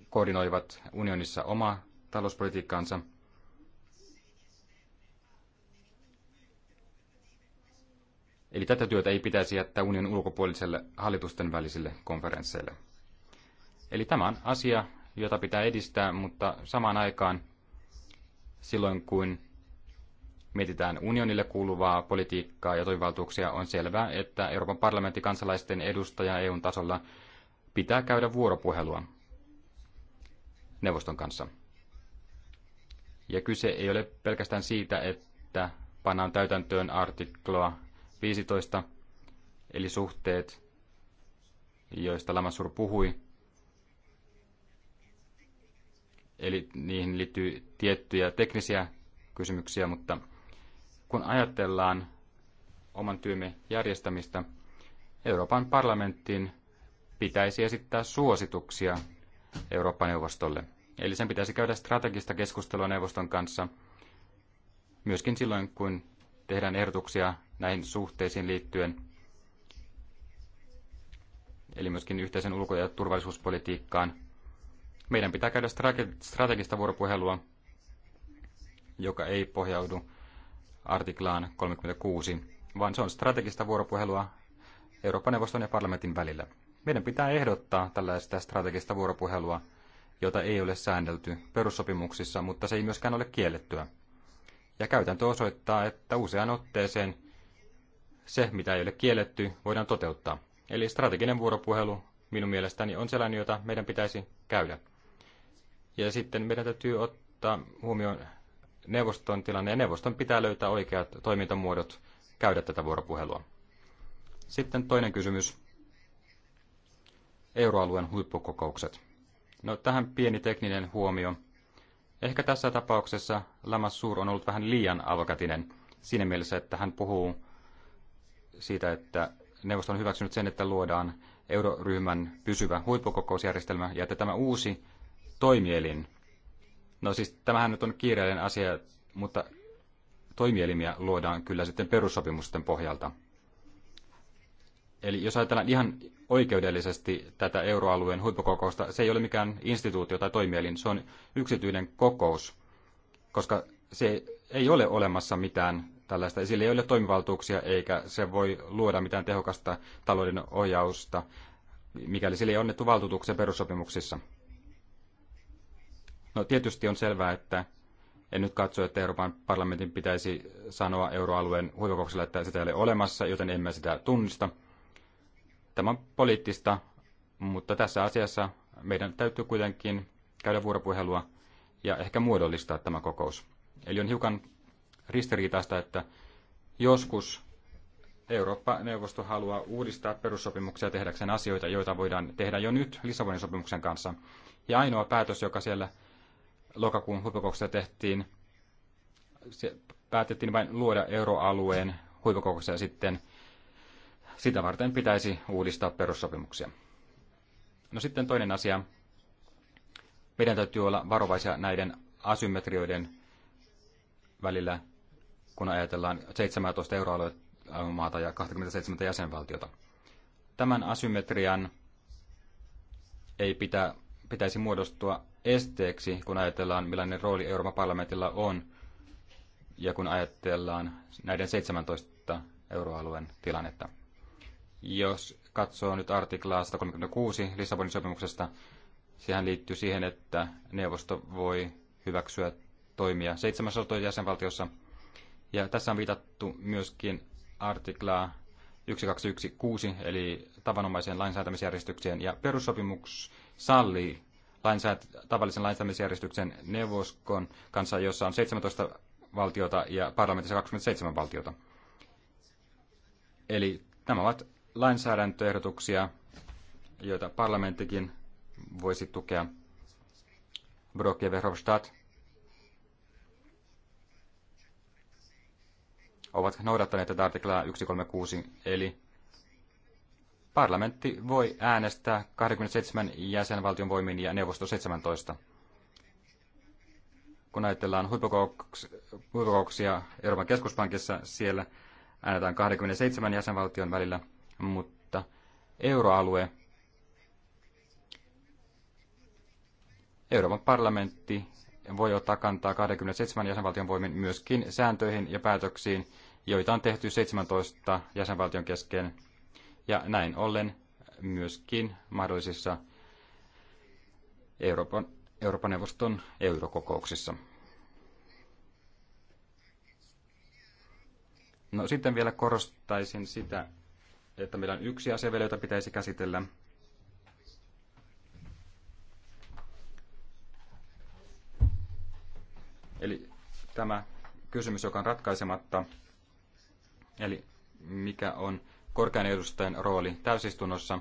koordinoivat unionissa omaa talouspolitiikkaansa. Eli tätä työtä ei pitäisi jättää unionin ulkopuoliselle hallitusten välisille konferensseille. Eli tämä on asia, jota pitää edistää, mutta samaan aikaan silloin kun mietitään unionille kuuluvaa politiikkaa ja toimivaltuuksia, on selvää, että Euroopan parlamentti kansalaisten edustaja EUn tasolla – pitää käydä vuoropuhelua neuvoston kanssa. Ja kyse ei ole pelkästään siitä, että pannaan täytäntöön artikloa 15, eli suhteet, joista Lamassur puhui. Eli niihin liittyy tiettyjä teknisiä kysymyksiä, mutta kun ajatellaan oman työmme järjestämistä, Euroopan parlamentin pitäisi esittää suosituksia Eurooppa-neuvostolle. Eli sen pitäisi käydä strategista keskustelua neuvoston kanssa myöskin silloin, kun tehdään ehdotuksia näihin suhteisiin liittyen, eli myöskin yhteisen ulko- ja turvallisuuspolitiikkaan. Meidän pitää käydä strategista vuoropuhelua, joka ei pohjaudu artiklaan 36, vaan se on strategista vuoropuhelua Euroopan neuvoston ja parlamentin välillä. Meidän pitää ehdottaa tällaista strategista vuoropuhelua, jota ei ole säännelty perussopimuksissa, mutta se ei myöskään ole kiellettyä. Ja käytäntö osoittaa, että usean otteeseen se, mitä ei ole kielletty, voidaan toteuttaa. Eli strateginen vuoropuhelu minun mielestäni on sellainen, jota meidän pitäisi käydä. Ja sitten meidän täytyy ottaa huomioon neuvoston tilanne, ja neuvoston pitää löytää oikeat toimintamuodot käydä tätä vuoropuhelua. Sitten toinen kysymys euroalueen huippukokoukset. No tähän pieni tekninen huomio. Ehkä tässä tapauksessa suur on ollut vähän liian avokätinen siinä mielessä, että hän puhuu siitä, että neuvosto on hyväksynyt sen, että luodaan euroryhmän pysyvä huippukokousjärjestelmä ja että tämä uusi toimielin, no siis tämähän nyt on kiireellinen asia, mutta toimielimiä luodaan kyllä sitten perussopimusten pohjalta. Eli jos ajatellaan ihan oikeudellisesti tätä euroalueen huippukokousta. Se ei ole mikään instituutio tai toimielin, se on yksityinen kokous, koska se ei ole olemassa mitään tällaista. Sillä ei ole toimivaltuuksia eikä se voi luoda mitään tehokasta talouden ohjausta, mikäli sille ei onnettu valtuutuksia perussopimuksissa. No tietysti on selvää, että en nyt katso, että Euroopan parlamentin pitäisi sanoa euroalueen huippukokouksella, että sitä ei ole olemassa, joten emme sitä tunnista – Tämä on poliittista, mutta tässä asiassa meidän täytyy kuitenkin käydä vuoropuhelua ja ehkä muodollistaa tämä kokous. Eli on hiukan ristiriitaista, että joskus Eurooppa-neuvosto haluaa uudistaa perussopimuksia tehdäkseen asioita, joita voidaan tehdä jo nyt Lissabonin sopimuksen kanssa. Ja ainoa päätös, joka siellä lokakuun huippukokouksessa tehtiin, se päätettiin vain luoda euroalueen huippukokouksessa ja sitten sitä varten pitäisi uudistaa perussopimuksia. No sitten toinen asia. Meidän täytyy olla varovaisia näiden asymmetrioiden välillä, kun ajatellaan 17 euroaluemaata ja 27 jäsenvaltiota. Tämän asymmetrian ei pitä, pitäisi muodostua esteeksi, kun ajatellaan millainen rooli Euroopan parlamentilla on ja kun ajatellaan näiden 17 euroalueen tilannetta. Jos katsoo nyt artiklaa 136 Lissabonin sopimuksesta, siihen liittyy siihen, että neuvosto voi hyväksyä toimia 700 jäsenvaltiossa. Ja tässä on viitattu myöskin artiklaa 1216, eli tavanomaisen lainsäätämisjärjestykseen, ja perussopimus sallii lainsäät- tavallisen lainsäätämisjärjestyksen neuvoskon kanssa, jossa on 17 valtiota ja parlamentissa 27 valtiota. Eli nämä ovat lainsäädäntöehdotuksia, joita parlamenttikin voisi tukea. Brock Verhofstadt ovat noudattaneet tätä artiklaa 136, eli parlamentti voi äänestää 27 jäsenvaltion voimin ja neuvosto 17. Kun ajatellaan huippukokouksia Euroopan keskuspankissa, siellä äänetään 27 jäsenvaltion välillä – mutta euroalue, Euroopan parlamentti voi ottaa kantaa 27 jäsenvaltion voimin myöskin sääntöihin ja päätöksiin, joita on tehty 17 jäsenvaltion kesken, ja näin ollen myöskin mahdollisissa Euroopan, Euroopan neuvoston eurokokouksissa. No sitten vielä korostaisin sitä, että meillä on yksi asia vielä, jota pitäisi käsitellä. Eli tämä kysymys, joka on ratkaisematta, eli mikä on korkean edustajan rooli täysistunnossa.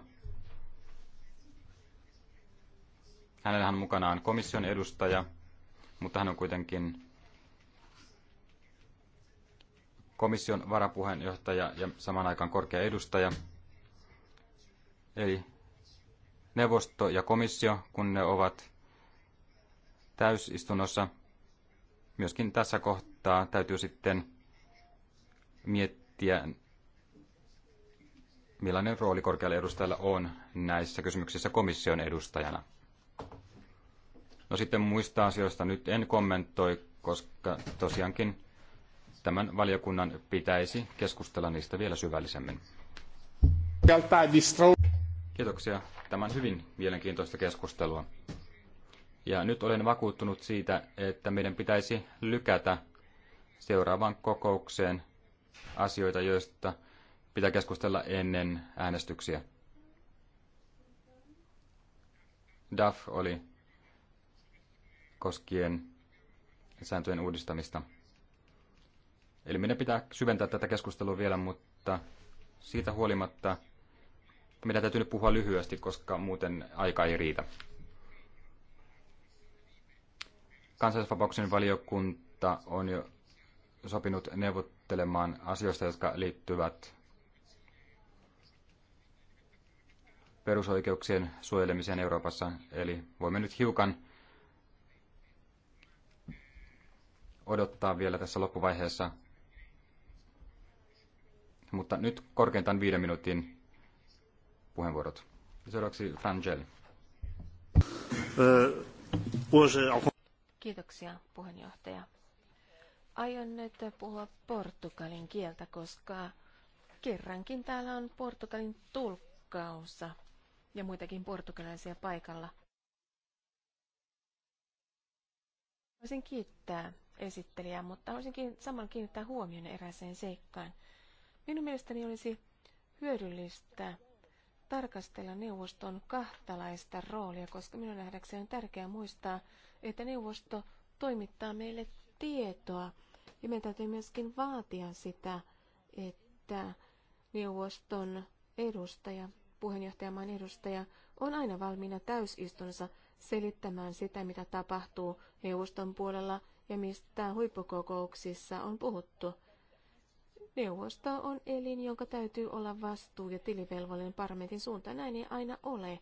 Hänellähän mukanaan komission edustaja, mutta hän on kuitenkin komission varapuheenjohtaja ja saman aikaan korkea edustaja. Eli neuvosto ja komissio, kun ne ovat täysistunnossa, myöskin tässä kohtaa täytyy sitten miettiä, millainen rooli korkealla edustajalla on näissä kysymyksissä komission edustajana. No sitten muista asioista nyt en kommentoi, koska tosiaankin tämän valiokunnan pitäisi keskustella niistä vielä syvällisemmin. Kiitoksia. Tämä on hyvin mielenkiintoista keskustelua. Ja nyt olen vakuuttunut siitä, että meidän pitäisi lykätä seuraavaan kokoukseen asioita, joista pitää keskustella ennen äänestyksiä. DAF oli koskien sääntöjen uudistamista. Eli meidän pitää syventää tätä keskustelua vielä, mutta siitä huolimatta meidän täytyy nyt puhua lyhyesti, koska muuten aika ei riitä. Kansallisvapauksen valiokunta on jo sopinut neuvottelemaan asioista, jotka liittyvät perusoikeuksien suojelemiseen Euroopassa. Eli voimme nyt hiukan odottaa vielä tässä loppuvaiheessa, mutta nyt korkeintaan viiden minuutin puheenvuorot. Seuraavaksi Frangeli. Kiitoksia puheenjohtaja. Aion nyt puhua portugalin kieltä, koska kerrankin täällä on portugalin tulkkaus ja muitakin portugalaisia paikalla. Haluaisin kiittää esittelijää, mutta haluaisinkin samalla kiinnittää huomioon erääseen seikkaan – Minun mielestäni olisi hyödyllistä tarkastella neuvoston kahtalaista roolia, koska minun nähdäkseni on tärkeää muistaa, että neuvosto toimittaa meille tietoa ja meidän täytyy myöskin vaatia sitä, että neuvoston edustaja, puheenjohtajamaan edustaja, on aina valmiina täysistunsa selittämään sitä, mitä tapahtuu neuvoston puolella ja mistä huippukokouksissa on puhuttu – Neuvosto on elin, jonka täytyy olla vastuu- ja tilivelvollinen parlamentin suuntaan. Näin ei aina ole.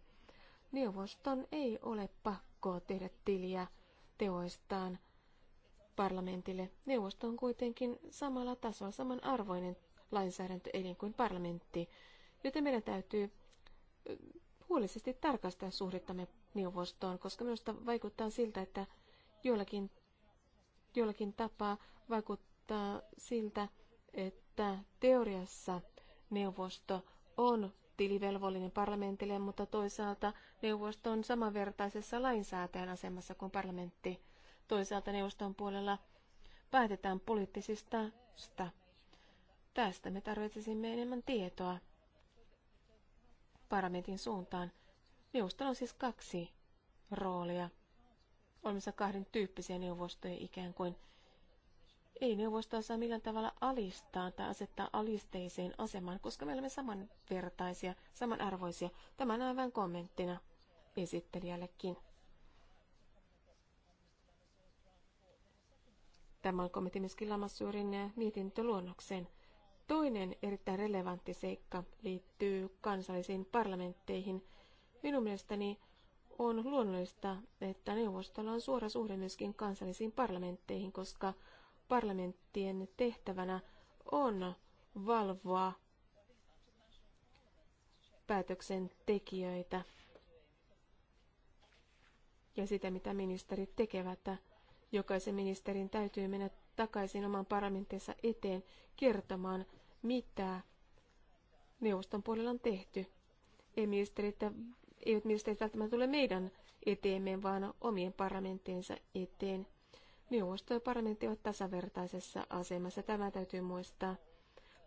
Neuvoston ei ole pakko tehdä tiliä teoistaan parlamentille. Neuvosto on kuitenkin samalla tasolla, samanarvoinen lainsäädäntöelin kuin parlamentti, joten meidän täytyy huolellisesti tarkastaa suhdettamme neuvostoon, koska minusta vaikuttaa siltä, että jollakin, jollakin tapaa vaikuttaa siltä, että että teoriassa neuvosto on tilivelvollinen parlamentille, mutta toisaalta neuvosto on samanvertaisessa lainsäätäjän asemassa kuin parlamentti. Toisaalta neuvoston puolella päätetään poliittisista sta. Tästä me tarvitsisimme enemmän tietoa parlamentin suuntaan. Neuvostolla on siis kaksi roolia. Olemassa kahden tyyppisiä neuvostoja ikään kuin ei neuvostoa saa millään tavalla alistaa tai asettaa alisteiseen asemaan, koska me olemme samanvertaisia, samanarvoisia. Tämän aivan kommenttina esittelijällekin. Tämä on kommentti myöskin Lamassuurin mietintöluonnokseen. Toinen erittäin relevantti seikka liittyy kansallisiin parlamentteihin. Minun mielestäni on luonnollista, että neuvostolla on suora suhde myöskin kansallisiin parlamentteihin, koska parlamenttien tehtävänä on valvoa päätöksentekijöitä ja sitä, mitä ministerit tekevät. Jokaisen ministerin täytyy mennä takaisin oman parlamenttinsa eteen kertomaan, mitä neuvoston puolella on tehty. Ei ministerit, eivät ministerit välttämättä tule meidän eteemme, vaan omien parlamenttiensa eteen Neuvosto ja parlamentti ovat tasavertaisessa asemassa. Tämä täytyy muistaa.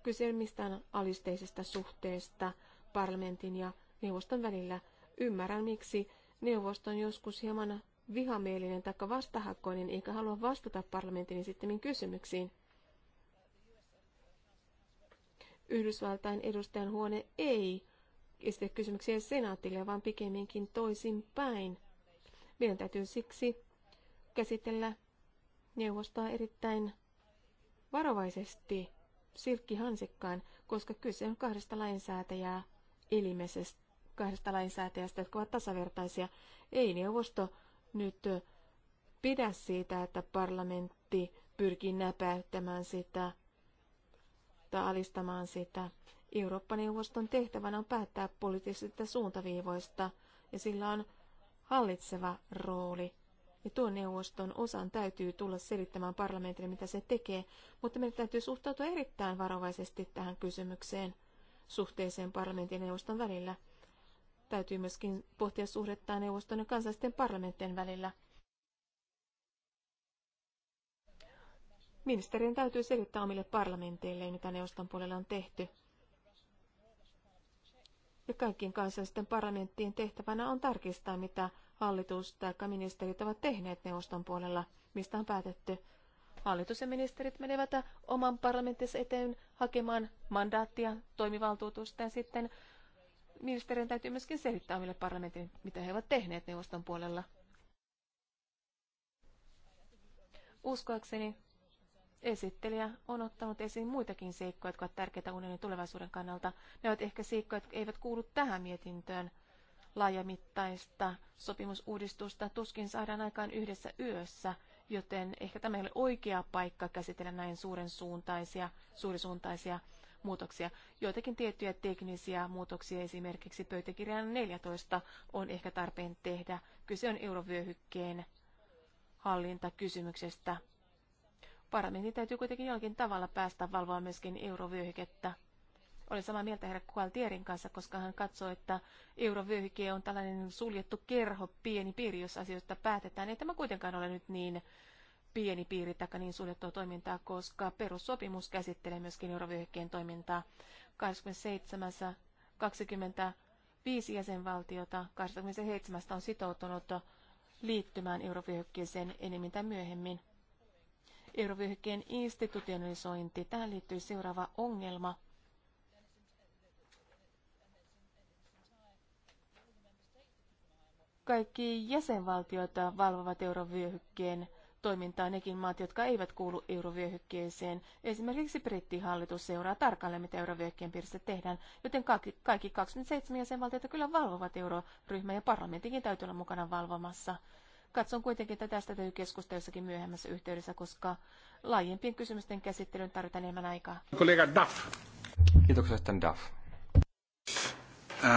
Kyse mistään alisteisesta suhteesta parlamentin ja neuvoston välillä. Ymmärrän, miksi neuvosto on joskus hieman vihamielinen tai vastahakoinen eikä halua vastata parlamentin esittämiin kysymyksiin. Yhdysvaltain edustajan huone ei esitä kysymyksiä senaatille, vaan pikemminkin toisinpäin. päin. Meidän täytyy siksi käsitellä neuvostoa erittäin varovaisesti silkkihansikkaan, koska kyse on kahdesta lainsäätäjää elimesestä, kahdesta lainsäätäjästä, jotka ovat tasavertaisia. Ei neuvosto nyt pidä siitä, että parlamentti pyrkii näpäyttämään sitä tai alistamaan sitä. Eurooppa-neuvoston tehtävänä on päättää poliittisista suuntaviivoista ja sillä on hallitseva rooli. Ja tuon neuvoston osan täytyy tulla selittämään parlamentille, mitä se tekee, mutta meidän täytyy suhtautua erittäin varovaisesti tähän kysymykseen suhteeseen parlamentin ja neuvoston välillä. Täytyy myöskin pohtia suhdetta neuvoston ja kansallisten parlamenttien välillä. Ministerin täytyy selittää omille parlamenteille, mitä neuvoston puolella on tehty. Ja kaikkien kansallisten parlamenttien tehtävänä on tarkistaa, mitä hallitus tai ministerit ovat tehneet neuvoston puolella, mistä on päätetty. Hallitus ja ministerit menevät oman parlamenttinsa eteen hakemaan mandaattia, toimivaltuutusta ja sitten ministerien täytyy myöskin selittää omille parlamentin, mitä he ovat tehneet neuvoston puolella. Uskoakseni esittelijä on ottanut esiin muitakin seikkoja, jotka ovat tärkeitä unionin tulevaisuuden kannalta. Ne ovat ehkä seikkoja, jotka eivät kuulu tähän mietintöön, laajamittaista sopimusuudistusta tuskin saadaan aikaan yhdessä yössä, joten ehkä tämä ei ole oikea paikka käsitellä näin suuren suuntaisia, suurisuuntaisia muutoksia. Joitakin tiettyjä teknisiä muutoksia, esimerkiksi pöytäkirjan 14, on ehkä tarpeen tehdä. Kyse on eurovyöhykkeen hallintakysymyksestä. Parlamentin täytyy kuitenkin jollakin tavalla päästä valvoa myöskin eurovyöhykettä. Olen samaa mieltä herra Kualtierin kanssa, koska hän katsoo, että eurovyöhyke on tällainen suljettu kerho, pieni piiri, jos asioista päätetään. Ei tämä kuitenkaan ole nyt niin pieni piiri tai niin suljettua toimintaa, koska perussopimus käsittelee myöskin eurovyöhykkeen toimintaa. 27. 25 jäsenvaltiota, 27 on sitoutunut liittymään eurovyöhykkeeseen enemmän tai myöhemmin. Eurovyöhykkeen institutionalisointi. Tähän liittyy seuraava ongelma. Kaikki jäsenvaltioita valvovat eurovyöhykkeen toimintaa nekin maat, jotka eivät kuulu eurovyöhykkeeseen. Esimerkiksi brittihallitus seuraa tarkalleen, mitä eurovyöhykkeen piirissä tehdään, joten kaikki, kaikki 27 jäsenvaltiota kyllä valvovat euroryhmää ja parlamentinkin täytyy olla mukana valvomassa. Katson kuitenkin, että tästä täytyy jossakin myöhemmässä yhteydessä, koska laajempien kysymysten käsittelyyn tarvitaan enemmän aikaa. Kollega Duff. Kiitoksia, Duff.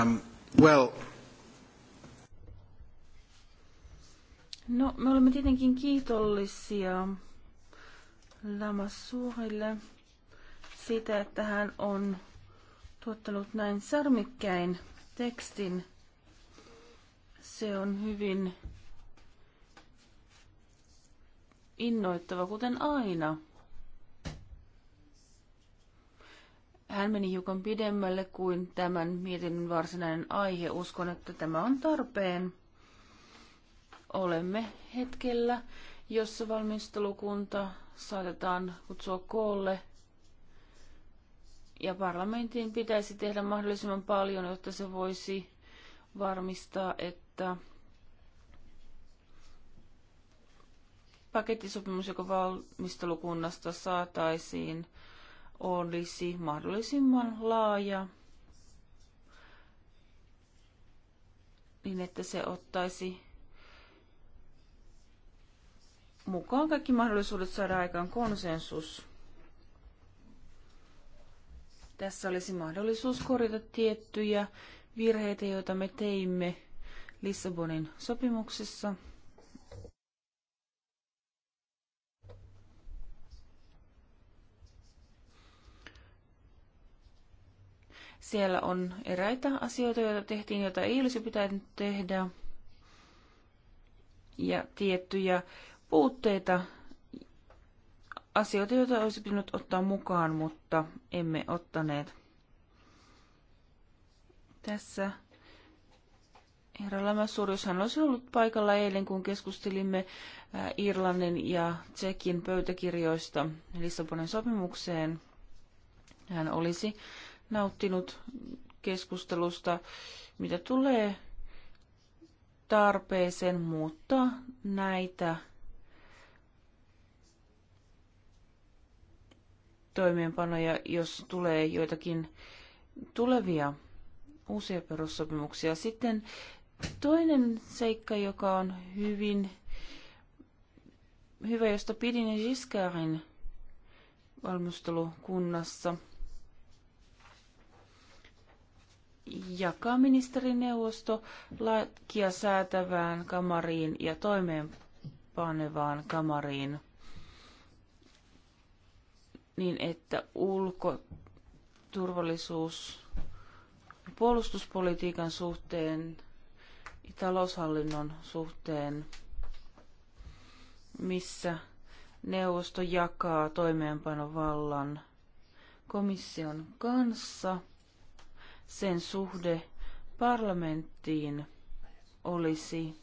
Um, well, No, me olemme tietenkin kiitollisia Lamassuurille siitä, että hän on tuottanut näin sarmikkäin tekstin. Se on hyvin innoittava, kuten aina. Hän meni hiukan pidemmälle kuin tämän mietinnön varsinainen aihe. Uskon, että tämä on tarpeen olemme hetkellä, jossa valmistelukunta saatetaan kutsua koolle ja parlamentin pitäisi tehdä mahdollisimman paljon, jotta se voisi varmistaa, että pakettisopimus, joka valmistelukunnasta saataisiin, olisi mahdollisimman laaja, niin että se ottaisi mukaan kaikki mahdollisuudet saada aikaan konsensus. Tässä olisi mahdollisuus korjata tiettyjä virheitä, joita me teimme Lissabonin sopimuksessa. Siellä on eräitä asioita, joita tehtiin, joita ei olisi pitänyt tehdä. Ja tiettyjä puutteita, asioita, joita olisi pitänyt ottaa mukaan, mutta emme ottaneet. Tässä herra Lämäsuuri, jos hän olisi ollut paikalla eilen, kun keskustelimme äh, Irlannin ja Tsekin pöytäkirjoista Lissabonin sopimukseen, hän olisi nauttinut keskustelusta, mitä tulee tarpeeseen muuttaa näitä toimeenpanoja, jos tulee joitakin tulevia uusia perussopimuksia. Sitten toinen seikka, joka on hyvin hyvä, josta pidin Giscardin valmistelukunnassa, jakaa ministerineuvosto lakia säätävään kamariin ja toimeenpanevaan kamariin niin että ulko, turvallisuus, puolustuspolitiikan suhteen ja taloushallinnon suhteen, missä neuvosto jakaa toimeenpanovallan komission kanssa, sen suhde parlamenttiin olisi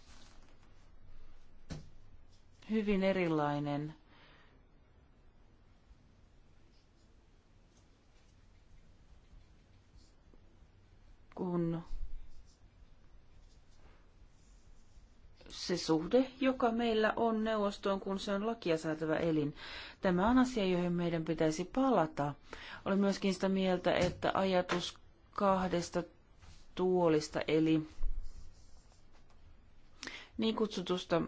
hyvin erilainen – kun se suhde, joka meillä on neuvostoon, kun se on lakia säätävä elin. Tämä on asia, johon meidän pitäisi palata. Olen myöskin sitä mieltä, että ajatus kahdesta tuolista, eli niin kutsutusta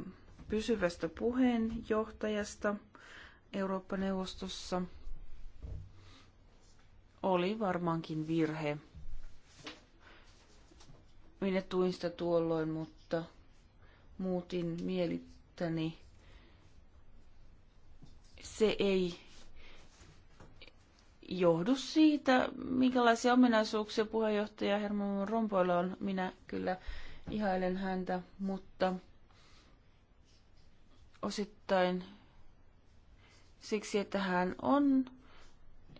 pysyvästä puheenjohtajasta Eurooppa-neuvostossa, oli varmaankin virhe minä tuin sitä tuolloin, mutta muutin mielittäni. Se ei johdu siitä, minkälaisia ominaisuuksia puheenjohtaja Herman Rompoilla on. Minä kyllä ihailen häntä, mutta osittain siksi, että hän on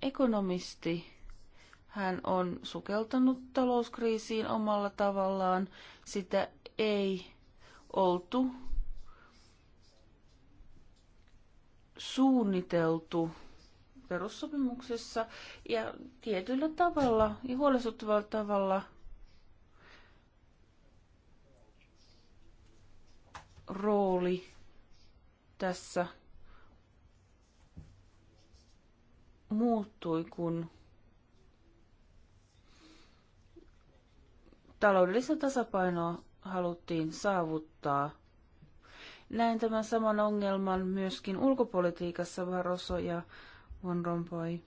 ekonomisti hän on sukeltanut talouskriisiin omalla tavallaan. Sitä ei oltu suunniteltu perussopimuksessa ja tietyllä tavalla ja huolestuttavalla tavalla rooli tässä muuttui, kun taloudellista tasapainoa haluttiin saavuttaa. Näin tämän saman ongelman myöskin ulkopolitiikassa Varoso ja Von Rompuy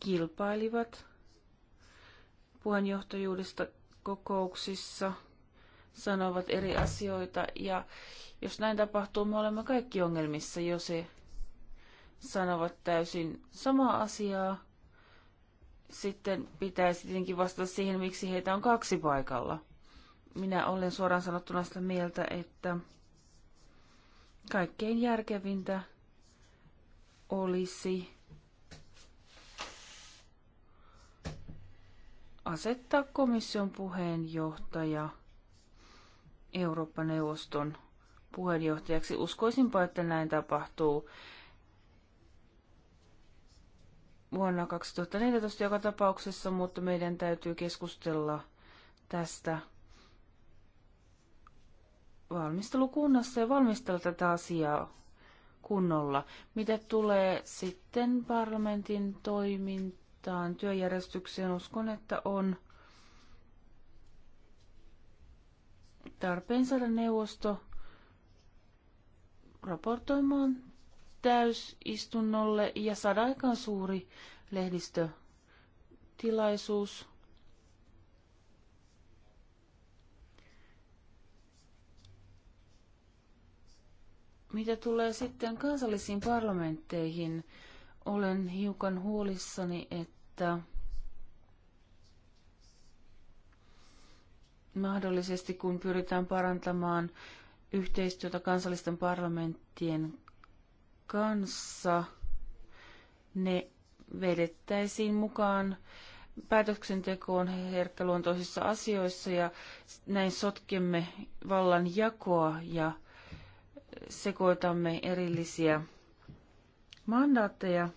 kilpailivat puheenjohtajuudesta kokouksissa, sanovat eri asioita ja jos näin tapahtuu, me olemme kaikki ongelmissa, jos he sanovat täysin samaa asiaa, sitten pitäisi tietenkin vastata siihen, miksi heitä on kaksi paikalla. Minä olen suoraan sanottuna sitä mieltä, että kaikkein järkevintä olisi asettaa komission puheenjohtaja Eurooppa-neuvoston puheenjohtajaksi. Uskoisinpa, että näin tapahtuu vuonna 2014 joka tapauksessa, mutta meidän täytyy keskustella tästä valmistelukunnassa ja valmistella tätä asiaa kunnolla. Mitä tulee sitten parlamentin toimintaan, työjärjestykseen, uskon, että on tarpeen saada neuvosto raportoimaan täysistunnolle ja saada aikaan suuri lehdistötilaisuus. Mitä tulee sitten kansallisiin parlamentteihin, olen hiukan huolissani, että mahdollisesti kun pyritään parantamaan yhteistyötä kansallisten parlamenttien kanssa ne vedettäisiin mukaan päätöksentekoon herkkäluontoisissa asioissa ja näin sotkemme vallan jakoa ja sekoitamme erillisiä mandaatteja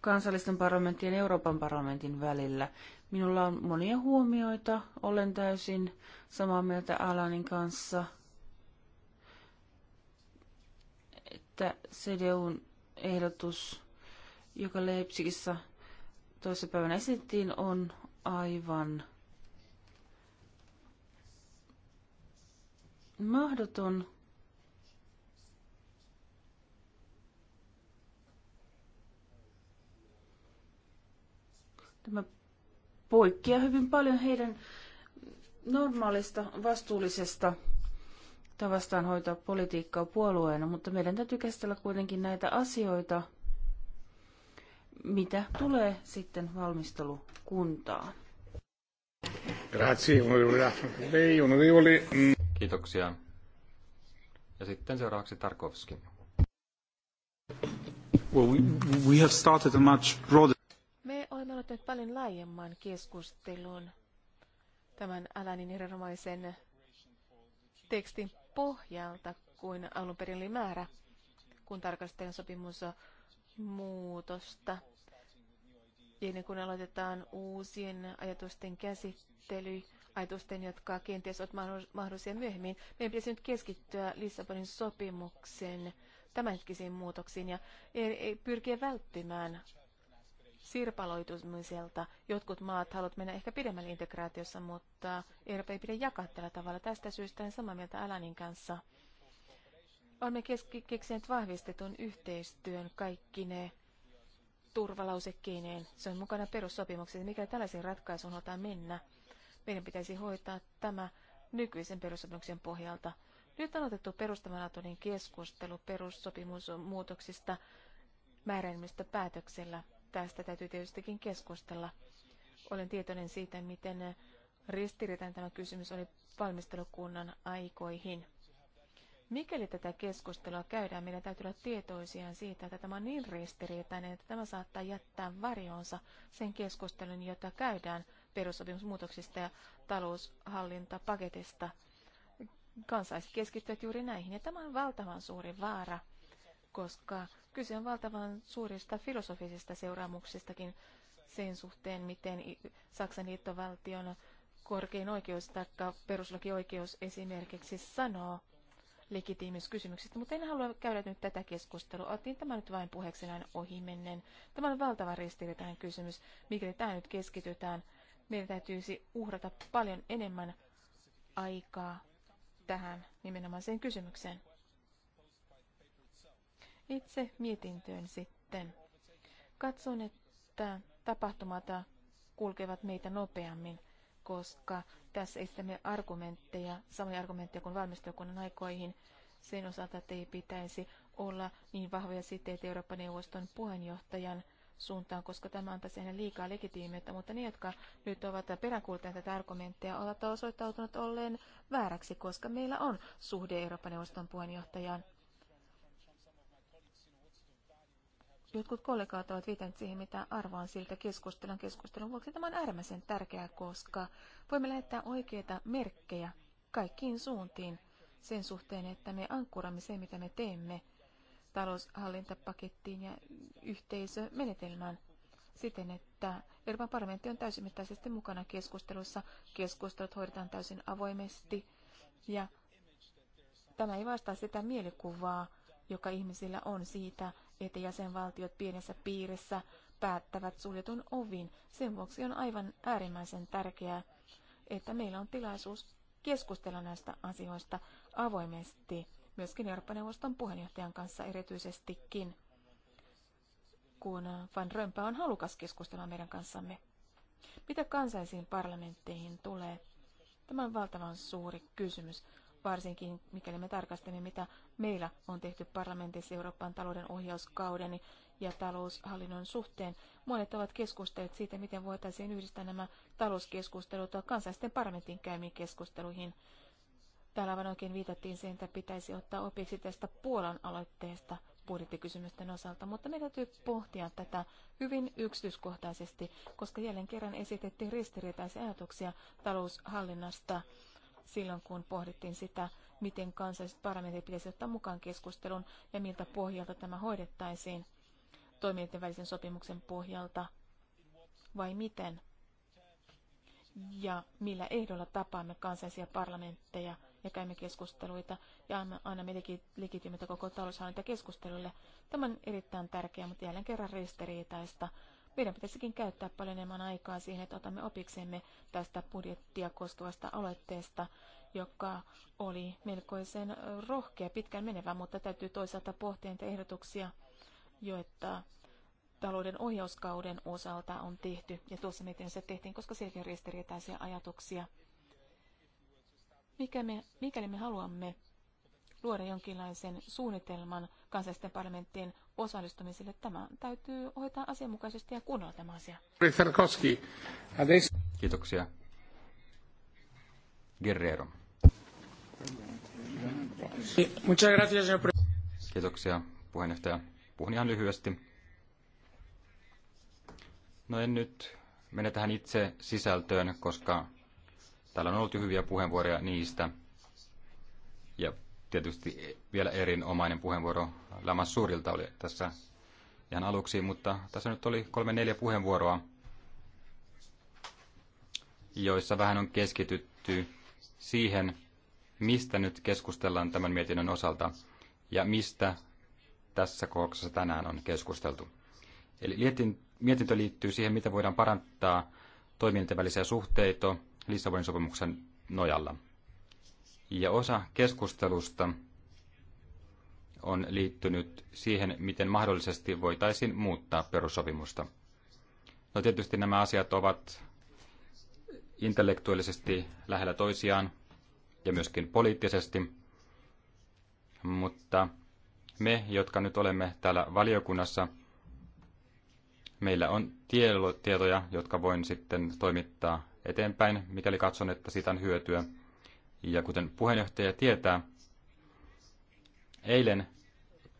kansallisten parlamenttien ja Euroopan parlamentin välillä. Minulla on monia huomioita, olen täysin samaa mieltä Alanin kanssa – että CDUn ehdotus, joka Leipzigissä päivänä esitettiin, on aivan mahdoton. Tämä poikkeaa hyvin paljon heidän normaalista vastuullisesta tavastaan hoitaa politiikkaa puolueena, mutta meidän täytyy käsitellä kuitenkin näitä asioita, mitä tulee sitten valmistelukuntaan. Mm. Kiitoksia. Ja sitten seuraavaksi Tarkovski. Well, we, we have started a much broader... Me olemme aloittaneet paljon laajemman keskustelun tämän Alanin erinomaisen tekstin pohjalta kuin alun perin oli määrä, kun tarkastellaan sopimusmuutosta. Ja ennen kun aloitetaan uusien ajatusten käsittely, ajatusten, jotka kenties ovat mahdollisia myöhemmin, meidän pitäisi nyt keskittyä Lissabonin sopimuksen tämänhetkisiin muutoksiin ja e- e- pyrkiä välttämään sirpaloitumiselta. Jotkut maat haluavat mennä ehkä pidemmälle integraatiossa, mutta Eurooppa ei pidä jakaa tällä tavalla. Tästä syystä en samaa mieltä Alanin kanssa. Olemme keksineet vahvistetun yhteistyön kaikki ne turvalausekkeineen. Se on mukana perussopimuksessa. Mikä tällaisen ratkaisuun halutaan mennä, meidän pitäisi hoitaa tämä nykyisen perussopimuksen pohjalta. Nyt on otettu perustavanlaatuinen keskustelu perussopimusmuutoksista määräilmistä päätöksellä. Tästä täytyy tietystikin keskustella. Olen tietoinen siitä, miten ristiriitainen tämä kysymys oli valmistelukunnan aikoihin. Mikäli tätä keskustelua käydään, meidän täytyy olla tietoisia siitä, että tämä on niin ristiriitainen, että tämä saattaa jättää varjoonsa sen keskustelun, jota käydään perussopimusmuutoksista ja taloushallintapaketista. Kansalaiset keskittyvät juuri näihin, ja tämä on valtavan suuri vaara – koska kyse on valtavan suurista filosofisista seuraamuksistakin sen suhteen, miten Saksan liittovaltion korkein oikeus tai peruslakioikeus esimerkiksi sanoo legitiimiskysymyksistä, mutta en halua käydä nyt tätä keskustelua. Otin tämä nyt vain puheeksi näin ohimennen. Tämä on valtava ristiriitainen kysymys. Mikäli tämä nyt keskitytään, meidän täytyisi uhrata paljon enemmän aikaa tähän nimenomaiseen kysymykseen itse mietintöön sitten. Katson, että tapahtumat kulkevat meitä nopeammin, koska tässä esitämme argumentteja, samoja argumentteja kuin valmistelukunnan aikoihin, sen osalta, että ei pitäisi olla niin vahvoja siteitä Euroopan neuvoston puheenjohtajan suuntaan, koska tämä antaisi hänen liikaa legitiimiyttä, mutta ne, jotka nyt ovat peräänkuultaneet tätä argumenttia, ovat osoittautuneet olleen vääräksi, koska meillä on suhde Euroopan neuvoston puheenjohtajaan. jotkut kollegaat ovat viitanneet siihen, mitä arvaan siltä keskustelun keskustelun vuoksi. Tämä on äärimmäisen tärkeää, koska voimme lähettää oikeita merkkejä kaikkiin suuntiin sen suhteen, että me ankkuramme se, mitä me teemme taloushallintapakettiin ja yhteisömenetelmään siten, että Euroopan parlamentti on täysimittaisesti mukana keskustelussa. Keskustelut hoidetaan täysin avoimesti ja tämä ei vastaa sitä mielikuvaa, joka ihmisillä on siitä, että jäsenvaltiot pienessä piirissä päättävät suljetun ovin. Sen vuoksi on aivan äärimmäisen tärkeää, että meillä on tilaisuus keskustella näistä asioista avoimesti, myöskin Eurooppa-neuvoston puheenjohtajan kanssa erityisestikin, kun Van Römpä on halukas keskustella meidän kanssamme. Mitä kansallisiin parlamentteihin tulee? Tämä on valtavan suuri kysymys varsinkin mikäli me tarkastamme, mitä meillä on tehty parlamentissa Euroopan talouden ohjauskauden ja taloushallinnon suhteen. Monet ovat keskustelleet siitä, miten voitaisiin yhdistää nämä talouskeskustelut kansallisten parlamentin käymiin keskusteluihin. Täällä aivan oikein viitattiin siihen, että pitäisi ottaa opiksi tästä Puolan aloitteesta budjettikysymysten osalta, mutta meidän täytyy pohtia tätä hyvin yksityiskohtaisesti, koska jälleen kerran esitettiin ristiriitaisia ajatuksia taloushallinnasta silloin, kun pohdittiin sitä, miten kansalliset parlamentit pitäisi ottaa mukaan keskustelun ja miltä pohjalta tämä hoidettaisiin toimijoiden välisen sopimuksen pohjalta vai miten? Ja millä ehdolla tapaamme kansallisia parlamentteja ja käymme keskusteluita ja annamme legitiimitä koko taloushallintakeskustelulle. Tämä on erittäin tärkeää, mutta jälleen kerran ristiriitaista. Meidän pitäisikin käyttää paljon enemmän aikaa siihen, että otamme opiksemme tästä budjettia koskevasta aloitteesta, joka oli melkoisen rohkea, pitkään menevä, mutta täytyy toisaalta pohtia niitä ehdotuksia, joita talouden ohjauskauden osalta on tehty. Ja tuossa se tehtiin, koska sielläkin on ristiriitaisia ajatuksia. Mikä me, mikäli me haluamme luoda jonkinlaisen suunnitelman kansallisten parlamenttien osallistumiselle. Tämä täytyy hoitaa asianmukaisesti ja kunnolla tämä asia. Kiitoksia. Guerrero. Kiitoksia puheenjohtaja. Puhun ihan lyhyesti. No en nyt mene tähän itse sisältöön, koska täällä on ollut hyviä puheenvuoroja niistä. Ja tietysti vielä erinomainen puheenvuoro suurilta oli tässä ihan aluksi, mutta tässä nyt oli kolme neljä puheenvuoroa, joissa vähän on keskitytty siihen, mistä nyt keskustellaan tämän mietinnön osalta ja mistä tässä kokouksessa tänään on keskusteltu. Eli mietintö liittyy siihen, miten voidaan parantaa toimintavälisiä suhteita Lissabonin sopimuksen nojalla – ja osa keskustelusta on liittynyt siihen, miten mahdollisesti voitaisiin muuttaa perussopimusta. No tietysti nämä asiat ovat intellektuaalisesti lähellä toisiaan ja myöskin poliittisesti, mutta me, jotka nyt olemme täällä valiokunnassa, meillä on tietoja, jotka voin sitten toimittaa eteenpäin, mikäli katson, että siitä on hyötyä. Ja kuten puheenjohtaja tietää, eilen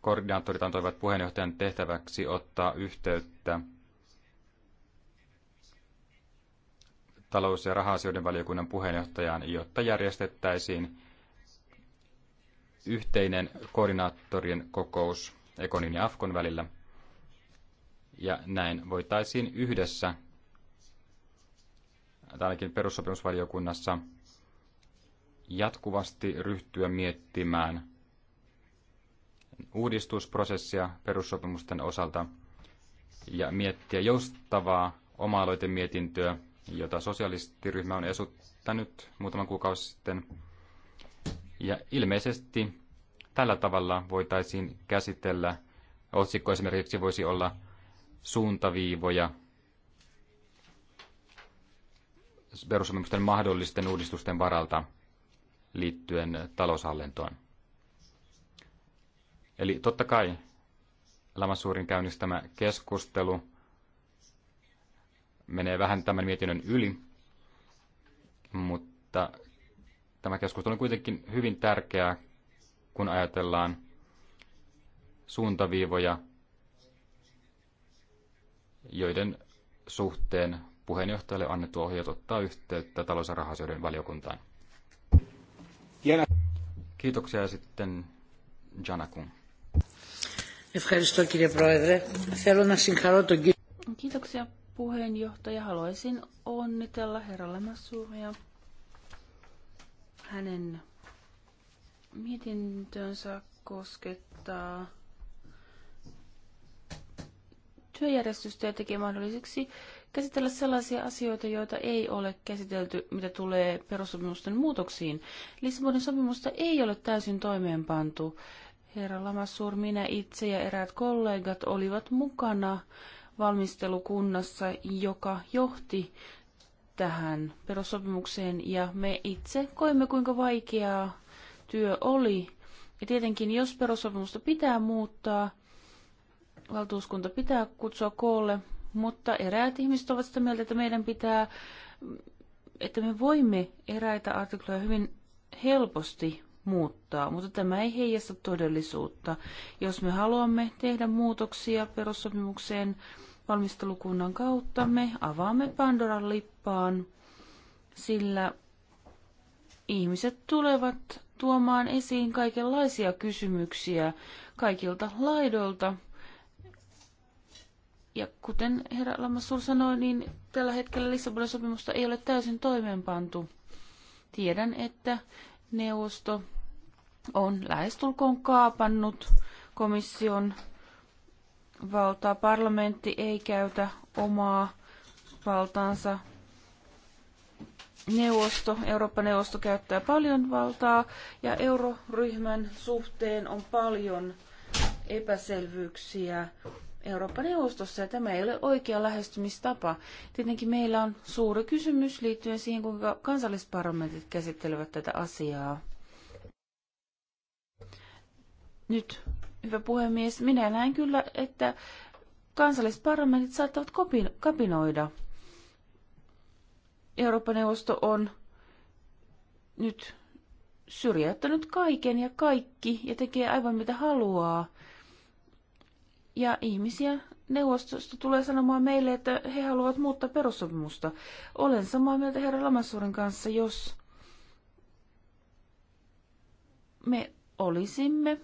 koordinaattorit antoivat puheenjohtajan tehtäväksi ottaa yhteyttä talous- ja raha valiokunnan puheenjohtajaan, jotta järjestettäisiin yhteinen koordinaattorien kokous Ekonin ja Afkon välillä. Ja näin voitaisiin yhdessä, ainakin perussopimusvaliokunnassa, jatkuvasti ryhtyä miettimään uudistusprosessia perussopimusten osalta ja miettiä joustavaa oma mietintöä, jota sosialistiryhmä on esittänyt muutaman kuukausi sitten. Ja ilmeisesti tällä tavalla voitaisiin käsitellä, otsikko esimerkiksi voisi olla suuntaviivoja perussopimusten mahdollisten uudistusten varalta – liittyen taloushallintoon. Eli totta kai Lamassuurin käynnistämä keskustelu menee vähän tämän mietinnön yli, mutta tämä keskustelu on kuitenkin hyvin tärkeää, kun ajatellaan suuntaviivoja, joiden suhteen puheenjohtajalle annettu ohjeet ottaa yhteyttä talous- ja valiokuntaan. Kiitoksia sitten Janakun. Kiitoksia puheenjohtaja. Haluaisin onnitella herra Lamassuuria hänen mietintönsä koskettaa työjärjestystä ja tekee mahdolliseksi käsitellä sellaisia asioita, joita ei ole käsitelty, mitä tulee perussopimusten muutoksiin. Lissabonin sopimusta ei ole täysin toimeenpantu. Herra Lamassur, minä itse ja eräät kollegat olivat mukana valmistelukunnassa, joka johti tähän perussopimukseen, ja me itse koimme, kuinka vaikeaa työ oli. Ja tietenkin, jos perussopimusta pitää muuttaa, valtuuskunta pitää kutsua koolle mutta eräät ihmiset ovat sitä mieltä, että meidän pitää, että me voimme eräitä artikloja hyvin helposti muuttaa, mutta tämä ei heijasta todellisuutta. Jos me haluamme tehdä muutoksia perussopimukseen valmistelukunnan kautta, me avaamme Pandoran lippaan, sillä ihmiset tulevat tuomaan esiin kaikenlaisia kysymyksiä kaikilta laidoilta – ja kuten herra Lamassur sanoi, niin tällä hetkellä Lissabonin sopimusta ei ole täysin toimeenpantu. Tiedän, että neuvosto on lähestulkoon kaapannut komission valtaa. Parlamentti ei käytä omaa valtaansa. Neuvosto, Eurooppa-neuvosto käyttää paljon valtaa ja euroryhmän suhteen on paljon epäselvyyksiä Euroopan neuvostossa, ja tämä ei ole oikea lähestymistapa. Tietenkin meillä on suuri kysymys liittyen siihen, kuinka kansallisparlamentit käsittelevät tätä asiaa. Nyt, hyvä puhemies, minä näen kyllä, että kansallisparlamentit saattavat kopin, kapinoida. Euroopan neuvosto on nyt syrjäyttänyt kaiken ja kaikki ja tekee aivan mitä haluaa. Ja ihmisiä neuvostosta tulee sanomaan meille, että he haluavat muuttaa perussopimusta. Olen samaa mieltä herra Lamassuurin kanssa, jos me olisimme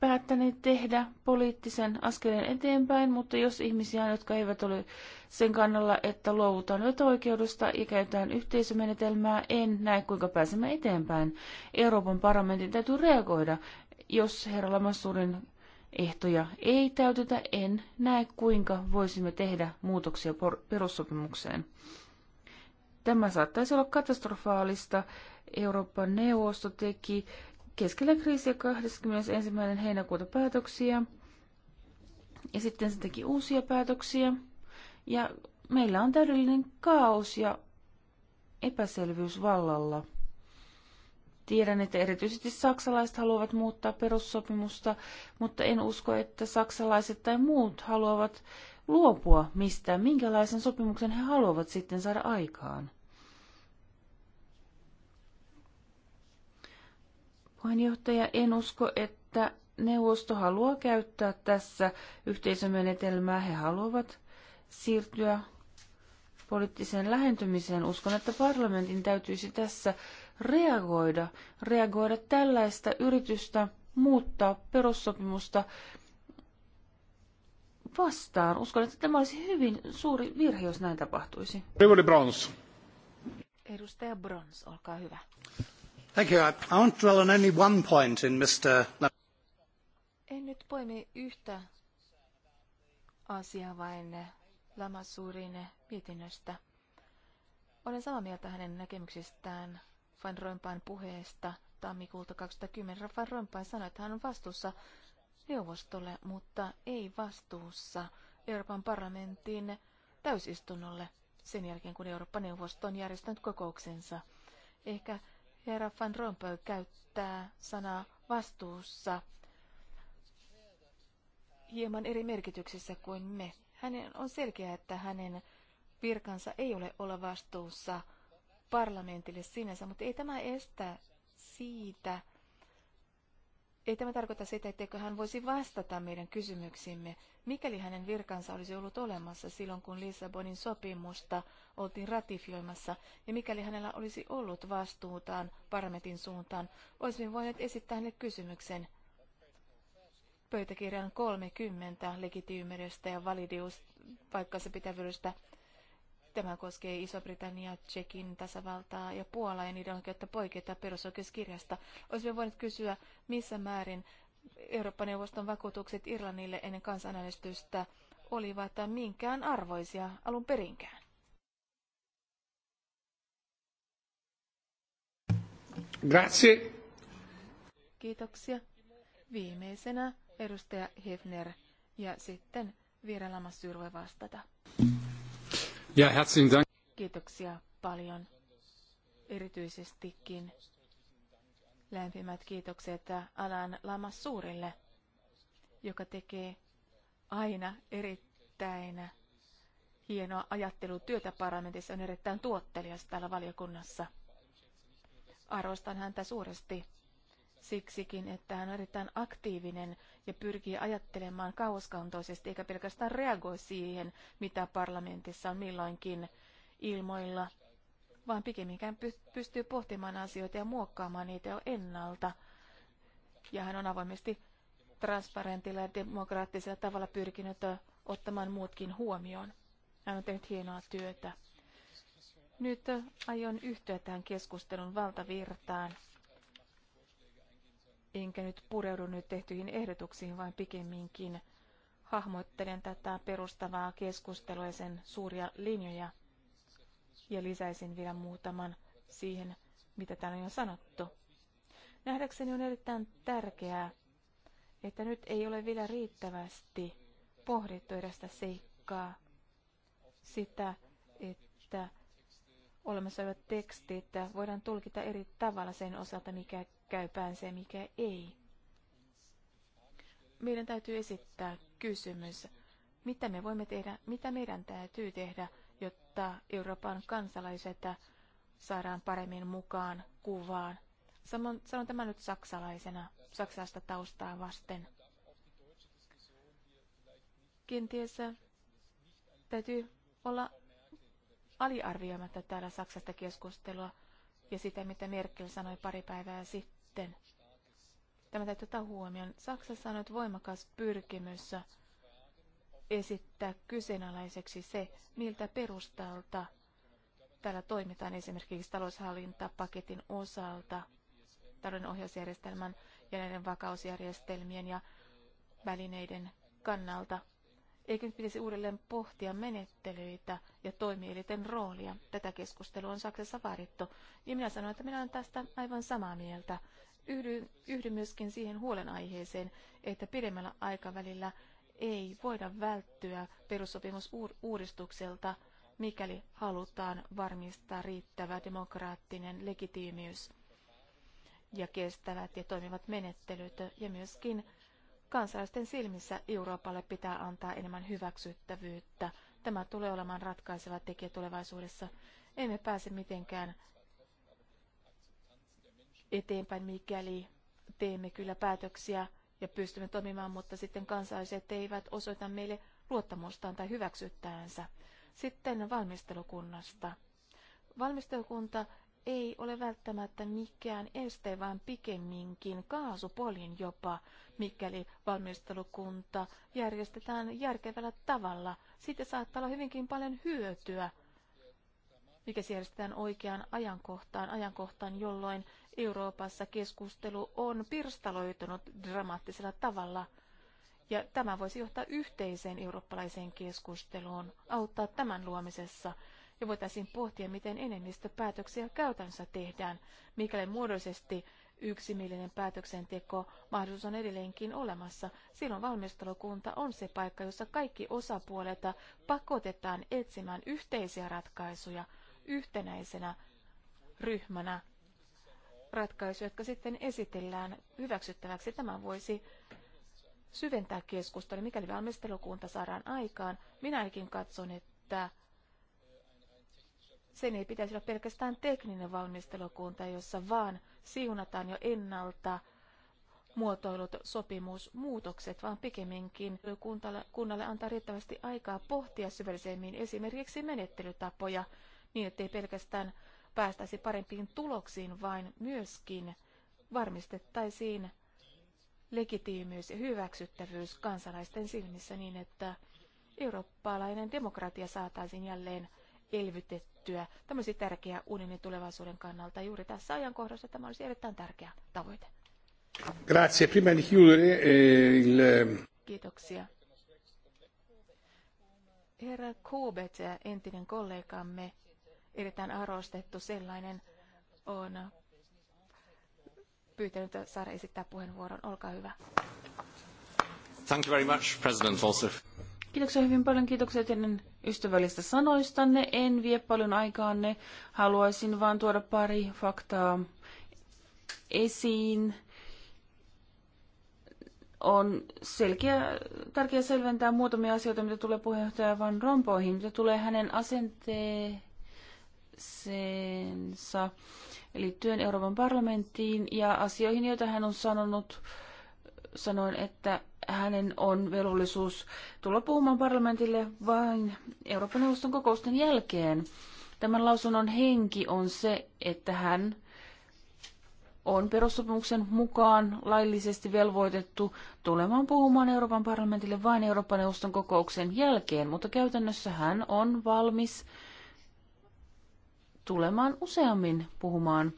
päättäneet tehdä poliittisen askeleen eteenpäin, mutta jos ihmisiä, jotka eivät ole sen kannalla, että luovutaan veto-oikeudesta ja käytetään yhteisömenetelmää, en näe kuinka pääsemme eteenpäin. Euroopan parlamentin täytyy reagoida, jos herra Lamassuurin ehtoja ei täytetä, en näe kuinka voisimme tehdä muutoksia perussopimukseen. Tämä saattaisi olla katastrofaalista. Euroopan neuvosto teki keskellä kriisiä 21. heinäkuuta päätöksiä ja sitten se teki uusia päätöksiä. Ja meillä on täydellinen kaos ja epäselvyys vallalla. Tiedän, että erityisesti saksalaiset haluavat muuttaa perussopimusta, mutta en usko, että saksalaiset tai muut haluavat luopua mistään, minkälaisen sopimuksen he haluavat sitten saada aikaan. Puheenjohtaja, en usko, että neuvosto haluaa käyttää tässä yhteisömenetelmää. He haluavat siirtyä poliittiseen lähentymiseen. Uskon, että parlamentin täytyisi tässä reagoida, reagoida tällaista yritystä muuttaa perussopimusta vastaan. Uskon, että tämä olisi hyvin suuri virhe, jos näin tapahtuisi. Rivoli Brons. Edustaja Brons, olkaa hyvä. Thank you. I want to dwell on only one point in Mr. En nyt poimi yhtä asiaa vain Lamassuurin mietinnöstä. Olen samaa mieltä hänen näkemyksistään Van Rompuyn puheesta tammikuulta 2010. Van Rompuy sanoi, että hän on vastuussa neuvostolle, mutta ei vastuussa Euroopan parlamentin täysistunnolle sen jälkeen, kun Eurooppa-neuvosto on järjestänyt kokouksensa. Ehkä herra Van Rompuy käyttää sanaa vastuussa hieman eri merkityksessä kuin me. Hänen on selkeää, että hänen virkansa ei ole olla vastuussa – parlamentille sinänsä, mutta ei tämä estä siitä, ei tämä tarkoita sitä, etteikö hän voisi vastata meidän kysymyksimme, mikäli hänen virkansa olisi ollut olemassa silloin, kun Lissabonin sopimusta oltiin ratifioimassa, ja mikäli hänellä olisi ollut vastuutaan parlamentin suuntaan, olisimme voineet esittää hänelle kysymyksen pöytäkirjan 30 legitiimeydestä ja validiuspaikkansa pitävyydestä Tämä koskee Iso-Britannia, Tsekin tasavaltaa ja Puolaa ja niiden oikeutta poiketa perusoikeuskirjasta. Olisimme voineet kysyä, missä määrin Eurooppa-neuvoston vakuutukset Irlannille ennen kansanäänestystä olivat minkään arvoisia alun perinkään. Grazie. Kiitoksia. Viimeisenä edustaja Hefner ja sitten vielä Lama Syrvä vastata. Kiitoksia paljon erityisestikin lämpimät kiitokset Alan Lamas joka tekee aina erittäin hienoa ajattelutyötä parlamentissa, on erittäin tuottelias täällä valiokunnassa. Arvostan häntä suuresti siksikin, että hän on erittäin aktiivinen ja pyrkii ajattelemaan kauaskantoisesti eikä pelkästään reagoi siihen, mitä parlamentissa on milloinkin ilmoilla, vaan pikemminkään pystyy pohtimaan asioita ja muokkaamaan niitä jo ennalta. Ja hän on avoimesti transparentilla ja demokraattisella tavalla pyrkinyt ottamaan muutkin huomioon. Hän on tehnyt hienoa työtä. Nyt aion yhtyä tähän keskustelun valtavirtaan enkä nyt pureudu nyt tehtyihin ehdotuksiin, vaan pikemminkin hahmottelen tätä perustavaa keskustelua ja sen suuria linjoja. Ja lisäisin vielä muutaman siihen, mitä täällä on jo sanottu. Nähdäkseni on erittäin tärkeää, että nyt ei ole vielä riittävästi pohdittu edestä seikkaa, sitä, että olemassa olevat tekstit voidaan tulkita eri tavalla sen osalta, mikä käy päänsä ja mikä ei. Meidän täytyy esittää kysymys, mitä me voimme tehdä, mitä meidän täytyy tehdä, jotta Euroopan kansalaiset saadaan paremmin mukaan kuvaan. Sanon, sanon tämä nyt saksalaisena, Saksasta taustaa vasten. Kenties täytyy olla aliarvioimatta täällä Saksasta keskustelua ja sitä, mitä Merkel sanoi pari päivää sitten sitten, tämä täytyy ottaa huomioon, Saksassa on nyt voimakas pyrkimys esittää kyseenalaiseksi se, miltä perustalta täällä toimitaan esimerkiksi taloushallintapaketin osalta, talouden ohjausjärjestelmän ja näiden vakausjärjestelmien ja välineiden kannalta. Eikö nyt pitäisi uudelleen pohtia menettelyitä ja toimielinten roolia? Tätä keskustelua on Saksassa varittu. Ja minä sanoin, että minä olen tästä aivan samaa mieltä. Yhdyn, yhdyn myöskin siihen huolenaiheeseen, että pidemmällä aikavälillä ei voida välttyä perussopimusuudistukselta, mikäli halutaan varmistaa riittävä demokraattinen legitiimiys ja kestävät ja toimivat menettelyt ja myöskin kansalaisten silmissä Euroopalle pitää antaa enemmän hyväksyttävyyttä. Tämä tulee olemaan ratkaiseva tekijä tulevaisuudessa. Emme pääse mitenkään eteenpäin, mikäli teemme kyllä päätöksiä ja pystymme toimimaan, mutta sitten kansalaiset eivät osoita meille luottamustaan tai hyväksyttäänsä. Sitten valmistelukunnasta. Valmistelukunta ei ole välttämättä mikään este, vaan pikemminkin kaasupolin jopa, mikäli valmistelukunta järjestetään järkevällä tavalla. Siitä saattaa olla hyvinkin paljon hyötyä mikä järjestetään oikeaan ajankohtaan, ajankohtaan, jolloin Euroopassa keskustelu on pirstaloitunut dramaattisella tavalla. Ja tämä voisi johtaa yhteiseen eurooppalaiseen keskusteluun, auttaa tämän luomisessa ja voitaisiin pohtia, miten enemmistöpäätöksiä käytännössä tehdään, mikäli muodollisesti yksimielinen päätöksenteko mahdollisuus on edelleenkin olemassa. Silloin valmistelukunta on se paikka, jossa kaikki osapuolet pakotetaan etsimään yhteisiä ratkaisuja – yhtenäisenä ryhmänä ratkaisu, jotka sitten esitellään hyväksyttäväksi. Tämä voisi syventää keskustelua, mikäli valmistelukunta saadaan aikaan. Minä ainakin katson, että sen ei pitäisi olla pelkästään tekninen valmistelukunta, jossa vaan siunataan jo ennalta muotoilut sopimusmuutokset, vaan pikemminkin kunnalle antaa riittävästi aikaa pohtia syvällisemmin esimerkiksi menettelytapoja, niin, ettei pelkästään päästäisi parempiin tuloksiin, vaan myöskin varmistettaisiin legitiimyys ja hyväksyttävyys kansalaisten silmissä niin, että eurooppalainen demokratia saataisiin jälleen elvytettyä. Tämä olisi tärkeä unionin tulevaisuuden kannalta. Juuri tässä ajankohdassa tämä olisi erittäin tärkeä tavoite. Grazie. Prima di chiudere, eh, il... Kiitoksia. Herra Kubet, entinen kollegamme, erittäin arvostettu sellainen, on pyytänyt saada esittää puheenvuoron. Olkaa hyvä. Thank you very much, President, also. Kiitoksia hyvin paljon. Kiitoksia teidän ystävällistä sanoistanne. En vie paljon aikaanne. Haluaisin vain tuoda pari faktaa esiin. On selkeä, tärkeää selventää muutamia asioita, mitä tulee puheenjohtaja Van Rompoihin, mitä tulee hänen asenteen eli työn Euroopan parlamenttiin ja asioihin, joita hän on sanonut. Sanoin, että hänen on velvollisuus tulla puhumaan parlamentille vain Euroopan neuvoston kokousten jälkeen. Tämän lausunnon henki on se, että hän on perussopimuksen mukaan laillisesti velvoitettu tulemaan puhumaan Euroopan parlamentille vain Euroopan neuvoston kokouksen jälkeen, mutta käytännössä hän on valmis tulemaan useammin puhumaan.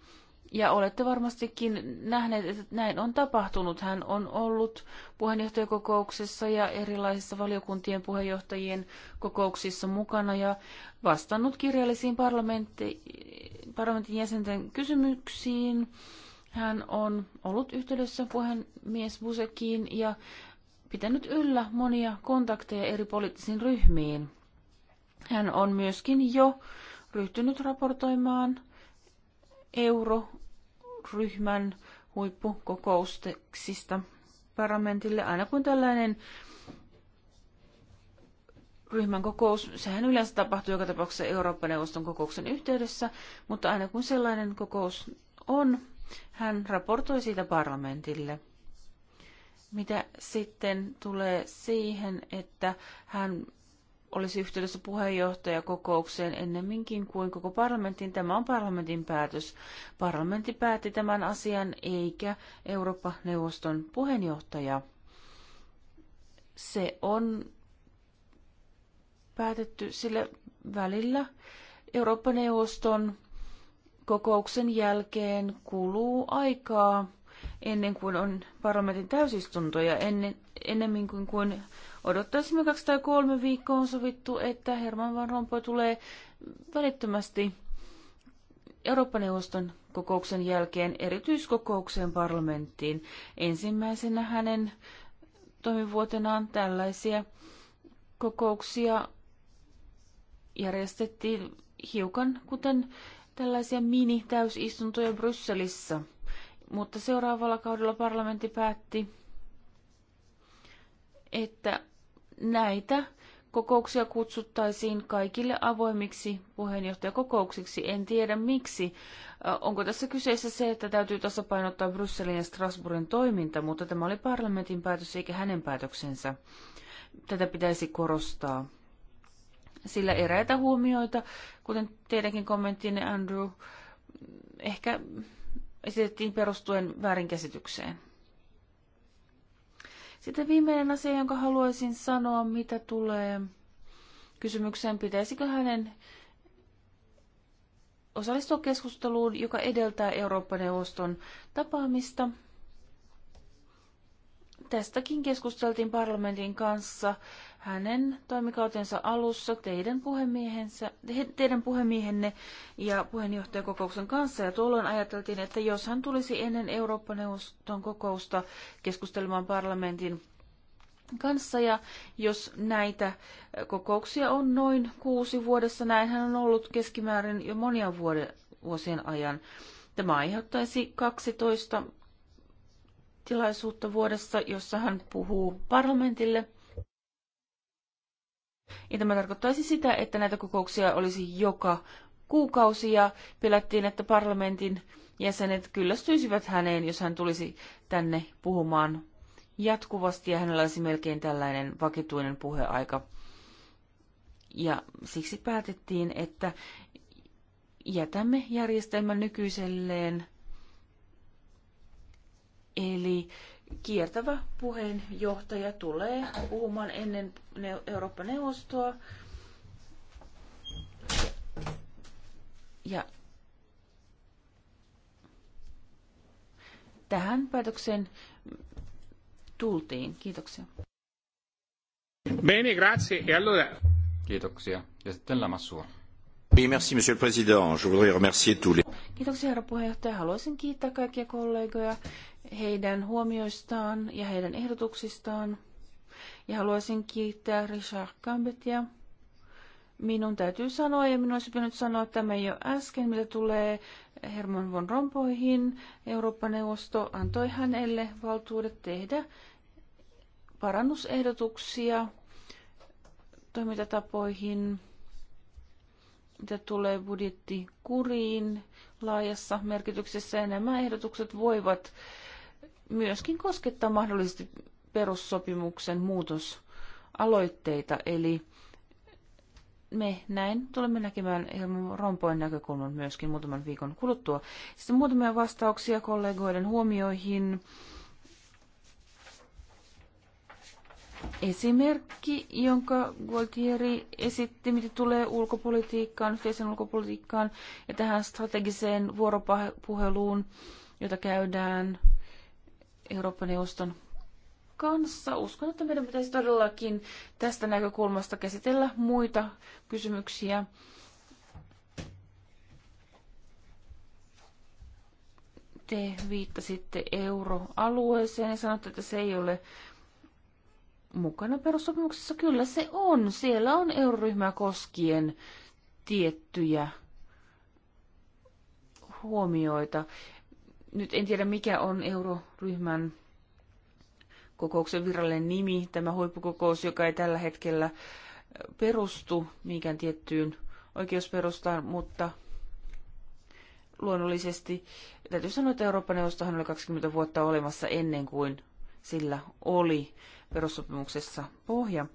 Ja olette varmastikin nähneet, että näin on tapahtunut. Hän on ollut puheenjohtajakokouksessa ja erilaisissa valiokuntien puheenjohtajien kokouksissa mukana ja vastannut kirjallisiin parlamentti, parlamentin jäsenten kysymyksiin. Hän on ollut yhteydessä puhemies Busekiin ja pitänyt yllä monia kontakteja eri poliittisiin ryhmiin. Hän on myöskin jo ryhtynyt raportoimaan euroryhmän huippukokouksista parlamentille aina kun tällainen ryhmän kokous, sehän yleensä tapahtuu joka tapauksessa Eurooppa-neuvoston kokouksen yhteydessä, mutta aina kun sellainen kokous on, hän raportoi siitä parlamentille. Mitä sitten tulee siihen, että hän olisi yhteydessä puheenjohtajakokoukseen ennemminkin kuin koko parlamentin. Tämä on parlamentin päätös. Parlamentti päätti tämän asian eikä Eurooppa-neuvoston puheenjohtaja. Se on päätetty sillä välillä Eurooppa-neuvoston kokouksen jälkeen kuluu aikaa ennen kuin on parlamentin täysistuntoja, ennen, ennemmin kuin, kuin odottaisimme kaksi tai kolme viikkoa on sovittu, että Herman Van Rompuy tulee välittömästi Eurooppa-neuvoston kokouksen jälkeen erityiskokoukseen parlamenttiin. Ensimmäisenä hänen toimivuotenaan tällaisia kokouksia järjestettiin hiukan kuten tällaisia mini-täysistuntoja Brysselissä. Mutta seuraavalla kaudella parlamentti päätti, että näitä kokouksia kutsuttaisiin kaikille avoimiksi puheenjohtajakokouksiksi. En tiedä miksi. Onko tässä kyseessä se, että täytyy tasapainottaa Brysselin ja Strasbourgin toiminta, mutta tämä oli parlamentin päätös eikä hänen päätöksensä. Tätä pitäisi korostaa. Sillä eräitä huomioita, kuten teidänkin kommenttiinne Andrew, ehkä esitettiin perustuen väärinkäsitykseen. Sitten viimeinen asia, jonka haluaisin sanoa, mitä tulee kysymykseen, pitäisikö hänen osallistua keskusteluun, joka edeltää Eurooppa-neuvoston tapaamista. Tästäkin keskusteltiin parlamentin kanssa hänen toimikautensa alussa teidän, puhemiehensä, teidän puhemiehenne ja puheenjohtajakokouksen kanssa. Ja tuolloin ajateltiin, että jos hän tulisi ennen Eurooppa-neuvoston kokousta keskustelemaan parlamentin kanssa ja jos näitä kokouksia on noin kuusi vuodessa, näinhän on ollut keskimäärin jo monia vuosien ajan. Tämä aiheuttaisi 12 tilaisuutta vuodessa, jossa hän puhuu parlamentille – ja tämä tarkoittaisi sitä, että näitä kokouksia olisi joka kuukausi ja pelättiin, että parlamentin jäsenet kyllästyisivät häneen, jos hän tulisi tänne puhumaan jatkuvasti ja hänellä olisi melkein tällainen vakituinen puheaika. Ja siksi päätettiin, että jätämme järjestelmän nykyiselleen. Eli kiertävä puheenjohtaja tulee puhumaan ennen Eurooppa-neuvostoa. Ja tähän päätökseen tultiin. Kiitoksia. Bene, grazie. E allora... Kiitoksia. Ja sitten Lamassua. merci, monsieur le président. Je voudrais remercier tous les... Kiitoksia, herra puheenjohtaja. Haluaisin kiittää kaikkia kollegoja heidän huomioistaan ja heidän ehdotuksistaan. Ja haluaisin kiittää Richard Gambetia. Minun täytyy sanoa, ja minun olisi pitänyt sanoa tämä jo äsken, mitä tulee Herman von Rompoihin. Eurooppa-neuvosto antoi hänelle valtuudet tehdä parannusehdotuksia toimintatapoihin, mitä tulee budjettikuriin laajassa merkityksessä. Ja nämä ehdotukset voivat äh, myöskin koskettaa mahdollisesti perussopimuksen muutosaloitteita, eli me näin tulemme näkemään Helmut Rompoin näkökulman myöskin muutaman viikon kuluttua. Sitten muutamia vastauksia kollegoiden huomioihin. Esimerkki, jonka Gualtieri esitti, mitä tulee ulkopolitiikkaan, yhteisen ulkopolitiikkaan ja tähän strategiseen vuoropuheluun, jota käydään Euroopan neuvoston kanssa. Uskon, että meidän pitäisi todellakin tästä näkökulmasta käsitellä muita kysymyksiä. Te viittasitte euroalueeseen ja sanotte, että se ei ole mukana perussopimuksessa. Kyllä se on. Siellä on euroryhmää koskien tiettyjä huomioita. Nyt en tiedä, mikä on euroryhmän kokouksen virallinen nimi, tämä huippukokous, joka ei tällä hetkellä perustu mikään tiettyyn oikeusperustaan, mutta luonnollisesti täytyy sanoa, että Euroopan neuvostohan oli 20 vuotta olemassa ennen kuin sillä oli perussopimuksessa pohja.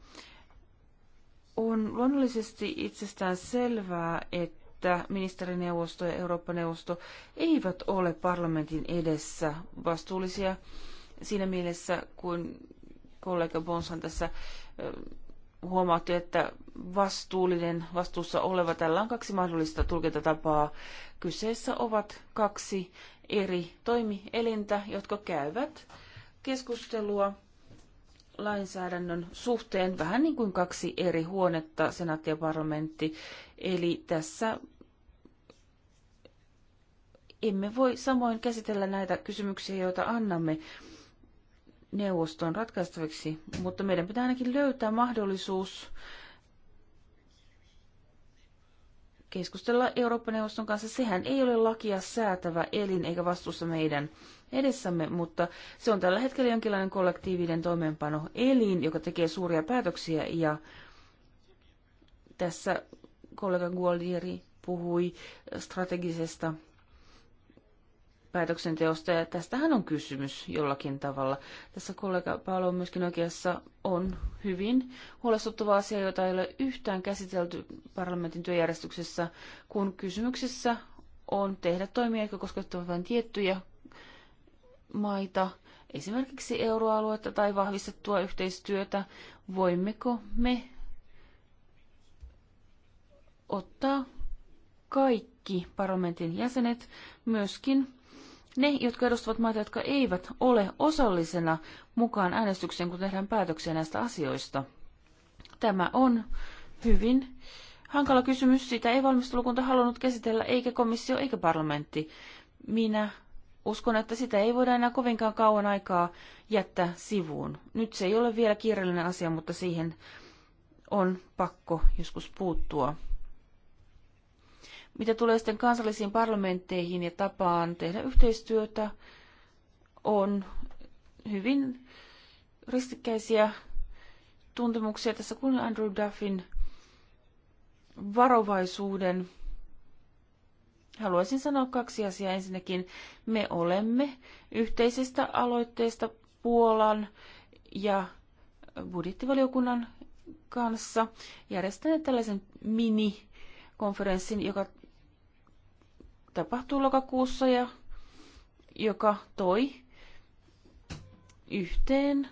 On luonnollisesti itsestään selvää, että että ministerineuvosto ja Eurooppa-neuvosto eivät ole parlamentin edessä vastuullisia siinä mielessä, kun kollega Bonsan tässä huomautti, että vastuullinen, vastuussa oleva, tällä on kaksi mahdollista tulkintatapaa. Kyseessä ovat kaksi eri toimielintä, jotka käyvät keskustelua lainsäädännön suhteen vähän niin kuin kaksi eri huonetta, senaatti ja parlamentti. Eli tässä emme voi samoin käsitellä näitä kysymyksiä, joita annamme neuvoston ratkaistaviksi, mutta meidän pitää ainakin löytää mahdollisuus keskustella Eurooppa-neuvoston kanssa. Sehän ei ole lakia säätävä elin eikä vastuussa meidän edessämme, mutta se on tällä hetkellä jonkinlainen kollektiivinen toimeenpano elin, joka tekee suuria päätöksiä ja tässä kollega Gualdieri puhui strategisesta päätöksenteosta, ja tästähän on kysymys jollakin tavalla. Tässä kollega Paolo on myöskin oikeassa, on hyvin huolestuttava asia, jota ei ole yhtään käsitelty parlamentin työjärjestyksessä, kun kysymyksessä on tehdä toimia, jotka koskettavat vain tiettyjä maita, esimerkiksi euroaluetta tai vahvistettua yhteistyötä. Voimmeko me ottaa kaikki parlamentin jäsenet, myöskin ne, jotka edustavat maita, jotka eivät ole osallisena mukaan äänestykseen, kun tehdään päätöksiä näistä asioista. Tämä on hyvin hankala kysymys. Sitä ei valmistelukunta halunnut käsitellä, eikä komissio, eikä parlamentti. Minä uskon, että sitä ei voida enää kovinkaan kauan aikaa jättää sivuun. Nyt se ei ole vielä kiireellinen asia, mutta siihen on pakko joskus puuttua. Mitä tulee sitten kansallisiin parlamentteihin ja tapaan tehdä yhteistyötä, on hyvin ristikkäisiä tuntemuksia tässä kuin Andrew Duffin varovaisuuden. Haluaisin sanoa kaksi asiaa. Ensinnäkin me olemme yhteisestä aloitteesta Puolan ja budjettivaliokunnan kanssa järjestäneet tällaisen mini-konferenssin, joka tapahtui lokakuussa ja joka toi yhteen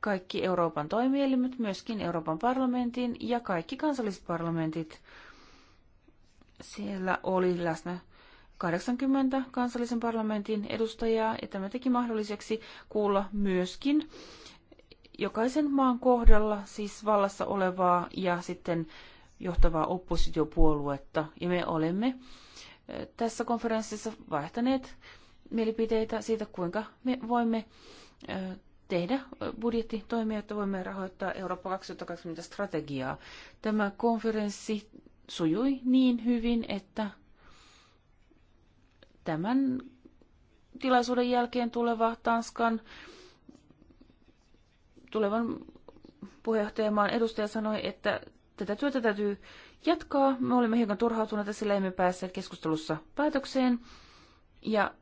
kaikki Euroopan toimielimet, myöskin Euroopan parlamentin ja kaikki kansalliset parlamentit. Siellä oli läsnä 80 kansallisen parlamentin edustajaa ja tämä teki mahdolliseksi kuulla myöskin jokaisen maan kohdalla siis vallassa olevaa ja sitten johtavaa oppositiopuoluetta. Ja me olemme tässä konferenssissa vaihtaneet mielipiteitä siitä, kuinka me voimme tehdä budjettitoimia, että voimme rahoittaa Eurooppa 2020 strategiaa. Tämä konferenssi sujui niin hyvin, että tämän tilaisuuden jälkeen tuleva Tanskan tulevan puheenjohtajamaan edustaja sanoi, että tätä työtä täytyy jatkaa. Me olimme hiukan turhautuneita, sillä emme päässeet keskustelussa päätökseen. Ja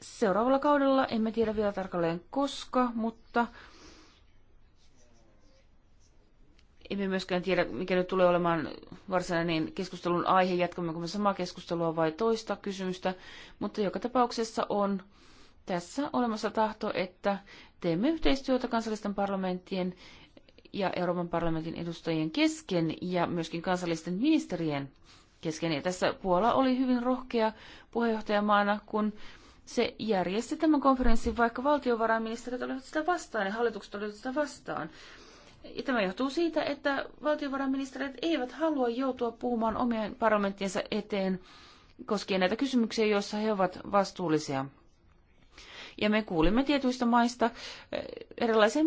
seuraavalla kaudella, emme tiedä vielä tarkalleen koska, mutta emme myöskään tiedä, mikä nyt tulee olemaan varsinainen keskustelun aihe, jatkammeko me samaa keskustelua vai toista kysymystä, mutta joka tapauksessa on tässä olemassa tahto, että teemme yhteistyötä kansallisten parlamenttien ja Euroopan parlamentin edustajien kesken ja myöskin kansallisten ministerien kesken. Ja tässä Puola oli hyvin rohkea puheenjohtajamaana, kun se järjesti tämän konferenssin, vaikka valtiovarainministerit olivat sitä vastaan ja hallitukset olivat sitä vastaan. Ja tämä johtuu siitä, että valtiovarainministerit eivät halua joutua puhumaan omien parlamenttiensa eteen koskien näitä kysymyksiä, joissa he ovat vastuullisia. Ja me kuulimme tietyistä maista eh, erilaisia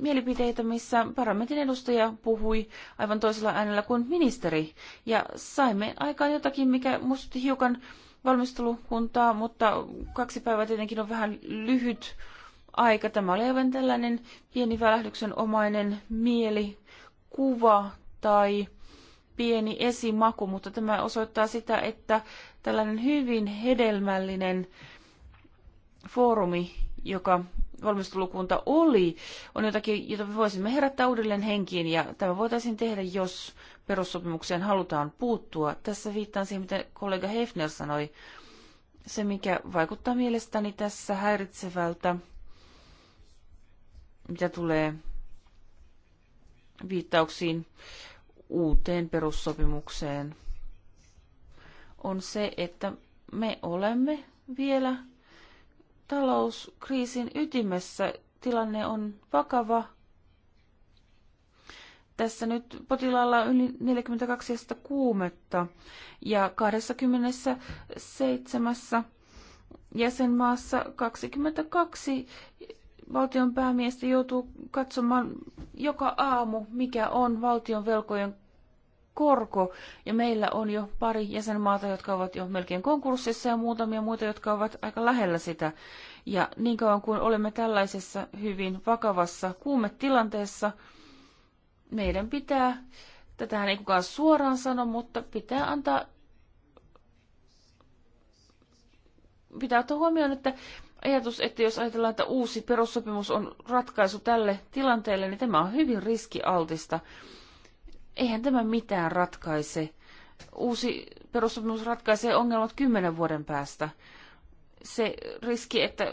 mielipiteitä, missä parlamentin edustaja puhui aivan toisella äänellä kuin ministeri. Ja saimme aikaan jotakin, mikä muistutti hiukan valmistelukuntaa, mutta kaksi päivää tietenkin on vähän lyhyt aika. Tämä oli aivan tällainen pieni välähdyksen omainen mielikuva tai pieni esimaku, mutta tämä osoittaa sitä, että tällainen hyvin hedelmällinen foorumi, joka valmistelukunta oli, on jotakin, jota me voisimme herättää uudelleen henkiin, ja tämä voitaisiin tehdä, jos perussopimukseen halutaan puuttua. Tässä viittaan siihen, mitä kollega Hefner sanoi. Se, mikä vaikuttaa mielestäni tässä häiritsevältä, mitä tulee viittauksiin uuteen perussopimukseen, on se, että me olemme vielä talouskriisin ytimessä. Tilanne on vakava. Tässä nyt potilaalla on yli 42 kuumetta ja 27 jäsenmaassa 22 valtion päämiestä joutuu katsomaan joka aamu, mikä on valtion velkojen korko. Ja meillä on jo pari jäsenmaata, jotka ovat jo melkein konkurssissa ja muutamia muita, jotka ovat aika lähellä sitä. Ja niin kauan kuin olemme tällaisessa hyvin vakavassa kuumetilanteessa, meidän pitää, tätähän ei kukaan suoraan sano, mutta pitää antaa, pitää ottaa huomioon, että ajatus, että jos ajatellaan, että uusi perussopimus on ratkaisu tälle tilanteelle, niin tämä on hyvin riskialtista. Eihän tämä mitään ratkaise. Uusi perussopimus ratkaisee ongelmat kymmenen vuoden päästä. Se riski, että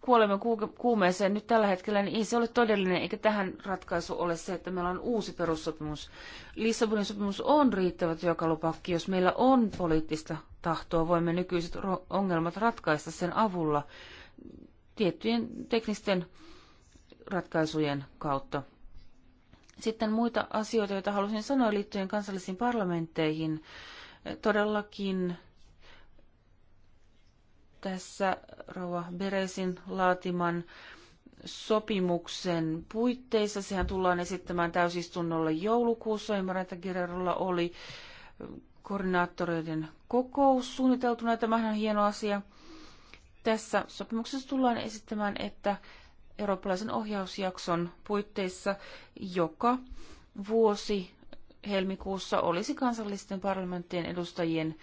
kuolemme kuumeeseen nyt tällä hetkellä, niin ei se ole todellinen, eikä tähän ratkaisu ole se, että meillä on uusi perussopimus. Lissabonin sopimus on riittävä työkalupakki, jos meillä on poliittista tahtoa, voimme nykyiset ongelmat ratkaista sen avulla tiettyjen teknisten ratkaisujen kautta. Sitten muita asioita, joita halusin sanoa liittyen kansallisiin parlamentteihin. Todellakin tässä Rova Beresin laatiman sopimuksen puitteissa. Sehän tullaan esittämään täysistunnolle joulukuussa. Ymmärrän, että Gererolla oli koordinaattoreiden kokous suunniteltuna. Tämähän on hieno asia. Tässä sopimuksessa tullaan esittämään, että eurooppalaisen ohjausjakson puitteissa joka vuosi helmikuussa olisi kansallisten parlamenttien edustajien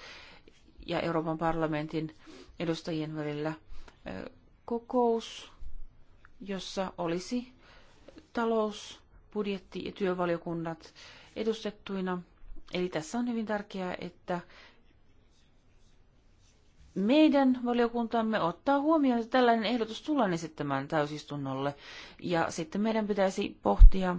ja Euroopan parlamentin edustajien välillä kokous, jossa olisi talous, budjetti ja työvaliokunnat edustettuina. Eli tässä on hyvin tärkeää, että meidän valiokuntamme ottaa huomioon, että tällainen ehdotus tullaan esittämään täysistunnolle. Ja sitten meidän pitäisi pohtia,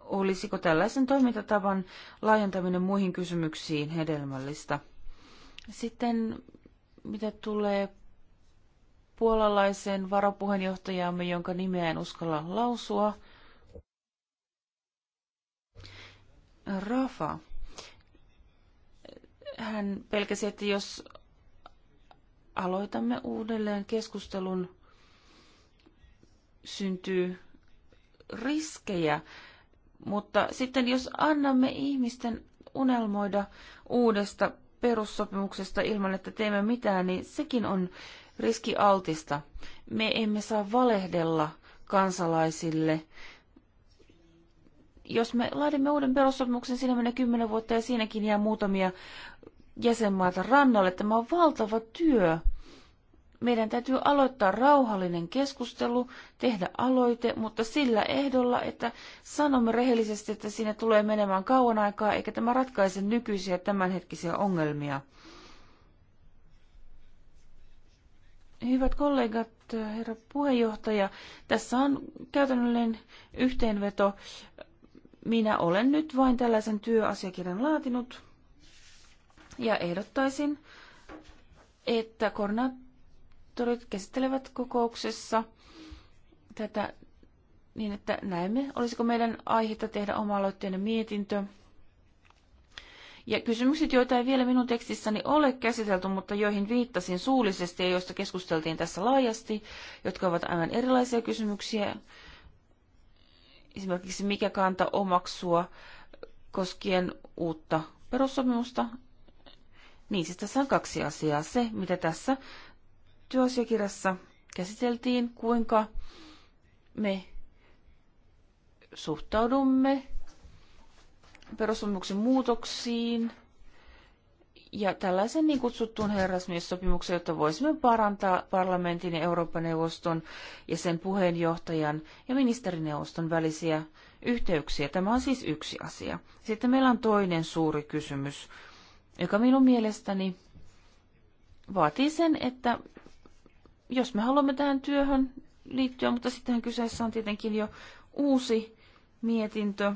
olisiko tällaisen toimintatavan laajentaminen muihin kysymyksiin hedelmällistä. Sitten mitä tulee puolalaisen varapuheenjohtajamme, jonka nimeä en uskalla lausua, Rafa hän pelkäsi, että jos aloitamme uudelleen keskustelun, syntyy riskejä. Mutta sitten jos annamme ihmisten unelmoida uudesta perussopimuksesta ilman, että teemme mitään, niin sekin on riskialtista. Me emme saa valehdella kansalaisille. Jos me laadimme uuden perussopimuksen, siinä menee kymmenen vuotta ja siinäkin jää muutamia jäsenmaata rannalle. Tämä on valtava työ. Meidän täytyy aloittaa rauhallinen keskustelu, tehdä aloite, mutta sillä ehdolla, että sanomme rehellisesti, että siinä tulee menemään kauan aikaa, eikä tämä ratkaise nykyisiä tämänhetkisiä ongelmia. Hyvät kollegat, herra puheenjohtaja, tässä on käytännöllinen yhteenveto. Minä olen nyt vain tällaisen työasiakirjan laatinut. Ja ehdottaisin, että koordinaattorit käsittelevät kokouksessa tätä niin, että näemme, olisiko meidän aihetta tehdä oma-aloitteinen mietintö. Ja kysymykset, joita ei vielä minun tekstissäni ole käsitelty, mutta joihin viittasin suullisesti ja joista keskusteltiin tässä laajasti, jotka ovat aivan erilaisia kysymyksiä, esimerkiksi mikä kanta omaksua koskien uutta perussopimusta niin siis tässä on kaksi asiaa. Se, mitä tässä työasiakirjassa käsiteltiin, kuinka me suhtaudumme perussopimuksen muutoksiin ja tällaisen niin kutsuttuun herrasmiessopimukseen, jotta voisimme parantaa parlamentin ja Euroopan neuvoston ja sen puheenjohtajan ja ministerineuvoston välisiä yhteyksiä. Tämä on siis yksi asia. Sitten meillä on toinen suuri kysymys, joka minun mielestäni vaatii sen, että jos me haluamme tähän työhön liittyä, mutta sittenhän kyseessä on tietenkin jo uusi mietintö,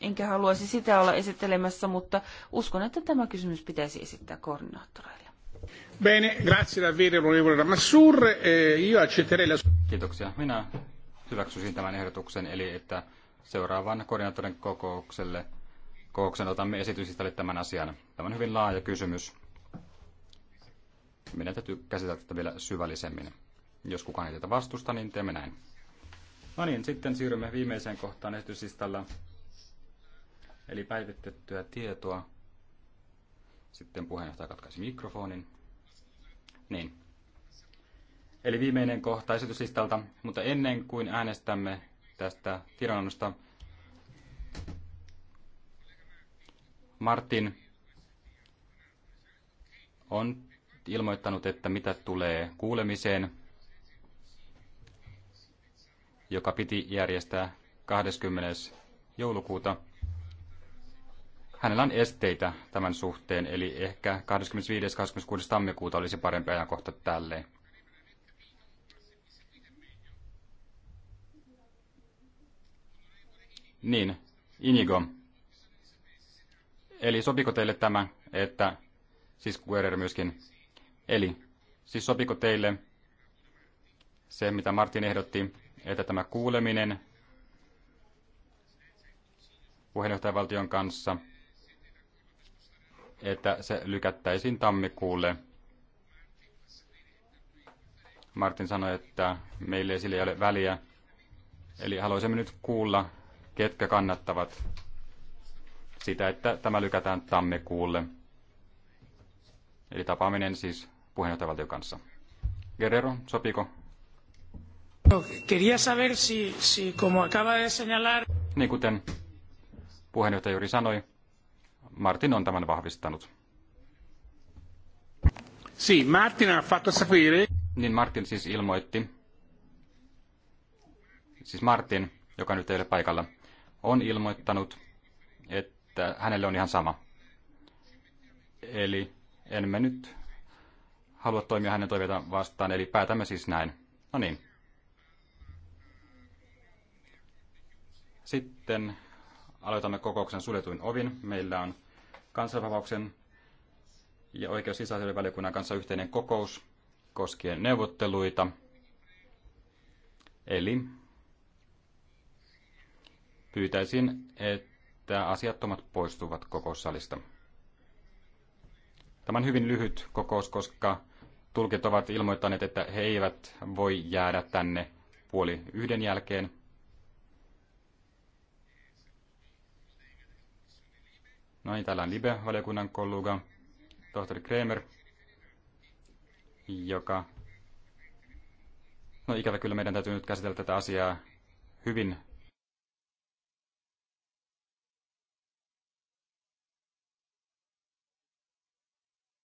enkä haluaisi sitä olla esittelemässä, mutta uskon, että tämä kysymys pitäisi esittää koordinaattoreille. Bene, grazie davvero onorevole eh, Io accetterei la... Kiitoksia. Minä hyväksyisin tämän ehdotuksen, eli että seuraavan koordinaattorin kokoukselle kokouksen otamme esityslistalle tämän asian. Tämä on hyvin laaja kysymys. Meidän täytyy käsitellä tätä vielä syvällisemmin. Jos kukaan ei tätä vastusta, niin teemme näin. No niin, sitten siirrymme viimeiseen kohtaan esityslistalla. Eli päivitettyä tietoa. Sitten puheenjohtaja katkaisi mikrofonin. Niin. Eli viimeinen kohta esityslistalta, mutta ennen kuin äänestämme tästä tiedonannosta, Martin on ilmoittanut, että mitä tulee kuulemiseen, joka piti järjestää 20. joulukuuta. Hänellä on esteitä tämän suhteen, eli ehkä 25-26. tammikuuta olisi parempi ajankohta tälle. Niin, Inigo, Eli sopiko teille tämä, että, siis Guerrero myöskin, eli siis sopiko teille se, mitä Martin ehdotti, että tämä kuuleminen puheenjohtajavaltion kanssa, että se lykättäisiin tammikuulle. Martin sanoi, että meille sillä ei ole väliä, eli haluaisimme nyt kuulla, ketkä kannattavat sitä, että tämä lykätään tammikuulle. Eli tapaaminen siis puheenjohtajavaltion kanssa. Guerrero, sopiko? No, quería saber si, si como acaba de señalar... Niin kuten puheenjohtaja juuri sanoi, Martin on tämän vahvistanut. Sì, Martin ha fatto sapere... Niin Martin siis ilmoitti, siis Martin, joka nyt ei ole paikalla, on ilmoittanut, että hänelle on ihan sama. Eli en me nyt halua toimia hänen toiveita vastaan, eli päätämme siis näin. No niin. Sitten aloitamme kokouksen suljetuin ovin. Meillä on kansanvapauksen ja oikeus- sisäisen valiokunnan kanssa yhteinen kokous koskien neuvotteluita. Eli pyytäisin, että että asiattomat poistuvat kokoussalista. Tämä on hyvin lyhyt kokous, koska tulkit ovat ilmoittaneet, että he eivät voi jäädä tänne puoli yhden jälkeen. No niin täällä on Libe-valiokunnan kollega, tohtori Kremer, joka... No ikävä kyllä meidän täytyy nyt käsitellä tätä asiaa hyvin